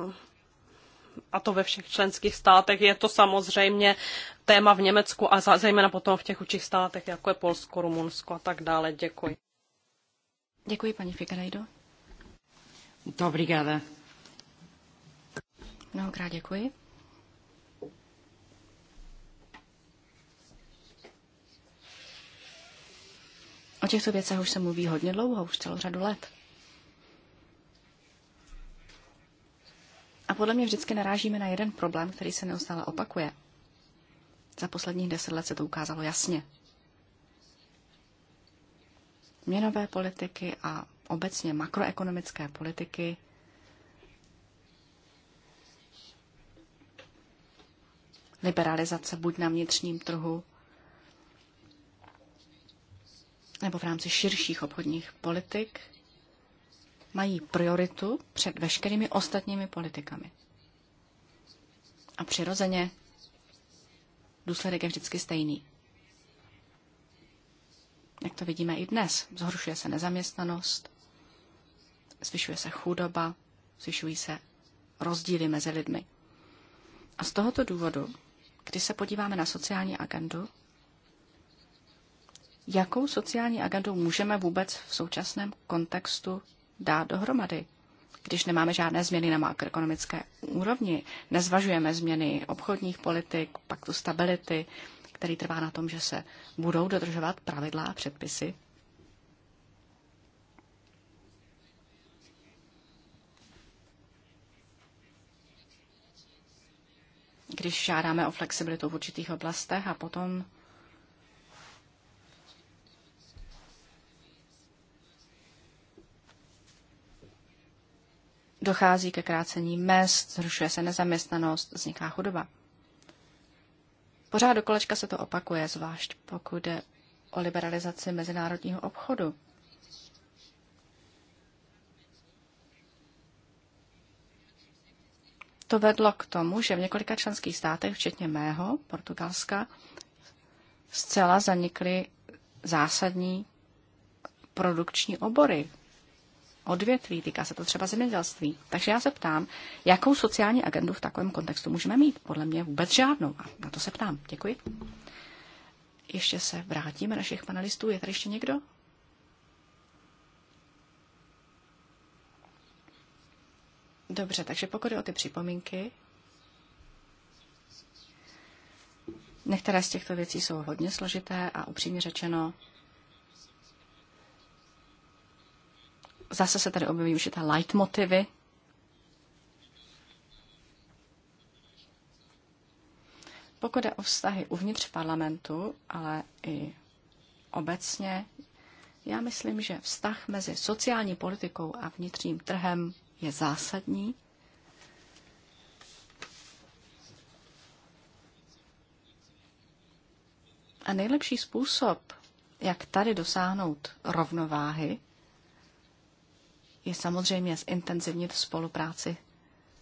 a to ve všech členských státech, je to samozřejmě téma v Německu a zejména potom v těch určitých státech, jako je Polsko, Rumunsko a tak dále. Děkuji. Děkuji, paní Figarejdo. Dobrý Mnohokrát děkuji. O těchto věcech už se mluví hodně dlouho, už celou řadu let. A podle mě vždycky narážíme na jeden problém, který se neustále opakuje. Za posledních deset let se to ukázalo jasně. Měnové politiky a obecně makroekonomické politiky liberalizace buď na vnitřním trhu, nebo v rámci širších obchodních politik mají prioritu před veškerými ostatními politikami. A přirozeně důsledek je vždycky stejný. Jak to vidíme i dnes, zhoršuje se nezaměstnanost, zvyšuje se chudoba, zvyšují se rozdíly mezi lidmi. A z tohoto důvodu, když se podíváme na sociální agendu, jakou sociální agendu můžeme vůbec v současném kontextu dát dohromady, když nemáme žádné změny na makroekonomické úrovni, nezvažujeme změny obchodních politik, paktu stability, který trvá na tom, že se budou dodržovat pravidla a předpisy. Když žádáme o flexibilitu v určitých oblastech a potom Dochází ke krácení mest, zrušuje se nezaměstnanost, vzniká chudoba. Pořád do kolečka se to opakuje, zvlášť pokud jde o liberalizaci mezinárodního obchodu. To vedlo k tomu, že v několika členských státech, včetně mého, Portugalska, zcela zanikly zásadní produkční obory, odvětví, týká se to třeba zemědělství. Takže já se ptám, jakou sociální agendu v takovém kontextu můžeme mít? Podle mě vůbec žádnou. A na to se ptám. Děkuji. Ještě se vrátíme našich panelistů. Je tady ještě někdo? Dobře, takže pokud je o ty připomínky, některé z těchto věcí jsou hodně složité a upřímně řečeno, Zase se tady objeví určité leitmotivy. Pokud je o vztahy uvnitř parlamentu, ale i obecně, já myslím, že vztah mezi sociální politikou a vnitřním trhem je zásadní. A nejlepší způsob, jak tady dosáhnout rovnováhy, je samozřejmě zintenzivnit spolupráci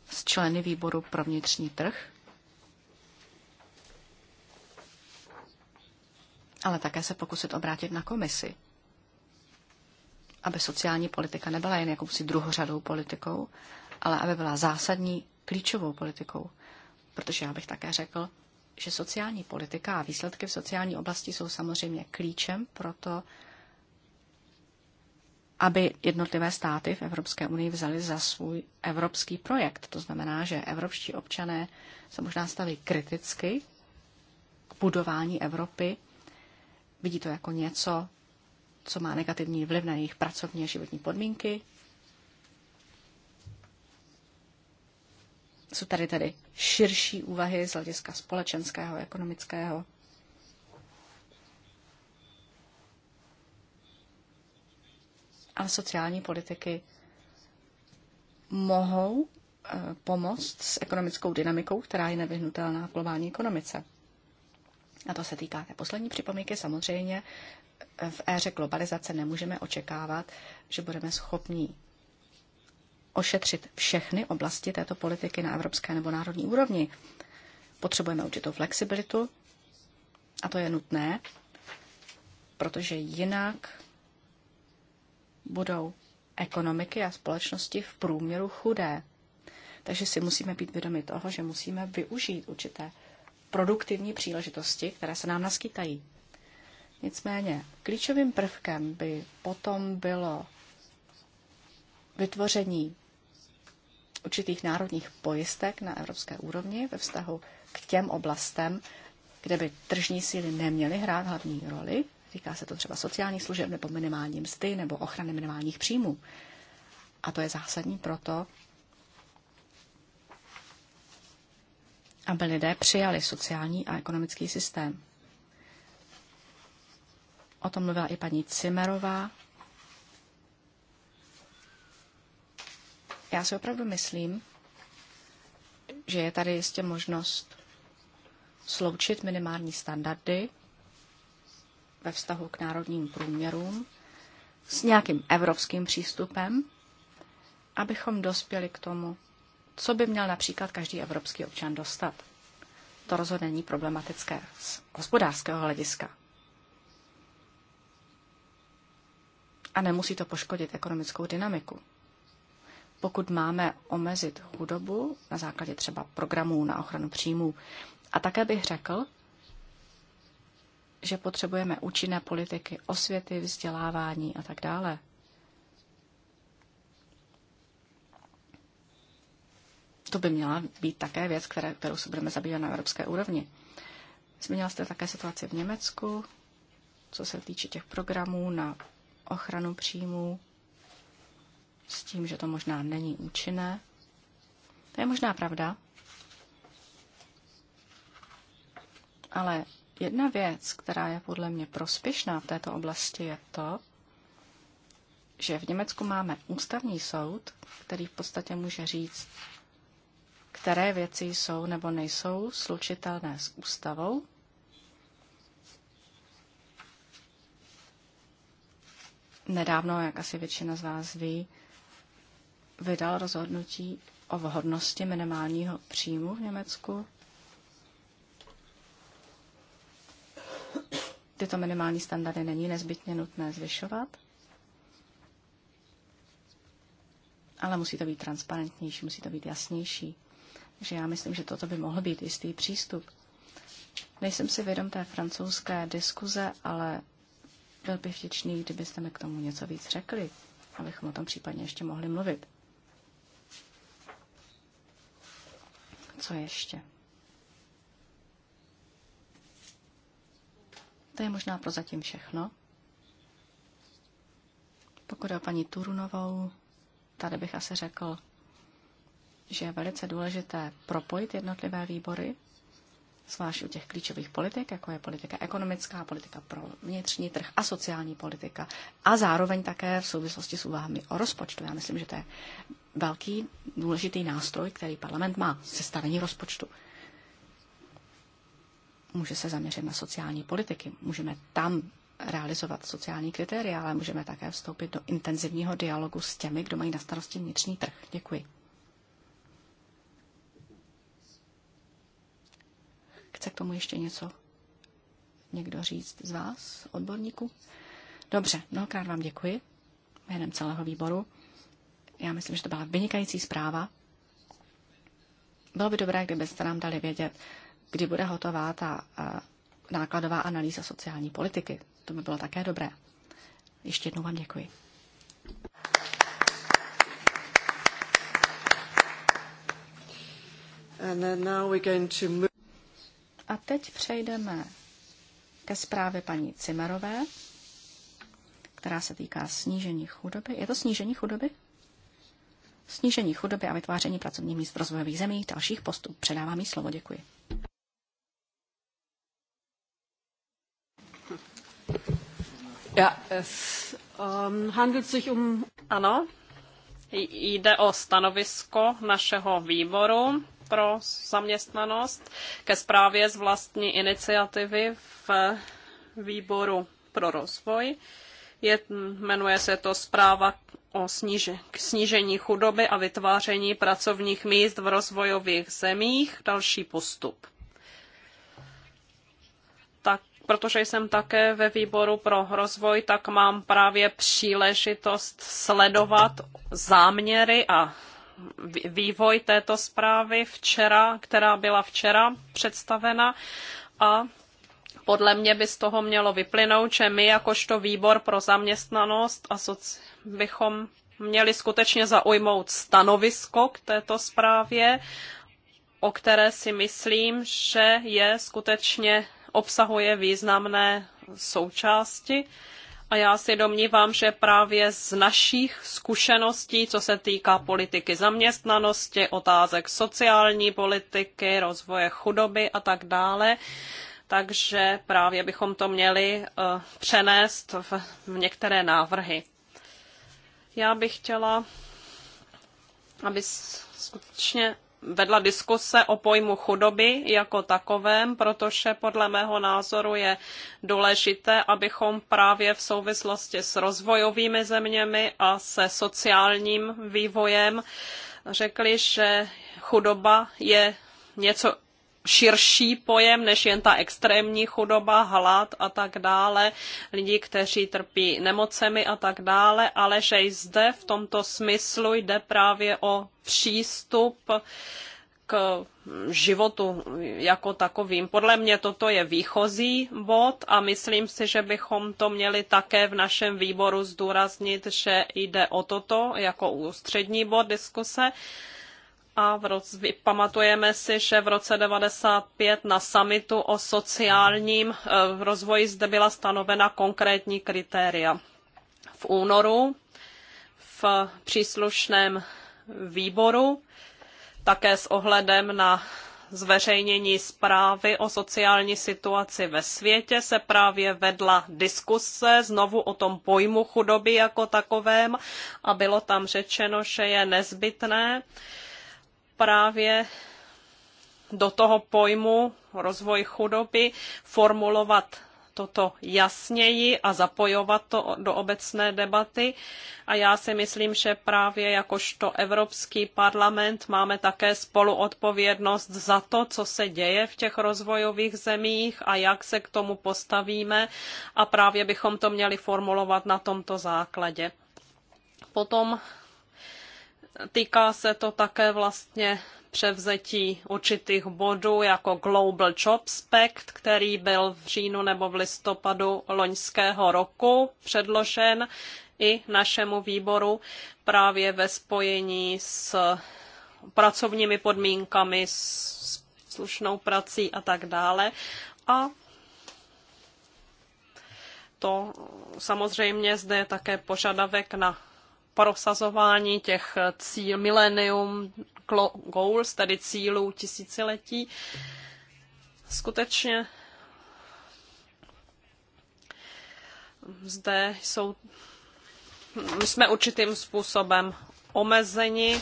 s členy výboru pro vnitřní trh, ale také se pokusit obrátit na komisi, aby sociální politika nebyla jen jakousi druhořadou politikou, ale aby byla zásadní klíčovou politikou. Protože já bych také řekl, že sociální politika a výsledky v sociální oblasti jsou samozřejmě klíčem pro to, aby jednotlivé státy v Evropské unii vzali za svůj evropský projekt. To znamená, že evropští občané se možná staví kriticky k budování Evropy, vidí to jako něco, co má negativní vliv na jejich pracovní a životní podmínky. Jsou tady tedy širší úvahy z hlediska společenského, ekonomického a sociální politiky mohou eh, pomoct s ekonomickou dynamikou, která je nevyhnutelná v globální ekonomice. A to se týká té poslední připomínky. Samozřejmě eh, v éře globalizace nemůžeme očekávat, že budeme schopni ošetřit všechny oblasti této politiky na evropské nebo národní úrovni. Potřebujeme určitou flexibilitu a to je nutné, protože jinak budou ekonomiky a společnosti v průměru chudé. Takže si musíme být vědomi toho, že musíme využít určité produktivní příležitosti, které se nám naskytají. Nicméně klíčovým prvkem by potom bylo vytvoření určitých národních pojistek na evropské úrovni ve vztahu k těm oblastem, kde by tržní síly neměly hrát hlavní roli, Říká se to třeba sociálních služeb nebo minimální mzdy nebo ochrany minimálních příjmů. A to je zásadní proto, aby lidé přijali sociální a ekonomický systém. O tom mluvila i paní Cimerová. Já si opravdu myslím, že je tady jistě možnost sloučit minimální standardy ve vztahu k národním průměrům s nějakým evropským přístupem, abychom dospěli k tomu, co by měl například každý evropský občan dostat. To rozhodně není problematické z hospodářského hlediska. A nemusí to poškodit ekonomickou dynamiku. Pokud máme omezit chudobu na základě třeba programů na ochranu příjmů, a také bych řekl, že potřebujeme účinné politiky osvěty, vzdělávání a tak dále. To by měla být také věc, které, kterou se budeme zabývat na evropské úrovni. Zmínila jste také situaci v Německu, co se týče těch programů na ochranu příjmů, s tím, že to možná není účinné. To je možná pravda, ale Jedna věc, která je podle mě prospěšná v této oblasti, je to, že v Německu máme ústavní soud, který v podstatě může říct, které věci jsou nebo nejsou slučitelné s ústavou. Nedávno, jak asi většina z vás ví, vydal rozhodnutí o vhodnosti minimálního příjmu v Německu tyto minimální standardy není nezbytně nutné zvyšovat, ale musí to být transparentnější, musí to být jasnější. Takže já myslím, že toto by mohl být jistý přístup. Nejsem si vědom té francouzské diskuze, ale byl bych vděčný, kdybyste mi k tomu něco víc řekli, abychom o tom případně ještě mohli mluvit. Co ještě? To je možná prozatím všechno. Pokud o paní Turunovou, tady bych asi řekl, že je velice důležité propojit jednotlivé výbory, zvlášť u těch klíčových politik, jako je politika ekonomická, politika pro vnitřní trh a sociální politika. A zároveň také v souvislosti s úvahami o rozpočtu. Já myslím, že to je velký důležitý nástroj, který parlament má, sestavení rozpočtu může se zaměřit na sociální politiky. Můžeme tam realizovat sociální kritéria, ale můžeme také vstoupit do intenzivního dialogu s těmi, kdo mají na starosti vnitřní trh. Děkuji. Chce k tomu ještě něco někdo říct z vás, odborníku? Dobře, mnohokrát vám děkuji jménem celého výboru. Já myslím, že to byla vynikající zpráva. Bylo by dobré, kdybyste nám dali vědět, kdy bude hotová ta eh, nákladová analýza sociální politiky. To by bylo také dobré. Ještě jednou vám děkuji. A teď přejdeme ke zprávě paní Cimerové, která se týká snížení chudoby. Je to snížení chudoby? Snížení chudoby a vytváření pracovních míst v rozvojových zemích, dalších postup. Předávám jí slovo, děkuji. Ähm, um- ano, jde o stanovisko našeho výboru pro zaměstnanost ke zprávě z vlastní iniciativy v výboru pro rozvoj. Je, jmenuje se to zpráva o sníže, k snížení chudoby a vytváření pracovních míst v rozvojových zemích. Další postup protože jsem také ve výboru pro rozvoj, tak mám právě příležitost sledovat záměry a vývoj této zprávy včera, která byla včera představena a podle mě by z toho mělo vyplynout, že my jakožto výbor pro zaměstnanost a soci... bychom měli skutečně zaujmout stanovisko k této zprávě, o které si myslím, že je skutečně obsahuje významné součásti. A já si domnívám, že právě z našich zkušeností, co se týká politiky zaměstnanosti, otázek sociální politiky, rozvoje chudoby a tak dále, takže právě bychom to měli eh, přenést v některé návrhy. Já bych chtěla, aby skutečně vedla diskuse o pojmu chudoby jako takovém, protože podle mého názoru je důležité, abychom právě v souvislosti s rozvojovými zeměmi a se sociálním vývojem řekli, že chudoba je něco širší pojem než jen ta extrémní chudoba, hlad a tak dále, lidi, kteří trpí nemocemi a tak dále, ale že i zde v tomto smyslu jde právě o přístup k životu jako takovým. Podle mě toto je výchozí bod a myslím si, že bychom to měli také v našem výboru zdůraznit, že jde o toto jako ústřední bod diskuse a v roce, pamatujeme si, že v roce 95 na samitu o sociálním eh, rozvoji zde byla stanovena konkrétní kritéria. V únoru v příslušném výboru také s ohledem na zveřejnění zprávy o sociální situaci ve světě se právě vedla diskuse znovu o tom pojmu chudoby jako takovém a bylo tam řečeno, že je nezbytné uh, právě do toho pojmu rozvoj chudoby formulovat toto jasněji a zapojovat to do obecné debaty. A já si myslím, že právě jakožto Evropský parlament máme také spoluodpovědnost za to, co se děje v těch rozvojových zemích a jak se k tomu postavíme. A právě bychom to měli formulovat na tomto základě. Potom Týká se to také vlastně převzetí určitých bodů jako Global Jobs Pact, který byl v říjnu nebo v listopadu loňského roku předložen i našemu výboru právě ve spojení s pracovními podmínkami, s slušnou prací a tak dále. A to samozřejmě zde je také požadavek na prosazování těch cíl Millennium Goals, tedy cílů tisíciletí, skutečně zde jsou, my jsme určitým způsobem omezeni.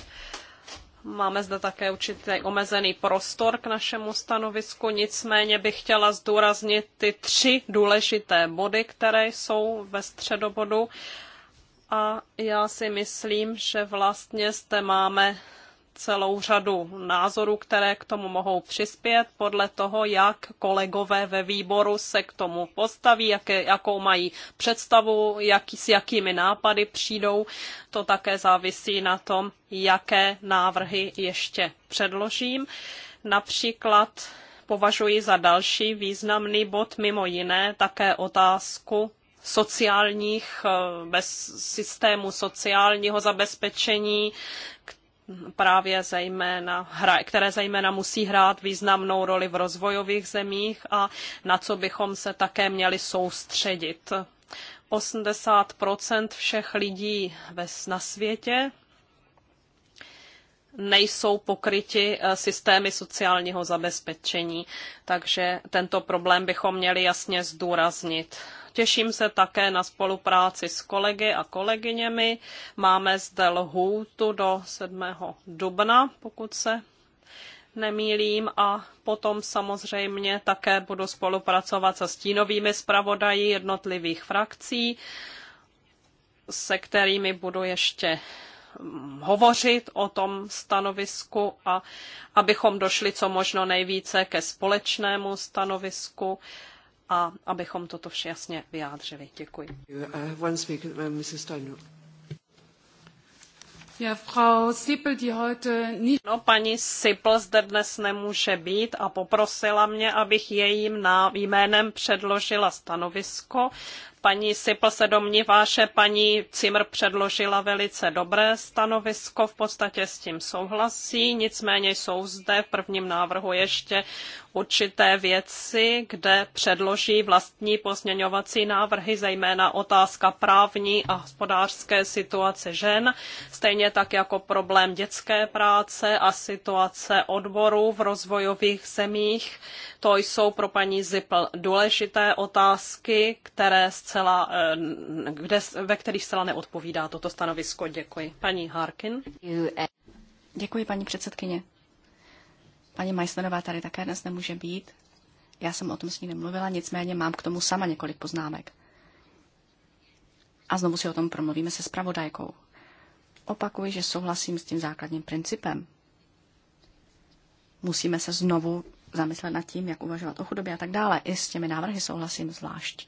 Máme zde také určitý omezený prostor k našemu stanovisku, nicméně bych chtěla zdůraznit ty tři důležité body, které jsou ve středobodu. A já si myslím, že vlastně zde máme celou řadu názorů, které k tomu mohou přispět podle toho, jak kolegové ve výboru se k tomu postaví, jaké, jakou mají představu, jak, s jakými nápady přijdou. To také závisí na tom, jaké návrhy ještě předložím. Například považuji za další významný bod mimo jiné také otázku sociálních, eh, bez systému sociálního zabezpečení, právě zejména, hra, které zejména musí hrát významnou roli v rozvojových zemích a na co bychom se také měli soustředit. 80 všech lidí na světě nejsou pokryti eh, systémy sociálního zabezpečení. Takže tento problém bychom měli jasně zdůraznit. Těším se také na spolupráci s kolegy a kolegyněmi. Máme zde lhůtu do 7. dubna, pokud se nemýlím a potom samozřejmě také budu spolupracovat se stínovými zpravodaji jednotlivých frakcí, se kterými budu ještě mm, hovořit o tom stanovisku a abychom došli co možno nejvíce ke společnému stanovisku a abychom toto vše jasně vyjádřili. Děkuji. Uh, uh, no, paní Sipl zde dnes nemůže být a poprosila mě, abych jejím na, jménem předložila stanovisko. Paní Sipl se domnívá, že paní Cimr předložila velice dobré stanovisko, v podstatě s tím souhlasí, nicméně jsou zde v prvním návrhu ještě určité věci, kde předloží vlastní pozměňovací návrhy, zejména otázka právní a hospodářské situace žen, stejně tak jako problém dětské práce a situace odborů v rozvojových zemích. To jsou pro paní Zipl důležité otázky, které zcela, eh, kde, ve kterých zcela neodpovídá toto stanovisko. Děkuji. Paní Harkin. Děkuji, paní předsedkyně. Paní Majsnerová tady také dnes nemůže být. Já jsem o tom s ní nemluvila, nicméně mám k tomu sama několik poznámek. A znovu si o tom promluvíme se spravodajkou. Opakuji, že souhlasím s tím základním principem. Musíme se znovu zamyslet nad tím, jak uvažovat o chudobě a tak dále. I s těmi návrhy souhlasím zvlášť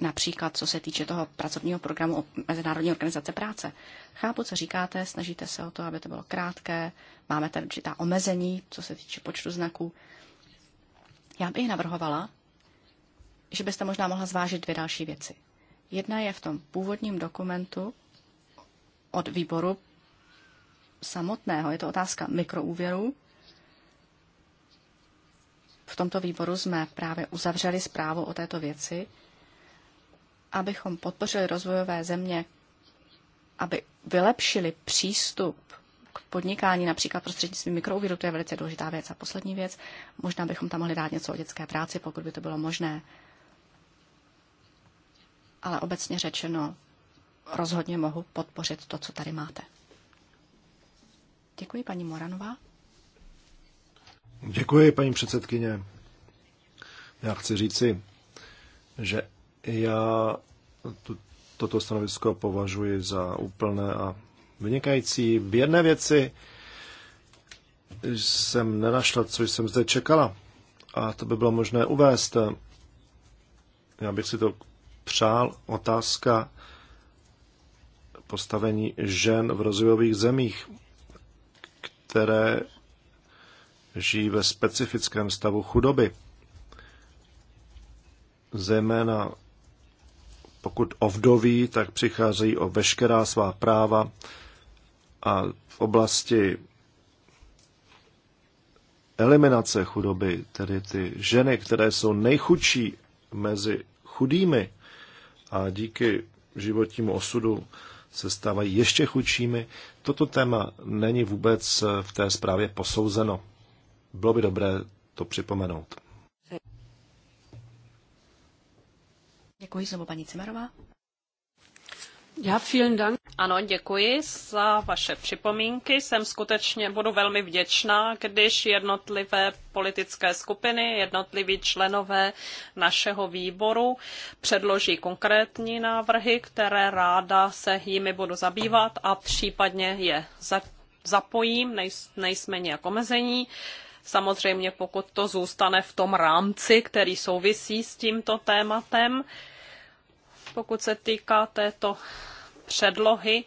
například co se týče toho pracovního programu Mezinárodní organizace práce. Chápu, co říkáte, snažíte se o to, aby to bylo krátké, máme tady určitá omezení, co se týče počtu znaků. Já bych navrhovala, že byste možná mohla zvážit dvě další věci. Jedna je v tom původním dokumentu od výboru samotného. Je to otázka mikroúvěru. V tomto výboru jsme právě uzavřeli zprávu o této věci abychom podpořili rozvojové země, aby vylepšili přístup k podnikání, například prostřednictvím mikrouvěru, to je velice důležitá věc. A poslední věc, možná bychom tam mohli dát něco o dětské práci, pokud by to bylo možné. Ale obecně řečeno, rozhodně mohu podpořit to, co tady máte. Děkuji, paní Moranová. Děkuji, paní předsedkyně. Já chci říci, že já tu, toto stanovisko považuji za úplné a vynikající. V jedné věci jsem nenašla, co jsem zde čekala. A to by bylo možné uvést. Já bych si to přál. Otázka postavení žen v rozvojových zemích, které žijí ve specifickém stavu chudoby. Zejména pokud ovdoví, tak přicházejí o veškerá svá práva a v oblasti eliminace chudoby, tedy ty ženy, které jsou nejchudší mezi chudými a díky životnímu osudu se stávají ještě chudšími, toto téma není vůbec v té zprávě posouzeno. Bylo by dobré to připomenout. Děkuji znovu paní Cimerová. Já vielen Dank. Ano, děkuji za vaše připomínky. Jsem skutečně, budu velmi vděčná, když jednotlivé politické skupiny, jednotliví členové našeho výboru předloží konkrétní návrhy, které ráda se jimi budu zabývat a případně je zapojím, nejsme nějak omezení. Samozřejmě, pokud to zůstane v tom rámci, který souvisí s tímto tématem, pokud se týká této předlohy,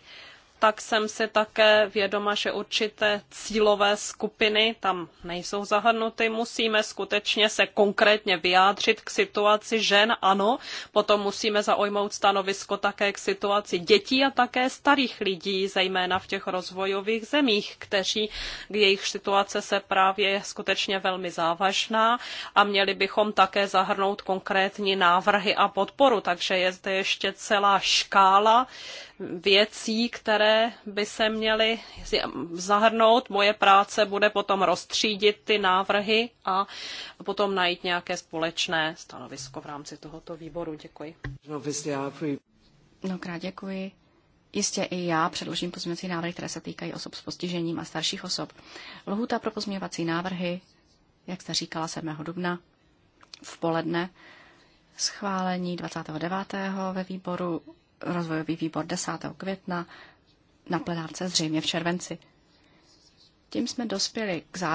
tak jsem si také vědoma, že určité cílové skupiny tam nejsou zahrnuty. Musíme skutečně se konkrétně vyjádřit k situaci žen, ano. Potom musíme zaujmout stanovisko také k situaci dětí a také starých lidí, zejména v těch rozvojových zemích, kteří, jejich situace se právě je skutečně velmi závažná a měli bychom také zahrnout konkrétní návrhy a podporu. Takže je zde ještě celá škála věcí, které by se měly zahrnout. Moje práce bude potom rozstřídit ty návrhy a potom najít nějaké společné stanovisko v rámci tohoto výboru. Děkuji. Mnohokrát děkuji. Jistě i já předložím pozměňovací návrhy, které se týkají osob s postižením a starších osob. Lhuta pro pozměňovací návrhy, jak jste říkala, 7. dubna v poledne, schválení 29. ve výboru rozvojový výbor 10. května, na plenárce zřejmě v červenci. Tím jsme dospěli k závěru,